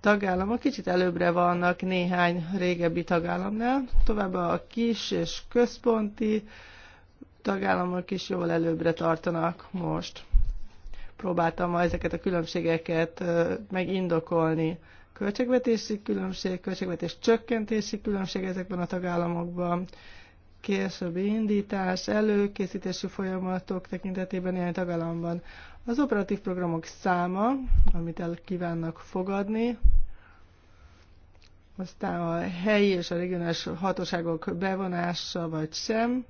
tagállamok kicsit előbbre vannak néhány régebbi tagállamnál, továbbá a kis és központi tagállamok is jól előbbre tartanak most. Próbáltam ma ezeket a különbségeket megindokolni. Költségvetési különbség, költségvetés csökkentési különbség ezekben a tagállamokban, későbbi indítás, előkészítési folyamatok tekintetében ilyen tagállamban. Az operatív programok száma, amit el kívánnak fogadni, aztán a helyi és a regionális hatóságok bevonása vagy sem,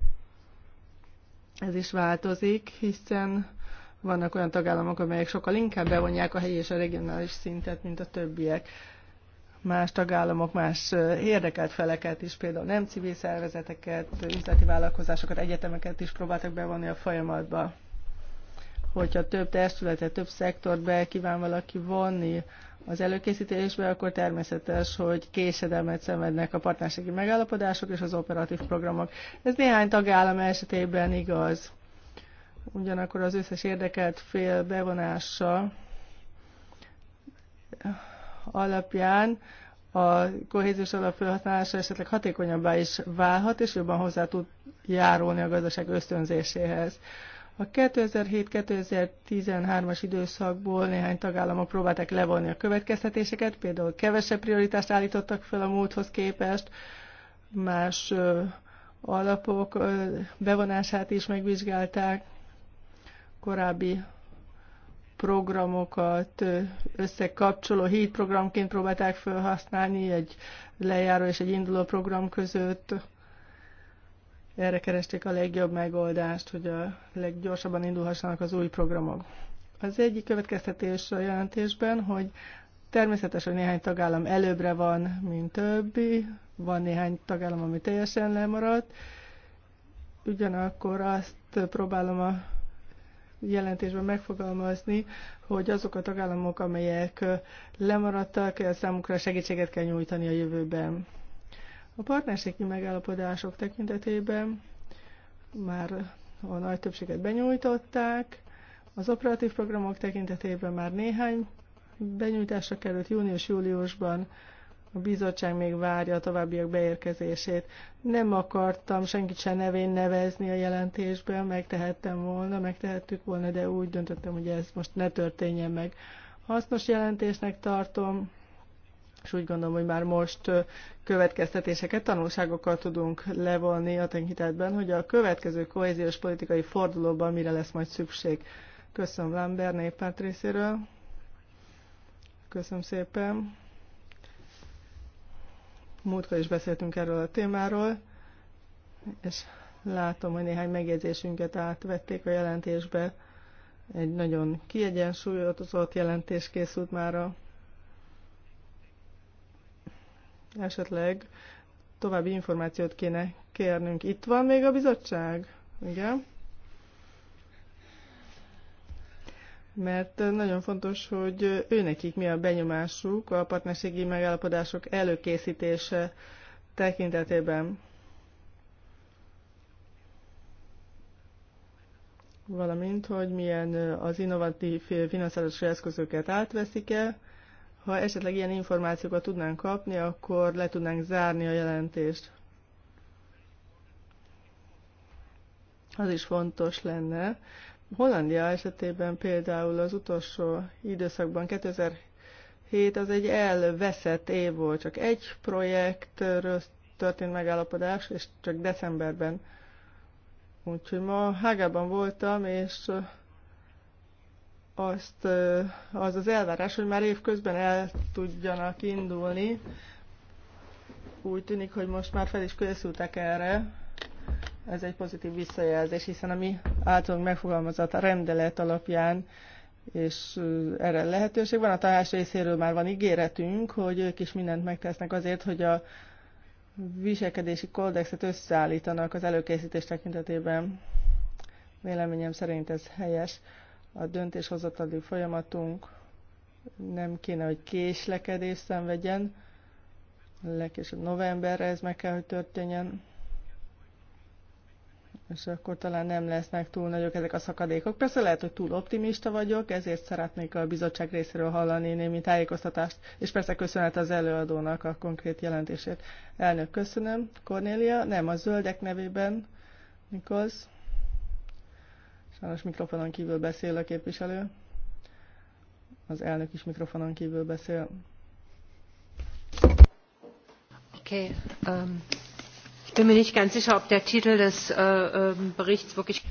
ez is változik, hiszen vannak olyan tagállamok, amelyek sokkal inkább bevonják a helyi és a regionális szintet, mint a többiek. Más tagállamok más érdekelt feleket is, például nem civil szervezeteket, üzleti vállalkozásokat, egyetemeket is próbáltak bevonni a folyamatba. Hogyha több testületet, több szektort be kíván valaki vonni az előkészítésbe, akkor természetes, hogy késedelmet szenvednek a partnerségi megállapodások és az operatív programok. Ez néhány tagállam esetében igaz. Ugyanakkor az összes érdekelt fél bevonása alapján a kohéziós alap felhasználása esetleg hatékonyabbá is válhat, és jobban hozzá tud járulni a gazdaság ösztönzéséhez. A 2007-2013-as időszakból néhány tagállamok próbálták levonni a következtetéseket, például kevesebb prioritást állítottak fel a múlthoz képest, más alapok bevonását is megvizsgálták, korábbi programokat összekapcsoló hídprogramként próbálták felhasználni egy lejáró és egy induló program között. Erre keresték a legjobb megoldást, hogy a leggyorsabban indulhassanak az új programok. Az egyik következtetés a jelentésben, hogy természetesen hogy néhány tagállam előbbre van, mint többi, van néhány tagállam, ami teljesen lemaradt, ugyanakkor azt próbálom a jelentésben megfogalmazni, hogy azok a tagállamok, amelyek lemaradtak, számukra segítséget kell nyújtani a jövőben. A partnerségi megállapodások tekintetében már a nagy többséget benyújtották, az operatív programok tekintetében már néhány benyújtásra került június-júliusban, a bizottság még várja a továbbiak beérkezését. Nem akartam senkit se nevén nevezni a jelentésben, megtehettem volna, megtehettük volna, de úgy döntöttem, hogy ez most ne történjen meg. Hasznos jelentésnek tartom, és úgy gondolom, hogy már most következtetéseket, tanulságokat tudunk levonni a tenkitetben, hogy a következő kohéziós politikai fordulóban mire lesz majd szükség. Köszönöm Lambert néppárt részéről. Köszönöm szépen. Múltkor is beszéltünk erről a témáról, és látom, hogy néhány megjegyzésünket átvették a jelentésbe. Egy nagyon kiegyensúlyozott jelentés készült már a esetleg további információt kéne kérnünk. Itt van még a bizottság? Igen. Mert nagyon fontos, hogy őnekik mi a benyomásuk a partnerségi megállapodások előkészítése tekintetében. valamint, hogy milyen az innovatív finanszírozási eszközöket átveszik-e, ha esetleg ilyen információkat tudnánk kapni, akkor le tudnánk zárni a jelentést. Az is fontos lenne. Hollandia esetében például az utolsó időszakban 2007 az egy elveszett év volt, csak egy projektről történt megállapodás, és csak decemberben. Úgyhogy ma Hágában voltam, és azt, az az elvárás, hogy már évközben el tudjanak indulni. Úgy tűnik, hogy most már fel is készültek erre. Ez egy pozitív visszajelzés, hiszen a mi általunk megfogalmazott a rendelet alapján és erre lehetőség van. A tanács részéről már van ígéretünk, hogy ők is mindent megtesznek azért, hogy a viselkedési kódexet összeállítanak az előkészítés tekintetében. Véleményem szerint ez helyes a döntéshozatali folyamatunk nem kéne, hogy késlekedés szenvedjen, legkésőbb novemberre ez meg kell, hogy történjen, és akkor talán nem lesznek túl nagyok ezek a szakadékok. Persze lehet, hogy túl optimista vagyok, ezért szeretnék a bizottság részéről hallani némi tájékoztatást, és persze köszönet az előadónak a konkrét jelentését. Elnök, köszönöm. Cornélia, nem, a zöldek nevében. Nikolsz. Sajnos mikrofonon kívül beszél a képviselő. Az elnök is mikrofonon kívül beszél. Oké. Okay. Um, ich bin mir nicht ganz sicher, ob der Titel des uh, Berichts wirklich...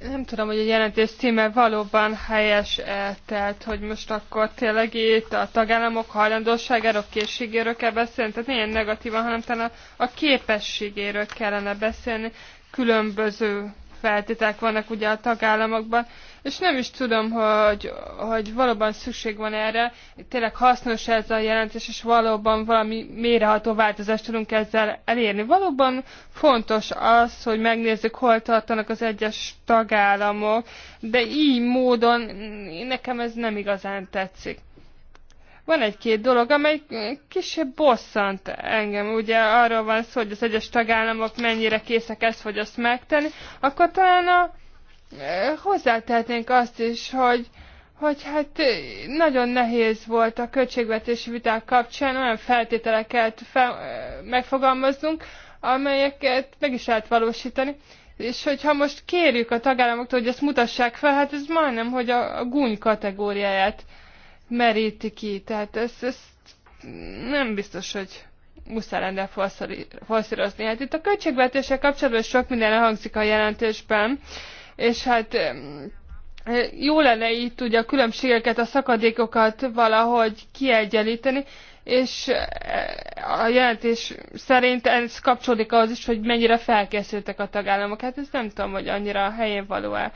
Nem tudom, hogy a jelentés címe valóban helyes -e, tehát hogy most akkor tényleg itt a tagállamok hajlandóságáról, készségéről kell beszélni, tehát ne ilyen negatívan, hanem talán a, a képességéről kellene beszélni, különböző feltételek vannak ugye a tagállamokban, és nem is tudom, hogy, hogy valóban szükség van erre, tényleg hasznos ez a jelentés, és valóban valami méreható változást tudunk ezzel elérni. Valóban fontos az, hogy megnézzük, hol tartanak az egyes tagállamok, de így módon nekem ez nem igazán tetszik van egy-két dolog, amely kisebb bosszant engem. Ugye arról van szó, hogy az egyes tagállamok mennyire készek ezt vagy azt megtenni, akkor talán a, e, hozzátehetnénk azt is, hogy, hogy hát nagyon nehéz volt a költségvetési viták kapcsán olyan feltételeket fel, e, megfogalmaznunk, amelyeket meg is lehet valósítani. És hogyha most kérjük a tagállamoktól, hogy ezt mutassák fel, hát ez majdnem, hogy a, a gúny kategóriáját meríti ki. Tehát ezt, ezt nem biztos, hogy muszáj lenne falszírozni. Hát itt a költségvetéssel kapcsolatban sok minden hangzik a jelentésben, és hát jó lenne itt ugye a különbségeket, a szakadékokat valahogy kiegyenlíteni, és e, a jelentés szerint ez kapcsolódik ahhoz is, hogy mennyire felkészültek a tagállamok. Hát ez nem tudom, hogy annyira helyén való-e.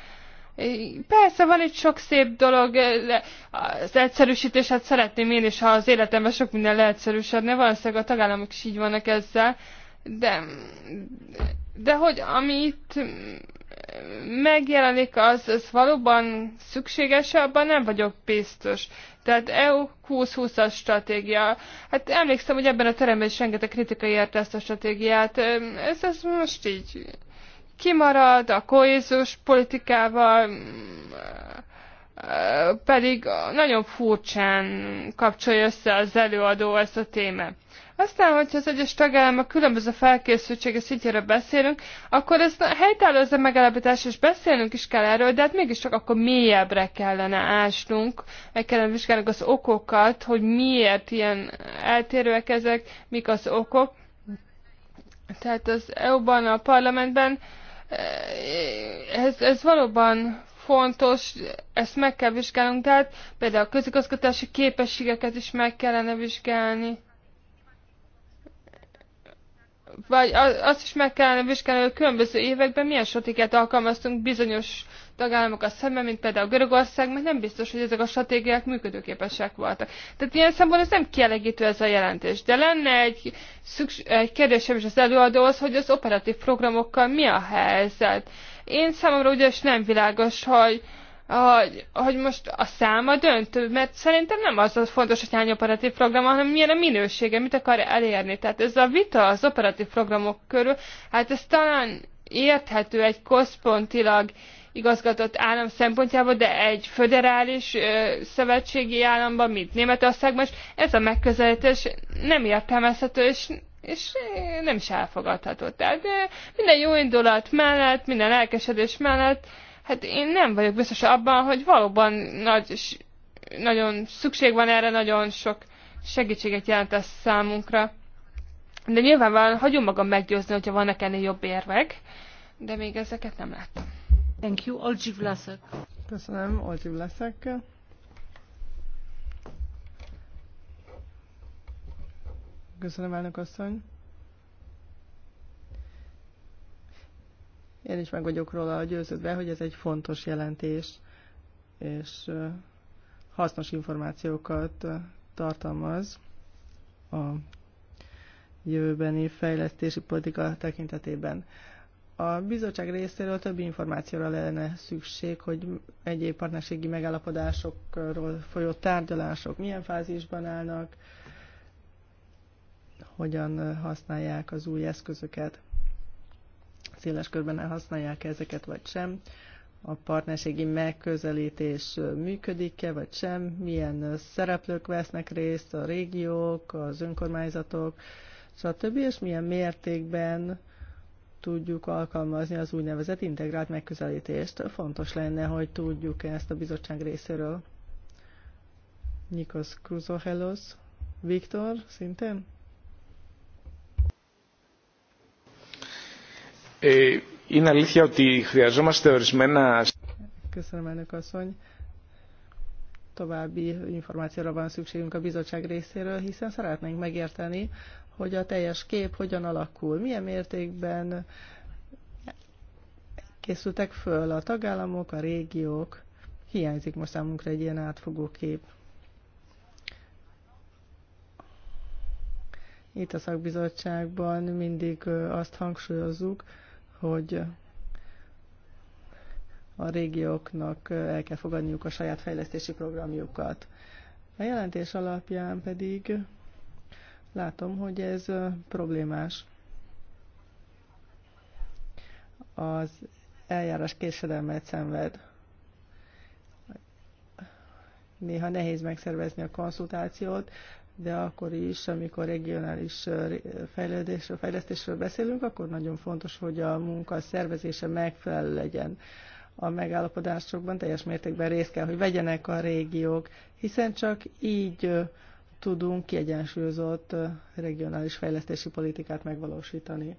Persze van itt sok szép dolog, eh, az egyszerűsítés, hát szeretném én is, ha az életemben sok minden leegyszerűsödne, valószínűleg a tagállamok is így vannak ezzel, de, de hogy ami itt megjelenik, az, az valóban szükséges, abban nem vagyok biztos. Tehát EU 2020-as stratégia. Hát emlékszem, hogy ebben a teremben is rengeteg kritika érte ezt a stratégiát. Ez, ez most így kimarad a kohézus politikával, mm, eh, pedig nagyon furcsán kapcsolja össze az előadó ezt a témát. Aztán, hogyha az egyes a különböző felkészültsége szintjéről beszélünk, akkor ez helytálló ez a megállapítás, és beszélnünk is kell erről, de hát mégiscsak akkor mélyebbre kellene ásnunk, meg kellene vizsgálnunk az okokat, hogy miért ilyen eltérőek ezek, mik az okok. Tehát az EU-ban, a parlamentben uh, Eh, ez, ez valóban fontos, ezt meg kell vizsgálnunk, tehát például a közigazgatási képességeket is meg kellene vizsgálni vagy azt is meg kellene vizsgálni, hogy a különböző években milyen stratégiát alkalmaztunk bizonyos tagállamokkal szemben, mint például Görögország, mert nem biztos, hogy ezek a stratégiák működőképesek voltak. Tehát ilyen szempontból ez nem kielégítő ez a jelentés. De lenne egy, szükség, egy kérdésem is az előadóhoz, hogy az operatív programokkal mi a helyzet. Én számomra ugyanis nem világos, hogy, hogy, hogy most a száma döntő, mert szerintem nem az a fontos, hogy hány operatív program hanem milyen a minősége, mit akar elérni. Tehát ez a vita az operatív programok körül, hát ez talán érthető egy központilag igazgatott állam szempontjából, de egy föderális ö, szövetségi államban, mint Németországban, és ez a megközelítés nem értelmezhető, és és nem is elfogadható. Tehát minden jó indulat mellett, minden elkesedés mellett Hát én nem vagyok biztos abban, hogy valóban nagy, nagyon szükség van erre, nagyon sok segítséget jelent ez számunkra. De nyilvánvalóan hagyom magam meggyőzni, hogyha vannak ennél jobb érvek, de még ezeket nem láttam. Thank you, Olgyiv leszek. Köszönöm, Olgyiv leszek. Köszönöm, elnök asszony. Én is meg vagyok róla győződve, hogy ez egy fontos jelentés, és hasznos információkat tartalmaz a jövőbeni fejlesztési politika tekintetében. A bizottság részéről több információra lenne szükség, hogy egyéb partnerségi megállapodásokról folyó tárgyalások milyen fázisban állnak, hogyan használják az új eszközöket széles körben elhasználják ezeket, vagy sem. A partnerségi megközelítés működik-e, vagy sem, milyen szereplők vesznek részt, a régiók, az önkormányzatok, stb. és milyen mértékben tudjuk alkalmazni az úgynevezett integrált megközelítést. Fontos lenne, hogy tudjuk ezt a bizottság részéről. Nikos Kruzohelos, Viktor, szintén? είναι αλήθεια ότι χρειαζόμαστε ορισμένα... Köszönöm, elnök asszony. További információra van szükségünk a bizottság részéről, hiszen szeretnénk megérteni, hogy a teljes kép hogyan alakul, milyen mértékben készültek föl a tagállamok, a régiók. Hiányzik most számunkra egy ilyen átfogó kép. Itt a szakbizottságban mindig azt hangsúlyozzuk, hogy a régióknak el kell fogadniuk a saját fejlesztési programjukat. A jelentés alapján pedig látom, hogy ez problémás. Az eljárás késedelmet szenved. Néha nehéz megszervezni a konszultációt, de akkor is, amikor regionális fejlődésről, fejlesztésről beszélünk, akkor nagyon fontos, hogy a munka szervezése megfelelő legyen. A megállapodásokban teljes mértékben részt kell, hogy vegyenek a régiók, hiszen csak így tudunk kiegyensúlyozott regionális fejlesztési politikát megvalósítani.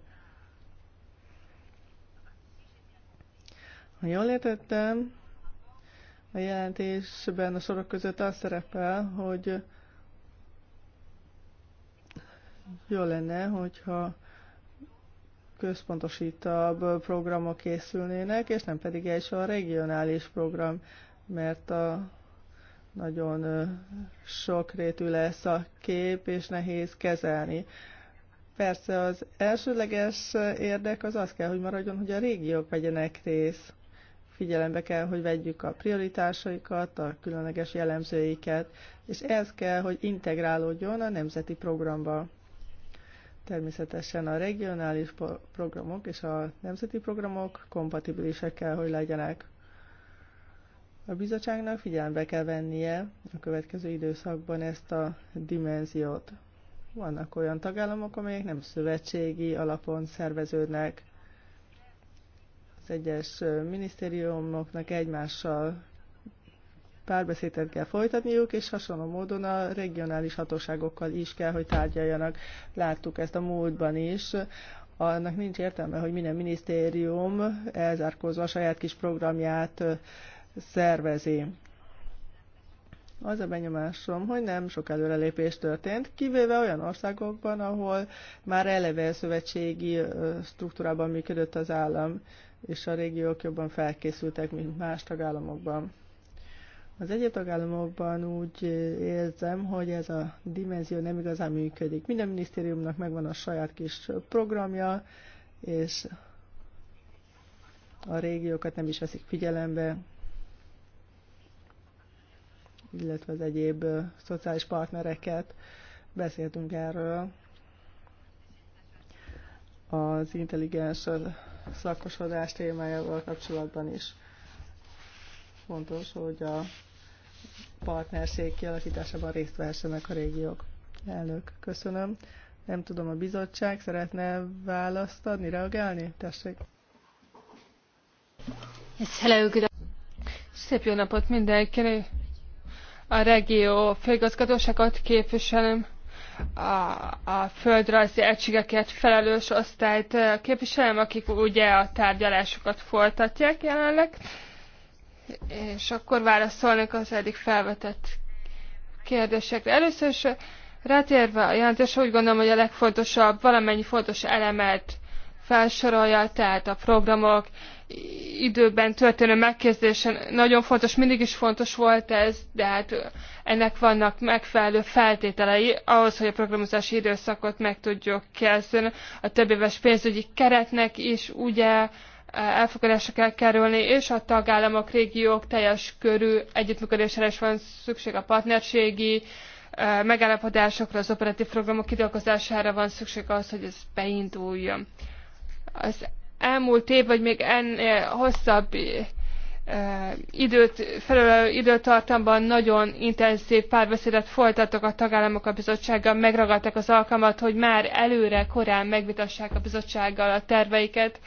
Ha jól értettem, a jelentésben a sorok között az szerepel, hogy jó lenne, hogyha központosítabb programok készülnének, és nem pedig egy a regionális program, mert a nagyon sokrétű lesz a kép, és nehéz kezelni. Persze az elsőleges érdek az az kell, hogy maradjon, hogy a régiók vegyenek részt. Figyelembe kell, hogy vegyük a prioritásaikat, a különleges jellemzőiket, és ez kell, hogy integrálódjon a nemzeti programba. Természetesen a regionális programok és a nemzeti programok kompatibilisek kell, hogy legyenek. A bizottságnak figyelembe kell vennie a következő időszakban ezt a dimenziót. Vannak olyan tagállamok, amelyek nem szövetségi alapon szerveződnek. Az egyes minisztériumoknak egymással párbeszédet kell folytatniuk, és hasonló módon a regionális hatóságokkal is kell, hogy tárgyaljanak. Láttuk ezt a múltban is. Annak nincs értelme, hogy minden minisztérium elzárkózva a saját kis programját szervezi. Az a benyomásom, hogy nem sok előrelépés történt, kivéve olyan országokban, ahol már eleve szövetségi struktúrában működött az állam, és a régiók jobban felkészültek, mint más tagállamokban. Az egyetagállamokban úgy érzem, hogy ez a dimenzió nem igazán működik. Minden minisztériumnak megvan a saját kis programja, és a régiókat nem is veszik figyelembe, illetve az egyéb szociális partnereket. Beszéltünk erről. Az intelligens szakosodás témájával kapcsolatban is fontos, hogy a partnerség kialakításában részt vehessenek a régiók. Elnök, köszönöm. Nem tudom, a bizottság szeretne választ adni, reagálni? Tessék. Szép jó napot mindenkinek! A regió főigazgatóságot képviselem, a, a földrajzi egységeket felelős osztályt képviselem, akik ugye a tárgyalásokat folytatják jelenleg és akkor válaszolnék az eddig felvetett kérdésekre. Először is rátérve a jelentés, úgy gondolom, hogy a legfontosabb, valamennyi fontos elemet felsorolja, tehát a programok időben történő megkezdésen nagyon fontos, mindig is fontos volt ez, de hát ennek vannak megfelelő feltételei ahhoz, hogy a programozási időszakot meg tudjuk kezdeni. A több éves pénzügyi keretnek is ugye elfogadásra kell kerülni, és a tagállamok, régiók teljes körű együttműködésre is van szükség a partnerségi megállapodásokra, az operatív programok kidolgozására van szükség ahhoz, hogy ez beinduljon. Az elmúlt év, vagy még ennél hosszabb időt, felelő időtartamban nagyon intenzív párbeszédet folytattak a tagállamok a bizottsággal, megragadtak az alkalmat, hogy már előre korán megvitassák a bizottsággal a terveiket,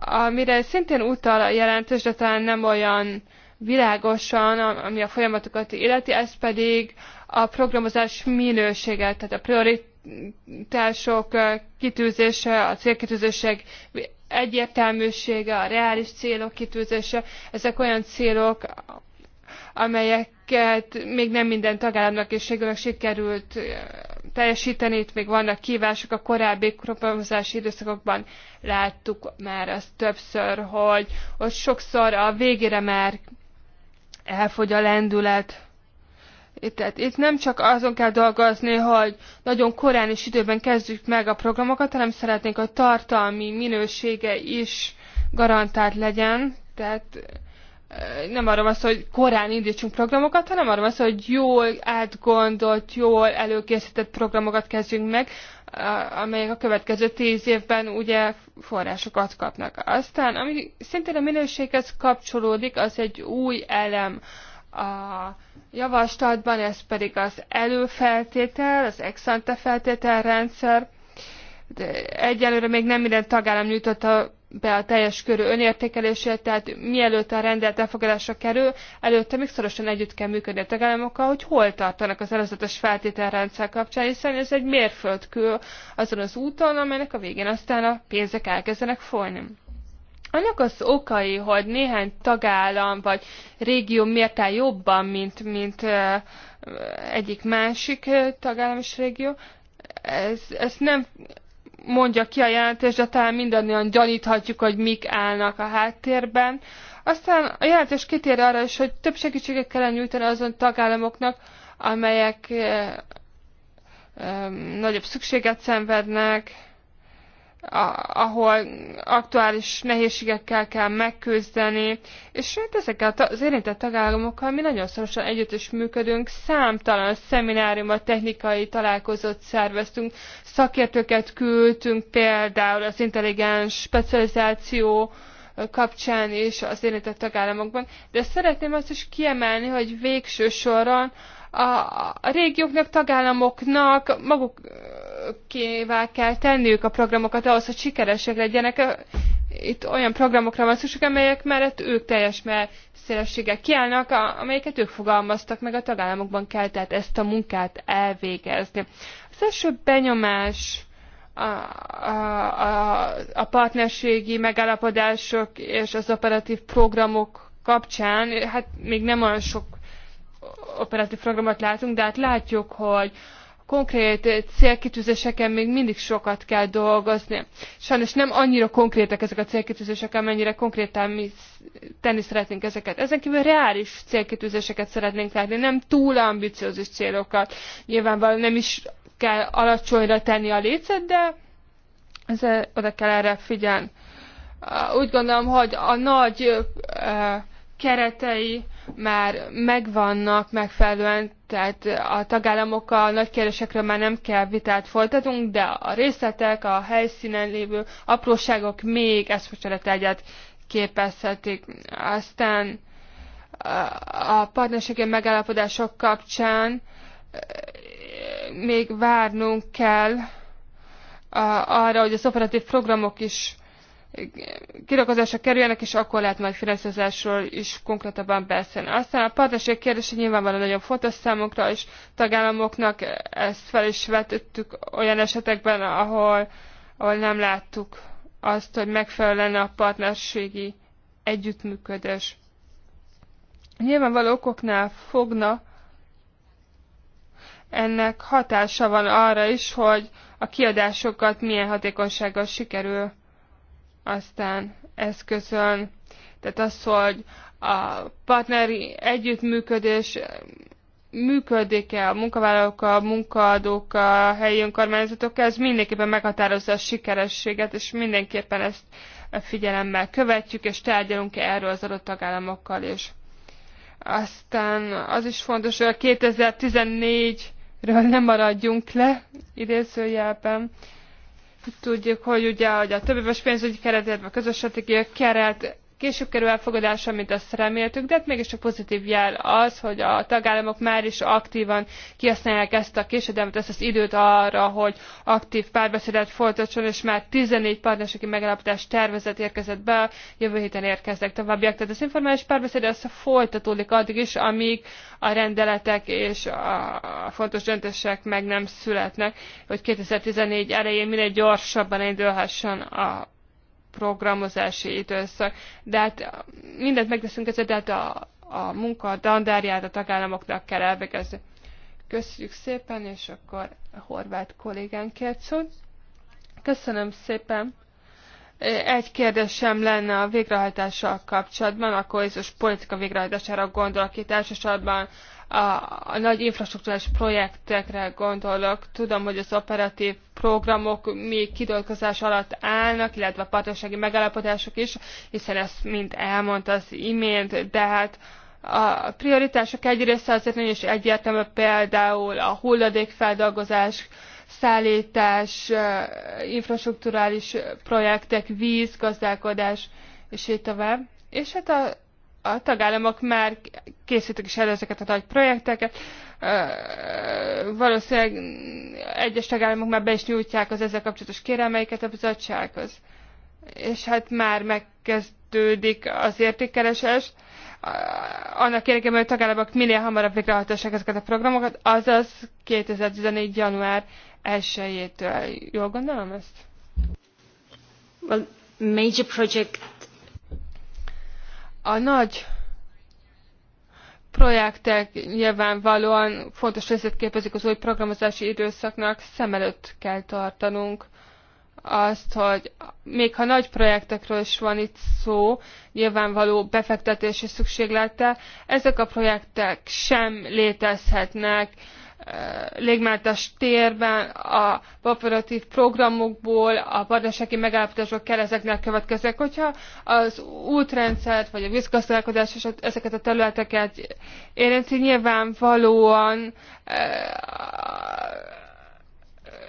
amire szintén utal a jelentés, de talán nem olyan világosan, ami a folyamatokat illeti, ez pedig a programozás minősége, tehát a prioritások kitűzése, a célkitűzések egyértelműsége, a reális célok kitűzése, ezek olyan célok, amelyeket még nem minden tagállamnak és segülnek sikerült teljesíteni, itt még vannak kívások a korábbi programozási időszakokban láttuk már azt többször, hogy ott sokszor a végére már elfogy a lendület. Itt, tehát itt nem csak azon kell dolgozni, hogy nagyon korán és időben kezdjük meg a programokat, hanem szeretnénk, hogy tartalmi minősége is garantált legyen. Tehát nem arra van szó, hogy korán indítsunk programokat, hanem arra van szó, hogy jól átgondolt, jól előkészített programokat kezdjünk meg, amelyek a következő tíz évben ugye forrásokat kapnak. Aztán, ami szintén a minőséghez kapcsolódik, az egy új elem a javaslatban, ez pedig az előfeltétel, az ex-ante feltételrendszer. De egyelőre még nem minden tagállam nyújtotta be a teljes körű önértékelését, tehát mielőtt a rendelt elfogadásra kerül, előtte még szorosan együtt kell működni a tagállamokkal, hogy hol tartanak az előzetes feltételrendszer kapcsán, hiszen ez egy mérföldkő azon az úton, amelynek a végén aztán a pénzek elkezdenek folyni. Annak az okai, hogy néhány tagállam vagy régió miért áll jobban, mint, mint egyik másik tagállam és régió, ez, ez nem mondja ki a jelentés, de talán mindannyian gyaníthatjuk, hogy mik állnak a háttérben. Aztán a jelentés kitér arra is, hogy több segítséget kellene nyújtani azon tagállamoknak, amelyek eh, eh, nagyobb szükséget szenvednek, ahol aktuális nehézségekkel kell megküzdeni, és hát ezekkel az érintett tagállamokkal mi nagyon szorosan együtt is működünk, számtalan szemináriumot, technikai találkozót szerveztünk, szakértőket küldtünk például az intelligens specializáció kapcsán és az érintett tagállamokban, de szeretném azt is kiemelni, hogy végső soron a, a régióknak, tagállamoknak magukévá kell tenniük a programokat ahhoz, hogy sikeresek legyenek. Itt olyan programokra van szükség, amelyek mellett ők teljes szélességgel kiállnak, amelyeket ők fogalmaztak meg, a tagállamokban kell tehát ezt a munkát elvégezni. Az első benyomás a, a, a, a partnerségi megállapodások és az operatív programok kapcsán, hát még nem olyan sok operatív programot látunk, de hát látjuk, hogy konkrét célkitűzéseken még mindig sokat kell dolgozni. Sajnos nem annyira konkrétek ezek a célkitűzések, amennyire konkrétan mi tenni szeretnénk ezeket. Ezen kívül reális célkitűzéseket szeretnénk látni, nem túl ambiciózus célokat. Nyilvánvalóan nem is kell alacsonyra tenni a lécet, de ez, oda kell erre figyelni. Úgy gondolom, hogy a nagy keretei már megvannak megfelelően, tehát a tagállamokkal nagy kérdésekről már nem kell vitát folytatunk, de a részletek, a helyszínen lévő apróságok még ezt egyet képezhetik. Aztán eh, a partnerségi megállapodások kapcsán eh, még várnunk kell eh, arra, hogy az operatív programok is kirakozásra kerüljenek, és akkor lehet majd finanszírozásról is konkrétabban beszélni. Aztán a partnerség kérdése nyilvánvalóan nagyon fontos számunkra, és tagállamoknak ezt fel is vetettük olyan esetekben, ahol, ahol nem láttuk azt, hogy megfelelő lenne a partnerségi együttműködés. Nyilvánvaló okoknál fogna, ennek hatása van arra is, hogy a kiadásokat milyen hatékonysággal sikerül aztán eszközön, tehát az, hogy a partneri együttműködés működik-e a munkavállalókkal, munkaadókkal, a helyi önkormányzatokkal, ez mindenképpen meghatározza a sikerességet, és mindenképpen ezt figyelemmel követjük, és tárgyalunk erről az adott tagállamokkal is. Aztán az is fontos, hogy a 2014-ről nem maradjunk le, idézőjelben, Tudjuk, hogy ugye a többéves pénzügyi keretében, a stratégia keret később kerül elfogadásra, mint azt reméltük, de hát mégiscsak pozitív jel az, hogy a tagállamok már is aktívan kihasználják ezt a késedelmet, ezt az időt arra, hogy aktív párbeszédet folytatson, és már 14 partnerségi megállapodás tervezet érkezett be, jövő héten érkeznek továbbiak. Tehát az informális párbeszéd az folytatódik addig is, amíg a rendeletek és a fontos döntések meg nem születnek, hogy 2014 elején minél gyorsabban indulhasson a programozási időszak. De hát mindent megteszünk ezért, de hát a, a munka dandárját a tagállamoknak kell elvégezni. Köszönjük szépen, és akkor a horvát kollégánk kért szó. Köszönöm szépen. Egy kérdésem lenne a végrehajtással kapcsolatban, a kohéziós politika végrehajtására gondolok itt elsősorban a, a nagy infrastruktúrás projektekre gondolok. Tudom, hogy az operatív programok még kidolgozás alatt állnak, illetve a partnersági megállapodások is, hiszen ezt mind elmondta az imént, de hát a prioritások egy része azért nagyon is egyértelmű, például a hulladékfeldolgozás, feldolgozás, szállítás, infrastruktúrális projektek, víz, gazdálkodás, és így tovább. És hát a, a tagállamok már készítik is el ezeket a nagy projekteket. Valószínűleg egyes tagállamok már be is nyújtják az ezzel kapcsolatos kérelmeiket a bizottsághoz. És hát már megkezdődik az értékkeresés. Eh, annak érdekében, hogy a tagállamok minél hamarabb végrehajtassák ezeket a programokat, azaz 2014. január 1-től. Jól gondolom ezt? Well, major project. A nagy projektek nyilvánvalóan fontos részét képezik az új programozási időszaknak, szem előtt kell tartanunk azt, hogy még ha nagy projektekről is van itt szó, nyilvánvaló befektetési szükséglete, ezek a projektek sem létezhetnek légmentes térben, a operatív programokból, a partnerségi megállapodások kell ezeknek következnek. Hogyha az útrendszert, vagy a vízgazdálkodás és ezeket a területeket érinti, nyilvánvalóan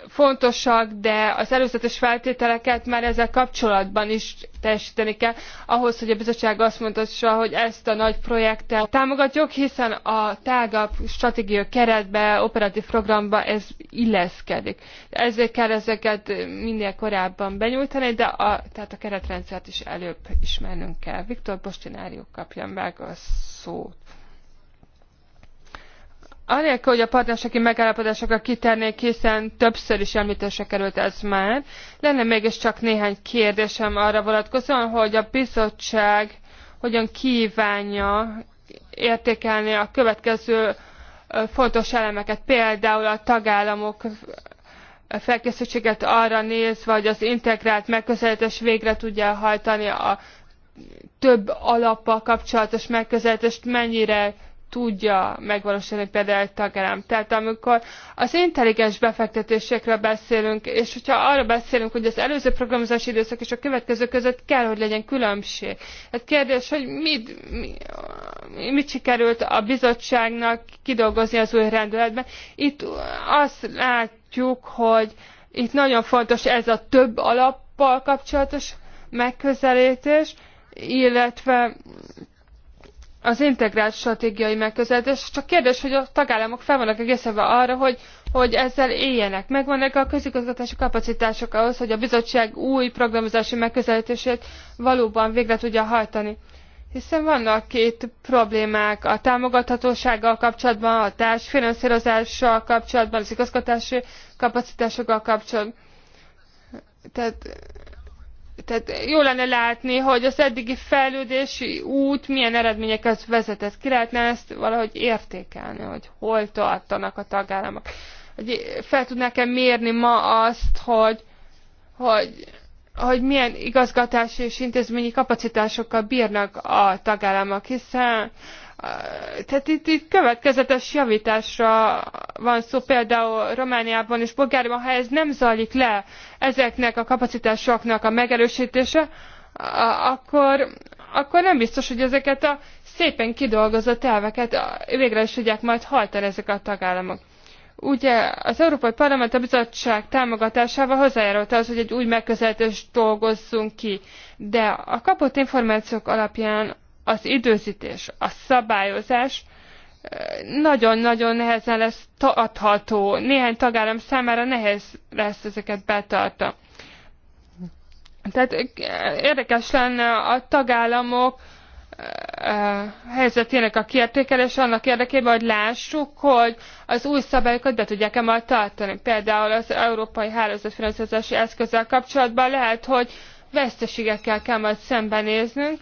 fontosak, de az előzetes feltételeket már ezzel kapcsolatban is teljesíteni kell, ahhoz, hogy a bizottság azt mondhassa, hogy ezt a nagy projektet támogatjuk, hiszen a tágabb stratégiai keretbe, operatív programba ez illeszkedik. Ezért kell ezeket minél korábban benyújtani, de a, tehát a keretrendszert is előbb ismernünk kell. Viktor Bostinárió kapja meg a szót. Anélkül, hogy a partnerségi megállapodásokra kitérnék, hiszen többször is emltésre került ez már, lenne mégiscsak néhány kérdésem arra vonatkozóan, hogy a bizottság hogyan kívánja értékelni a következő fontos elemeket, például a tagállamok felkészültséget arra nézve, hogy az integrált megközelítés végre tudja hajtani a több alappal kapcsolatos megközelítést mennyire tudja megvalósítani például egy tagállam. Tehát amikor az intelligens befektetésekről beszélünk, és hogyha arra beszélünk, hogy az előző programozási időszak és a következő között kell, hogy legyen különbség. Hát kérdés, hogy mit, mit, mit sikerült a bizottságnak kidolgozni az új rendületben. Itt azt látjuk, hogy itt nagyon fontos ez a több alappal kapcsolatos megközelítés, illetve az integrált stratégiai megközelítés. Csak kérdés, hogy a tagállamok fel vannak egészen arra, hogy, hogy ezzel éljenek. Megvannak a közigazgatási kapacitások ahhoz, hogy a bizottság új programozási megközelítését valóban végre tudja hajtani. Hiszen vannak két problémák a támogathatósággal kapcsolatban, a társfinanszírozással kapcsolatban, az igazgatási kapacitásokkal kapcsolatban. Tehát tehát jó lenne látni, hogy az eddigi fejlődési út milyen eredményeket vezetett. Ki lehetne ezt valahogy értékelni, hogy hol tartanak a tagállamok. Hogy fel tudnák-e mérni ma azt, hogy, hogy, hogy milyen igazgatási és intézményi kapacitásokkal bírnak a tagállamok, hiszen tehát itt, itt következetes javításra van szó például Romániában és Bulgáriában, ha ez nem zajlik le ezeknek a kapacitásoknak a megerősítése, akkor, akkor nem biztos, hogy ezeket a szépen kidolgozott elveket végre is tudják majd hajtani ezek a tagállamok. Ugye az Európai Parlament a bizottság támogatásával hozzájárult az, hogy egy új megközelítést dolgozzunk ki, de a kapott információk alapján az időzítés, a szabályozás eh, nagyon-nagyon nehezen lesz adható. Néhány tagállam számára nehéz lesz ezeket betartani. Tehát eh, érdekes lenne a tagállamok eh, helyzetének a kiértékelés annak érdekében, hogy lássuk, hogy az új szabályokat be tudják-e majd tartani. Például az európai hálózatfinanszírozási eszközzel kapcsolatban lehet, hogy veszteségekkel kell majd szembenéznünk,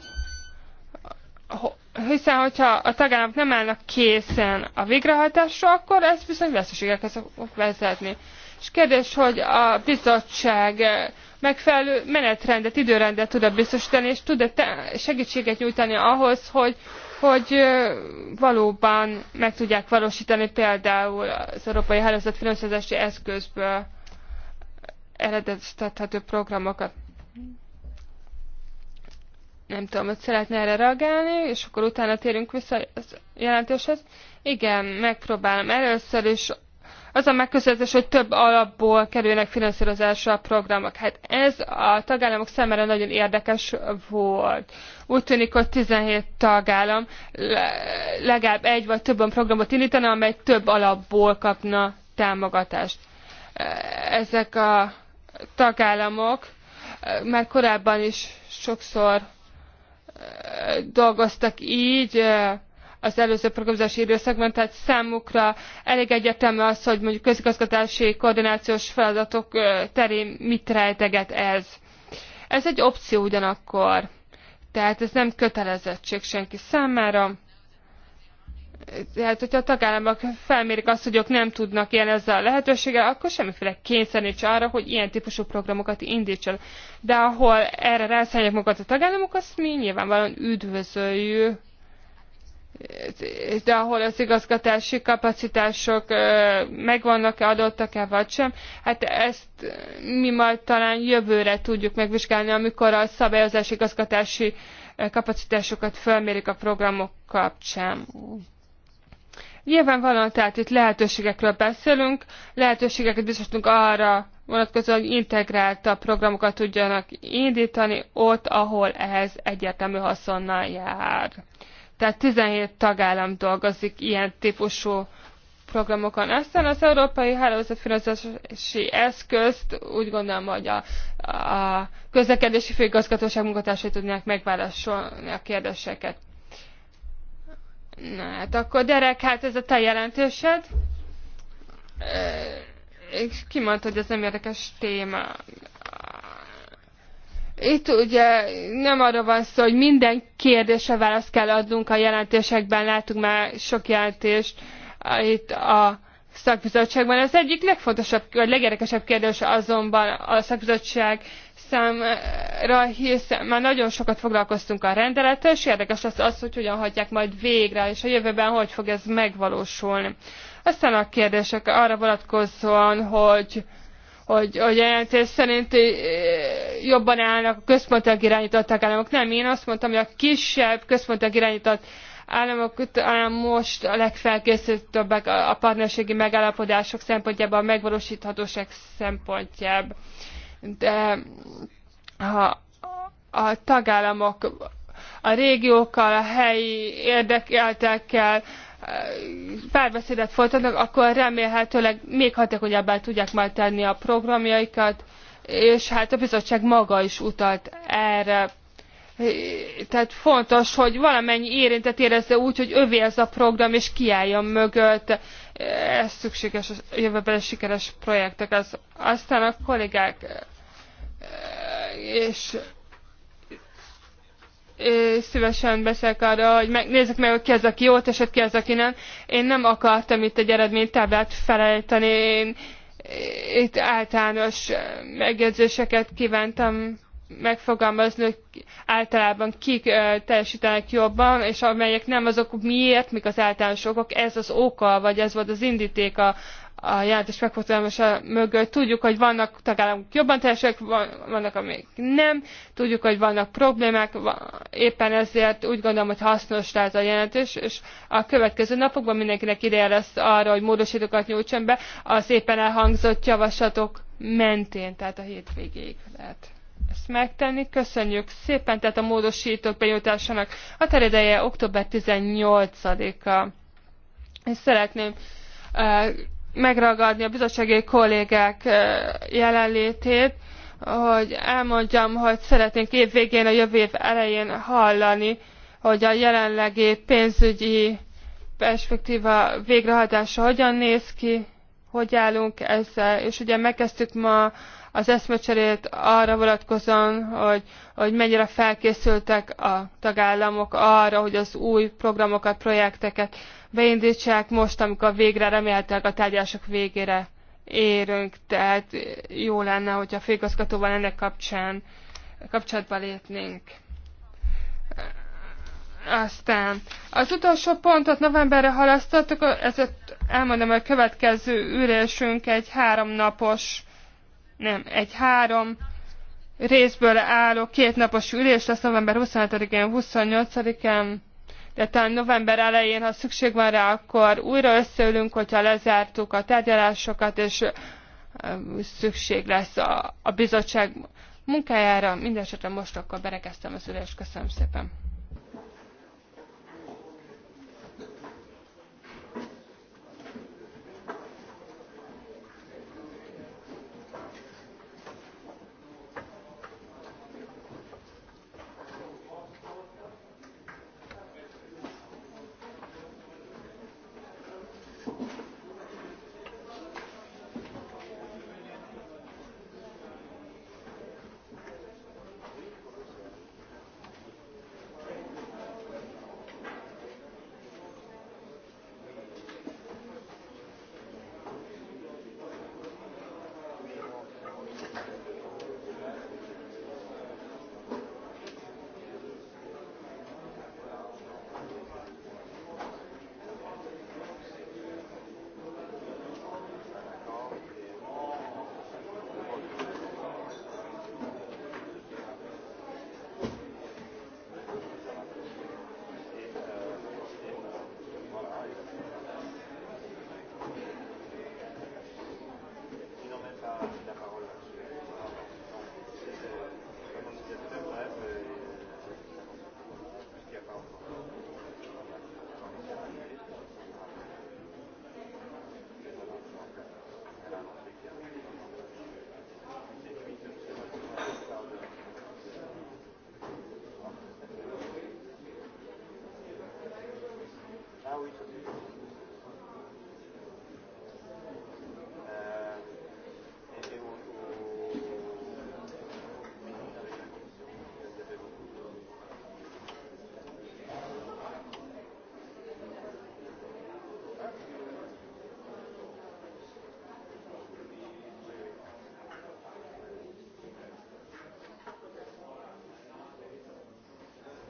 hiszen hogyha a tagállamok nem állnak készen a végrehajtásra, akkor ez viszont veszteségekhez fog vezetni. És kérdés, hogy a bizottság eh, megfelelő menetrendet, időrendet tud-e biztosítani, és tud-e segítséget nyújtani ahhoz, hogy, hogy eh, valóban meg tudják valósítani például az Európai Hálózat finanszírozási eszközből eredetestethető programokat nem tudom, hogy szeretne erre reagálni, és akkor utána térünk vissza a jelentéshez. Igen, megpróbálom. Először is az a megközelítés, hogy több alapból kerülnek finanszírozásra a programok. Hát ez a tagállamok számára nagyon érdekes volt. Úgy tűnik, hogy 17 tagállam legalább egy vagy több programot indítana, amely több alapból kapna támogatást. Ezek a tagállamok már korábban is sokszor dolgoztak így az előző programozási időszakban, tehát számukra elég egyetemű az, hogy mondjuk közigazgatási koordinációs feladatok terén mit rejteget ez. Ez egy opció ugyanakkor, tehát ez nem kötelezettség senki számára tehát, hogyha a tagállamok felmérik azt, hogy ők nem tudnak élni ezzel a lehetőséggel, akkor semmiféle kényszer nincs arra, hogy ilyen típusú programokat indítson. De ahol erre rászállják magukat a tagállamok, azt mi nyilvánvalóan üdvözöljük. De ahol az igazgatási kapacitások megvannak-e, adottak-e, vagy sem, hát ezt mi majd talán jövőre tudjuk megvizsgálni, amikor a szabályozási igazgatási kapacitásokat felmérik a programok kapcsán. Nyilvánvalóan tehát itt lehetőségekről beszélünk, lehetőségeket biztosítunk arra vonatkozóan, hogy integráltabb programokat tudjanak indítani ott, ahol ehhez egyetemű haszonnal jár. Tehát 17 tagállam dolgozik ilyen típusú programokon. Aztán az európai hálózatfinanszírozási eszközt úgy gondolom, hogy a, a közlekedési főigazgatóság munkatársai tudnák megválaszolni a kérdéseket. Na hát akkor Derek, hát ez a te jelentősed. Ki mondta, hogy ez nem érdekes téma. Itt ugye nem arra van szó, hogy minden kérdésre választ kell adnunk a jelentésekben, látunk, már sok jelentést itt a szakbizottságban. Az egyik legfontosabb, vagy legérdekesebb kérdés azonban a szakbizottság számra, hiszen már nagyon sokat foglalkoztunk a rendelettel, és érdekes lesz az, hogy hogyan hagyják majd végre, és a jövőben hogy fog ez megvalósulni. Aztán a kérdések arra vonatkozóan, hogy hogy, hogy jelentés szerint eh, jobban állnak a központilag irányított államok. Nem, én azt mondtam, hogy a kisebb központilag irányított államok talán most a legfelkészültebbek a partnerségi megállapodások szempontjából, a megvalósíthatóság szempontjából de ha a tagállamok a régiókkal, a helyi érdekeltekkel eh, párbeszédet folytatnak, akkor remélhetőleg még hatékonyabbá tudják majd tenni a programjaikat, és hát a bizottság maga is utalt erre. Tehát fontos, hogy valamennyi érintett érezze úgy, hogy övé ez a program, és kiálljon mögött. Ez szükséges a jövőben sikeres projektek. Aztán a kollégák és és szívesen beszélek arra, hogy meg, nézzük meg, hogy ki az, aki jót esett, ki az, aki nem. Én nem akartam itt egy eredménytáblát felejteni, én itt általános megjegyzéseket kívántam megfogalmazni, hogy általában kik ö, teljesítenek jobban, és amelyek nem azok miért, mik az általános okok, ez az oka, vagy ez volt az indítéka a jelentés megfogalmazása mögött. Tudjuk, hogy vannak tagállamok jobban teljesek, vannak, amik nem. Tudjuk, hogy vannak problémák, éppen ezért úgy gondolom, hogy hasznos lehet a jelentés, és a következő napokban mindenkinek ideje lesz arra, hogy módosítókat nyújtson be az éppen elhangzott javaslatok mentén, tehát a hétvégéig lehet ezt megtenni. Köszönjük szépen, tehát a módosítók bejutásának határideje október 18-a. És szeretném eh, megragadni a bizottsági kollégák jelenlétét, hogy elmondjam, hogy szeretnénk év végén, a jövő év elején hallani, hogy a jelenlegi pénzügyi perspektíva végrehajtása hogyan néz ki, hogy állunk ezzel, és ugye megkezdtük ma az eszmecserét arra vonatkozóan, hogy, hogy mennyire felkészültek a tagállamok arra, hogy az új programokat, projekteket beindítsák most, amikor végre remélhetőleg a tárgyások végére érünk, tehát jó lenne, hogyha a főigazgatóval ennek kapcsán kapcsolatba lépnénk. Aztán az utolsó pontot novemberre halasztottuk, ezért elmondom, hogy a következő ülésünk egy három napos, nem, egy három részből álló kétnapos ülés lesz november 25-én, 28-án, de talán november elején, ha szükség van rá, akkor újra összeülünk, hogyha lezártuk a tárgyalásokat, és szükség lesz a, a bizottság munkájára. Mindenesetre most akkor berekeztem az ülést. Köszönöm szépen.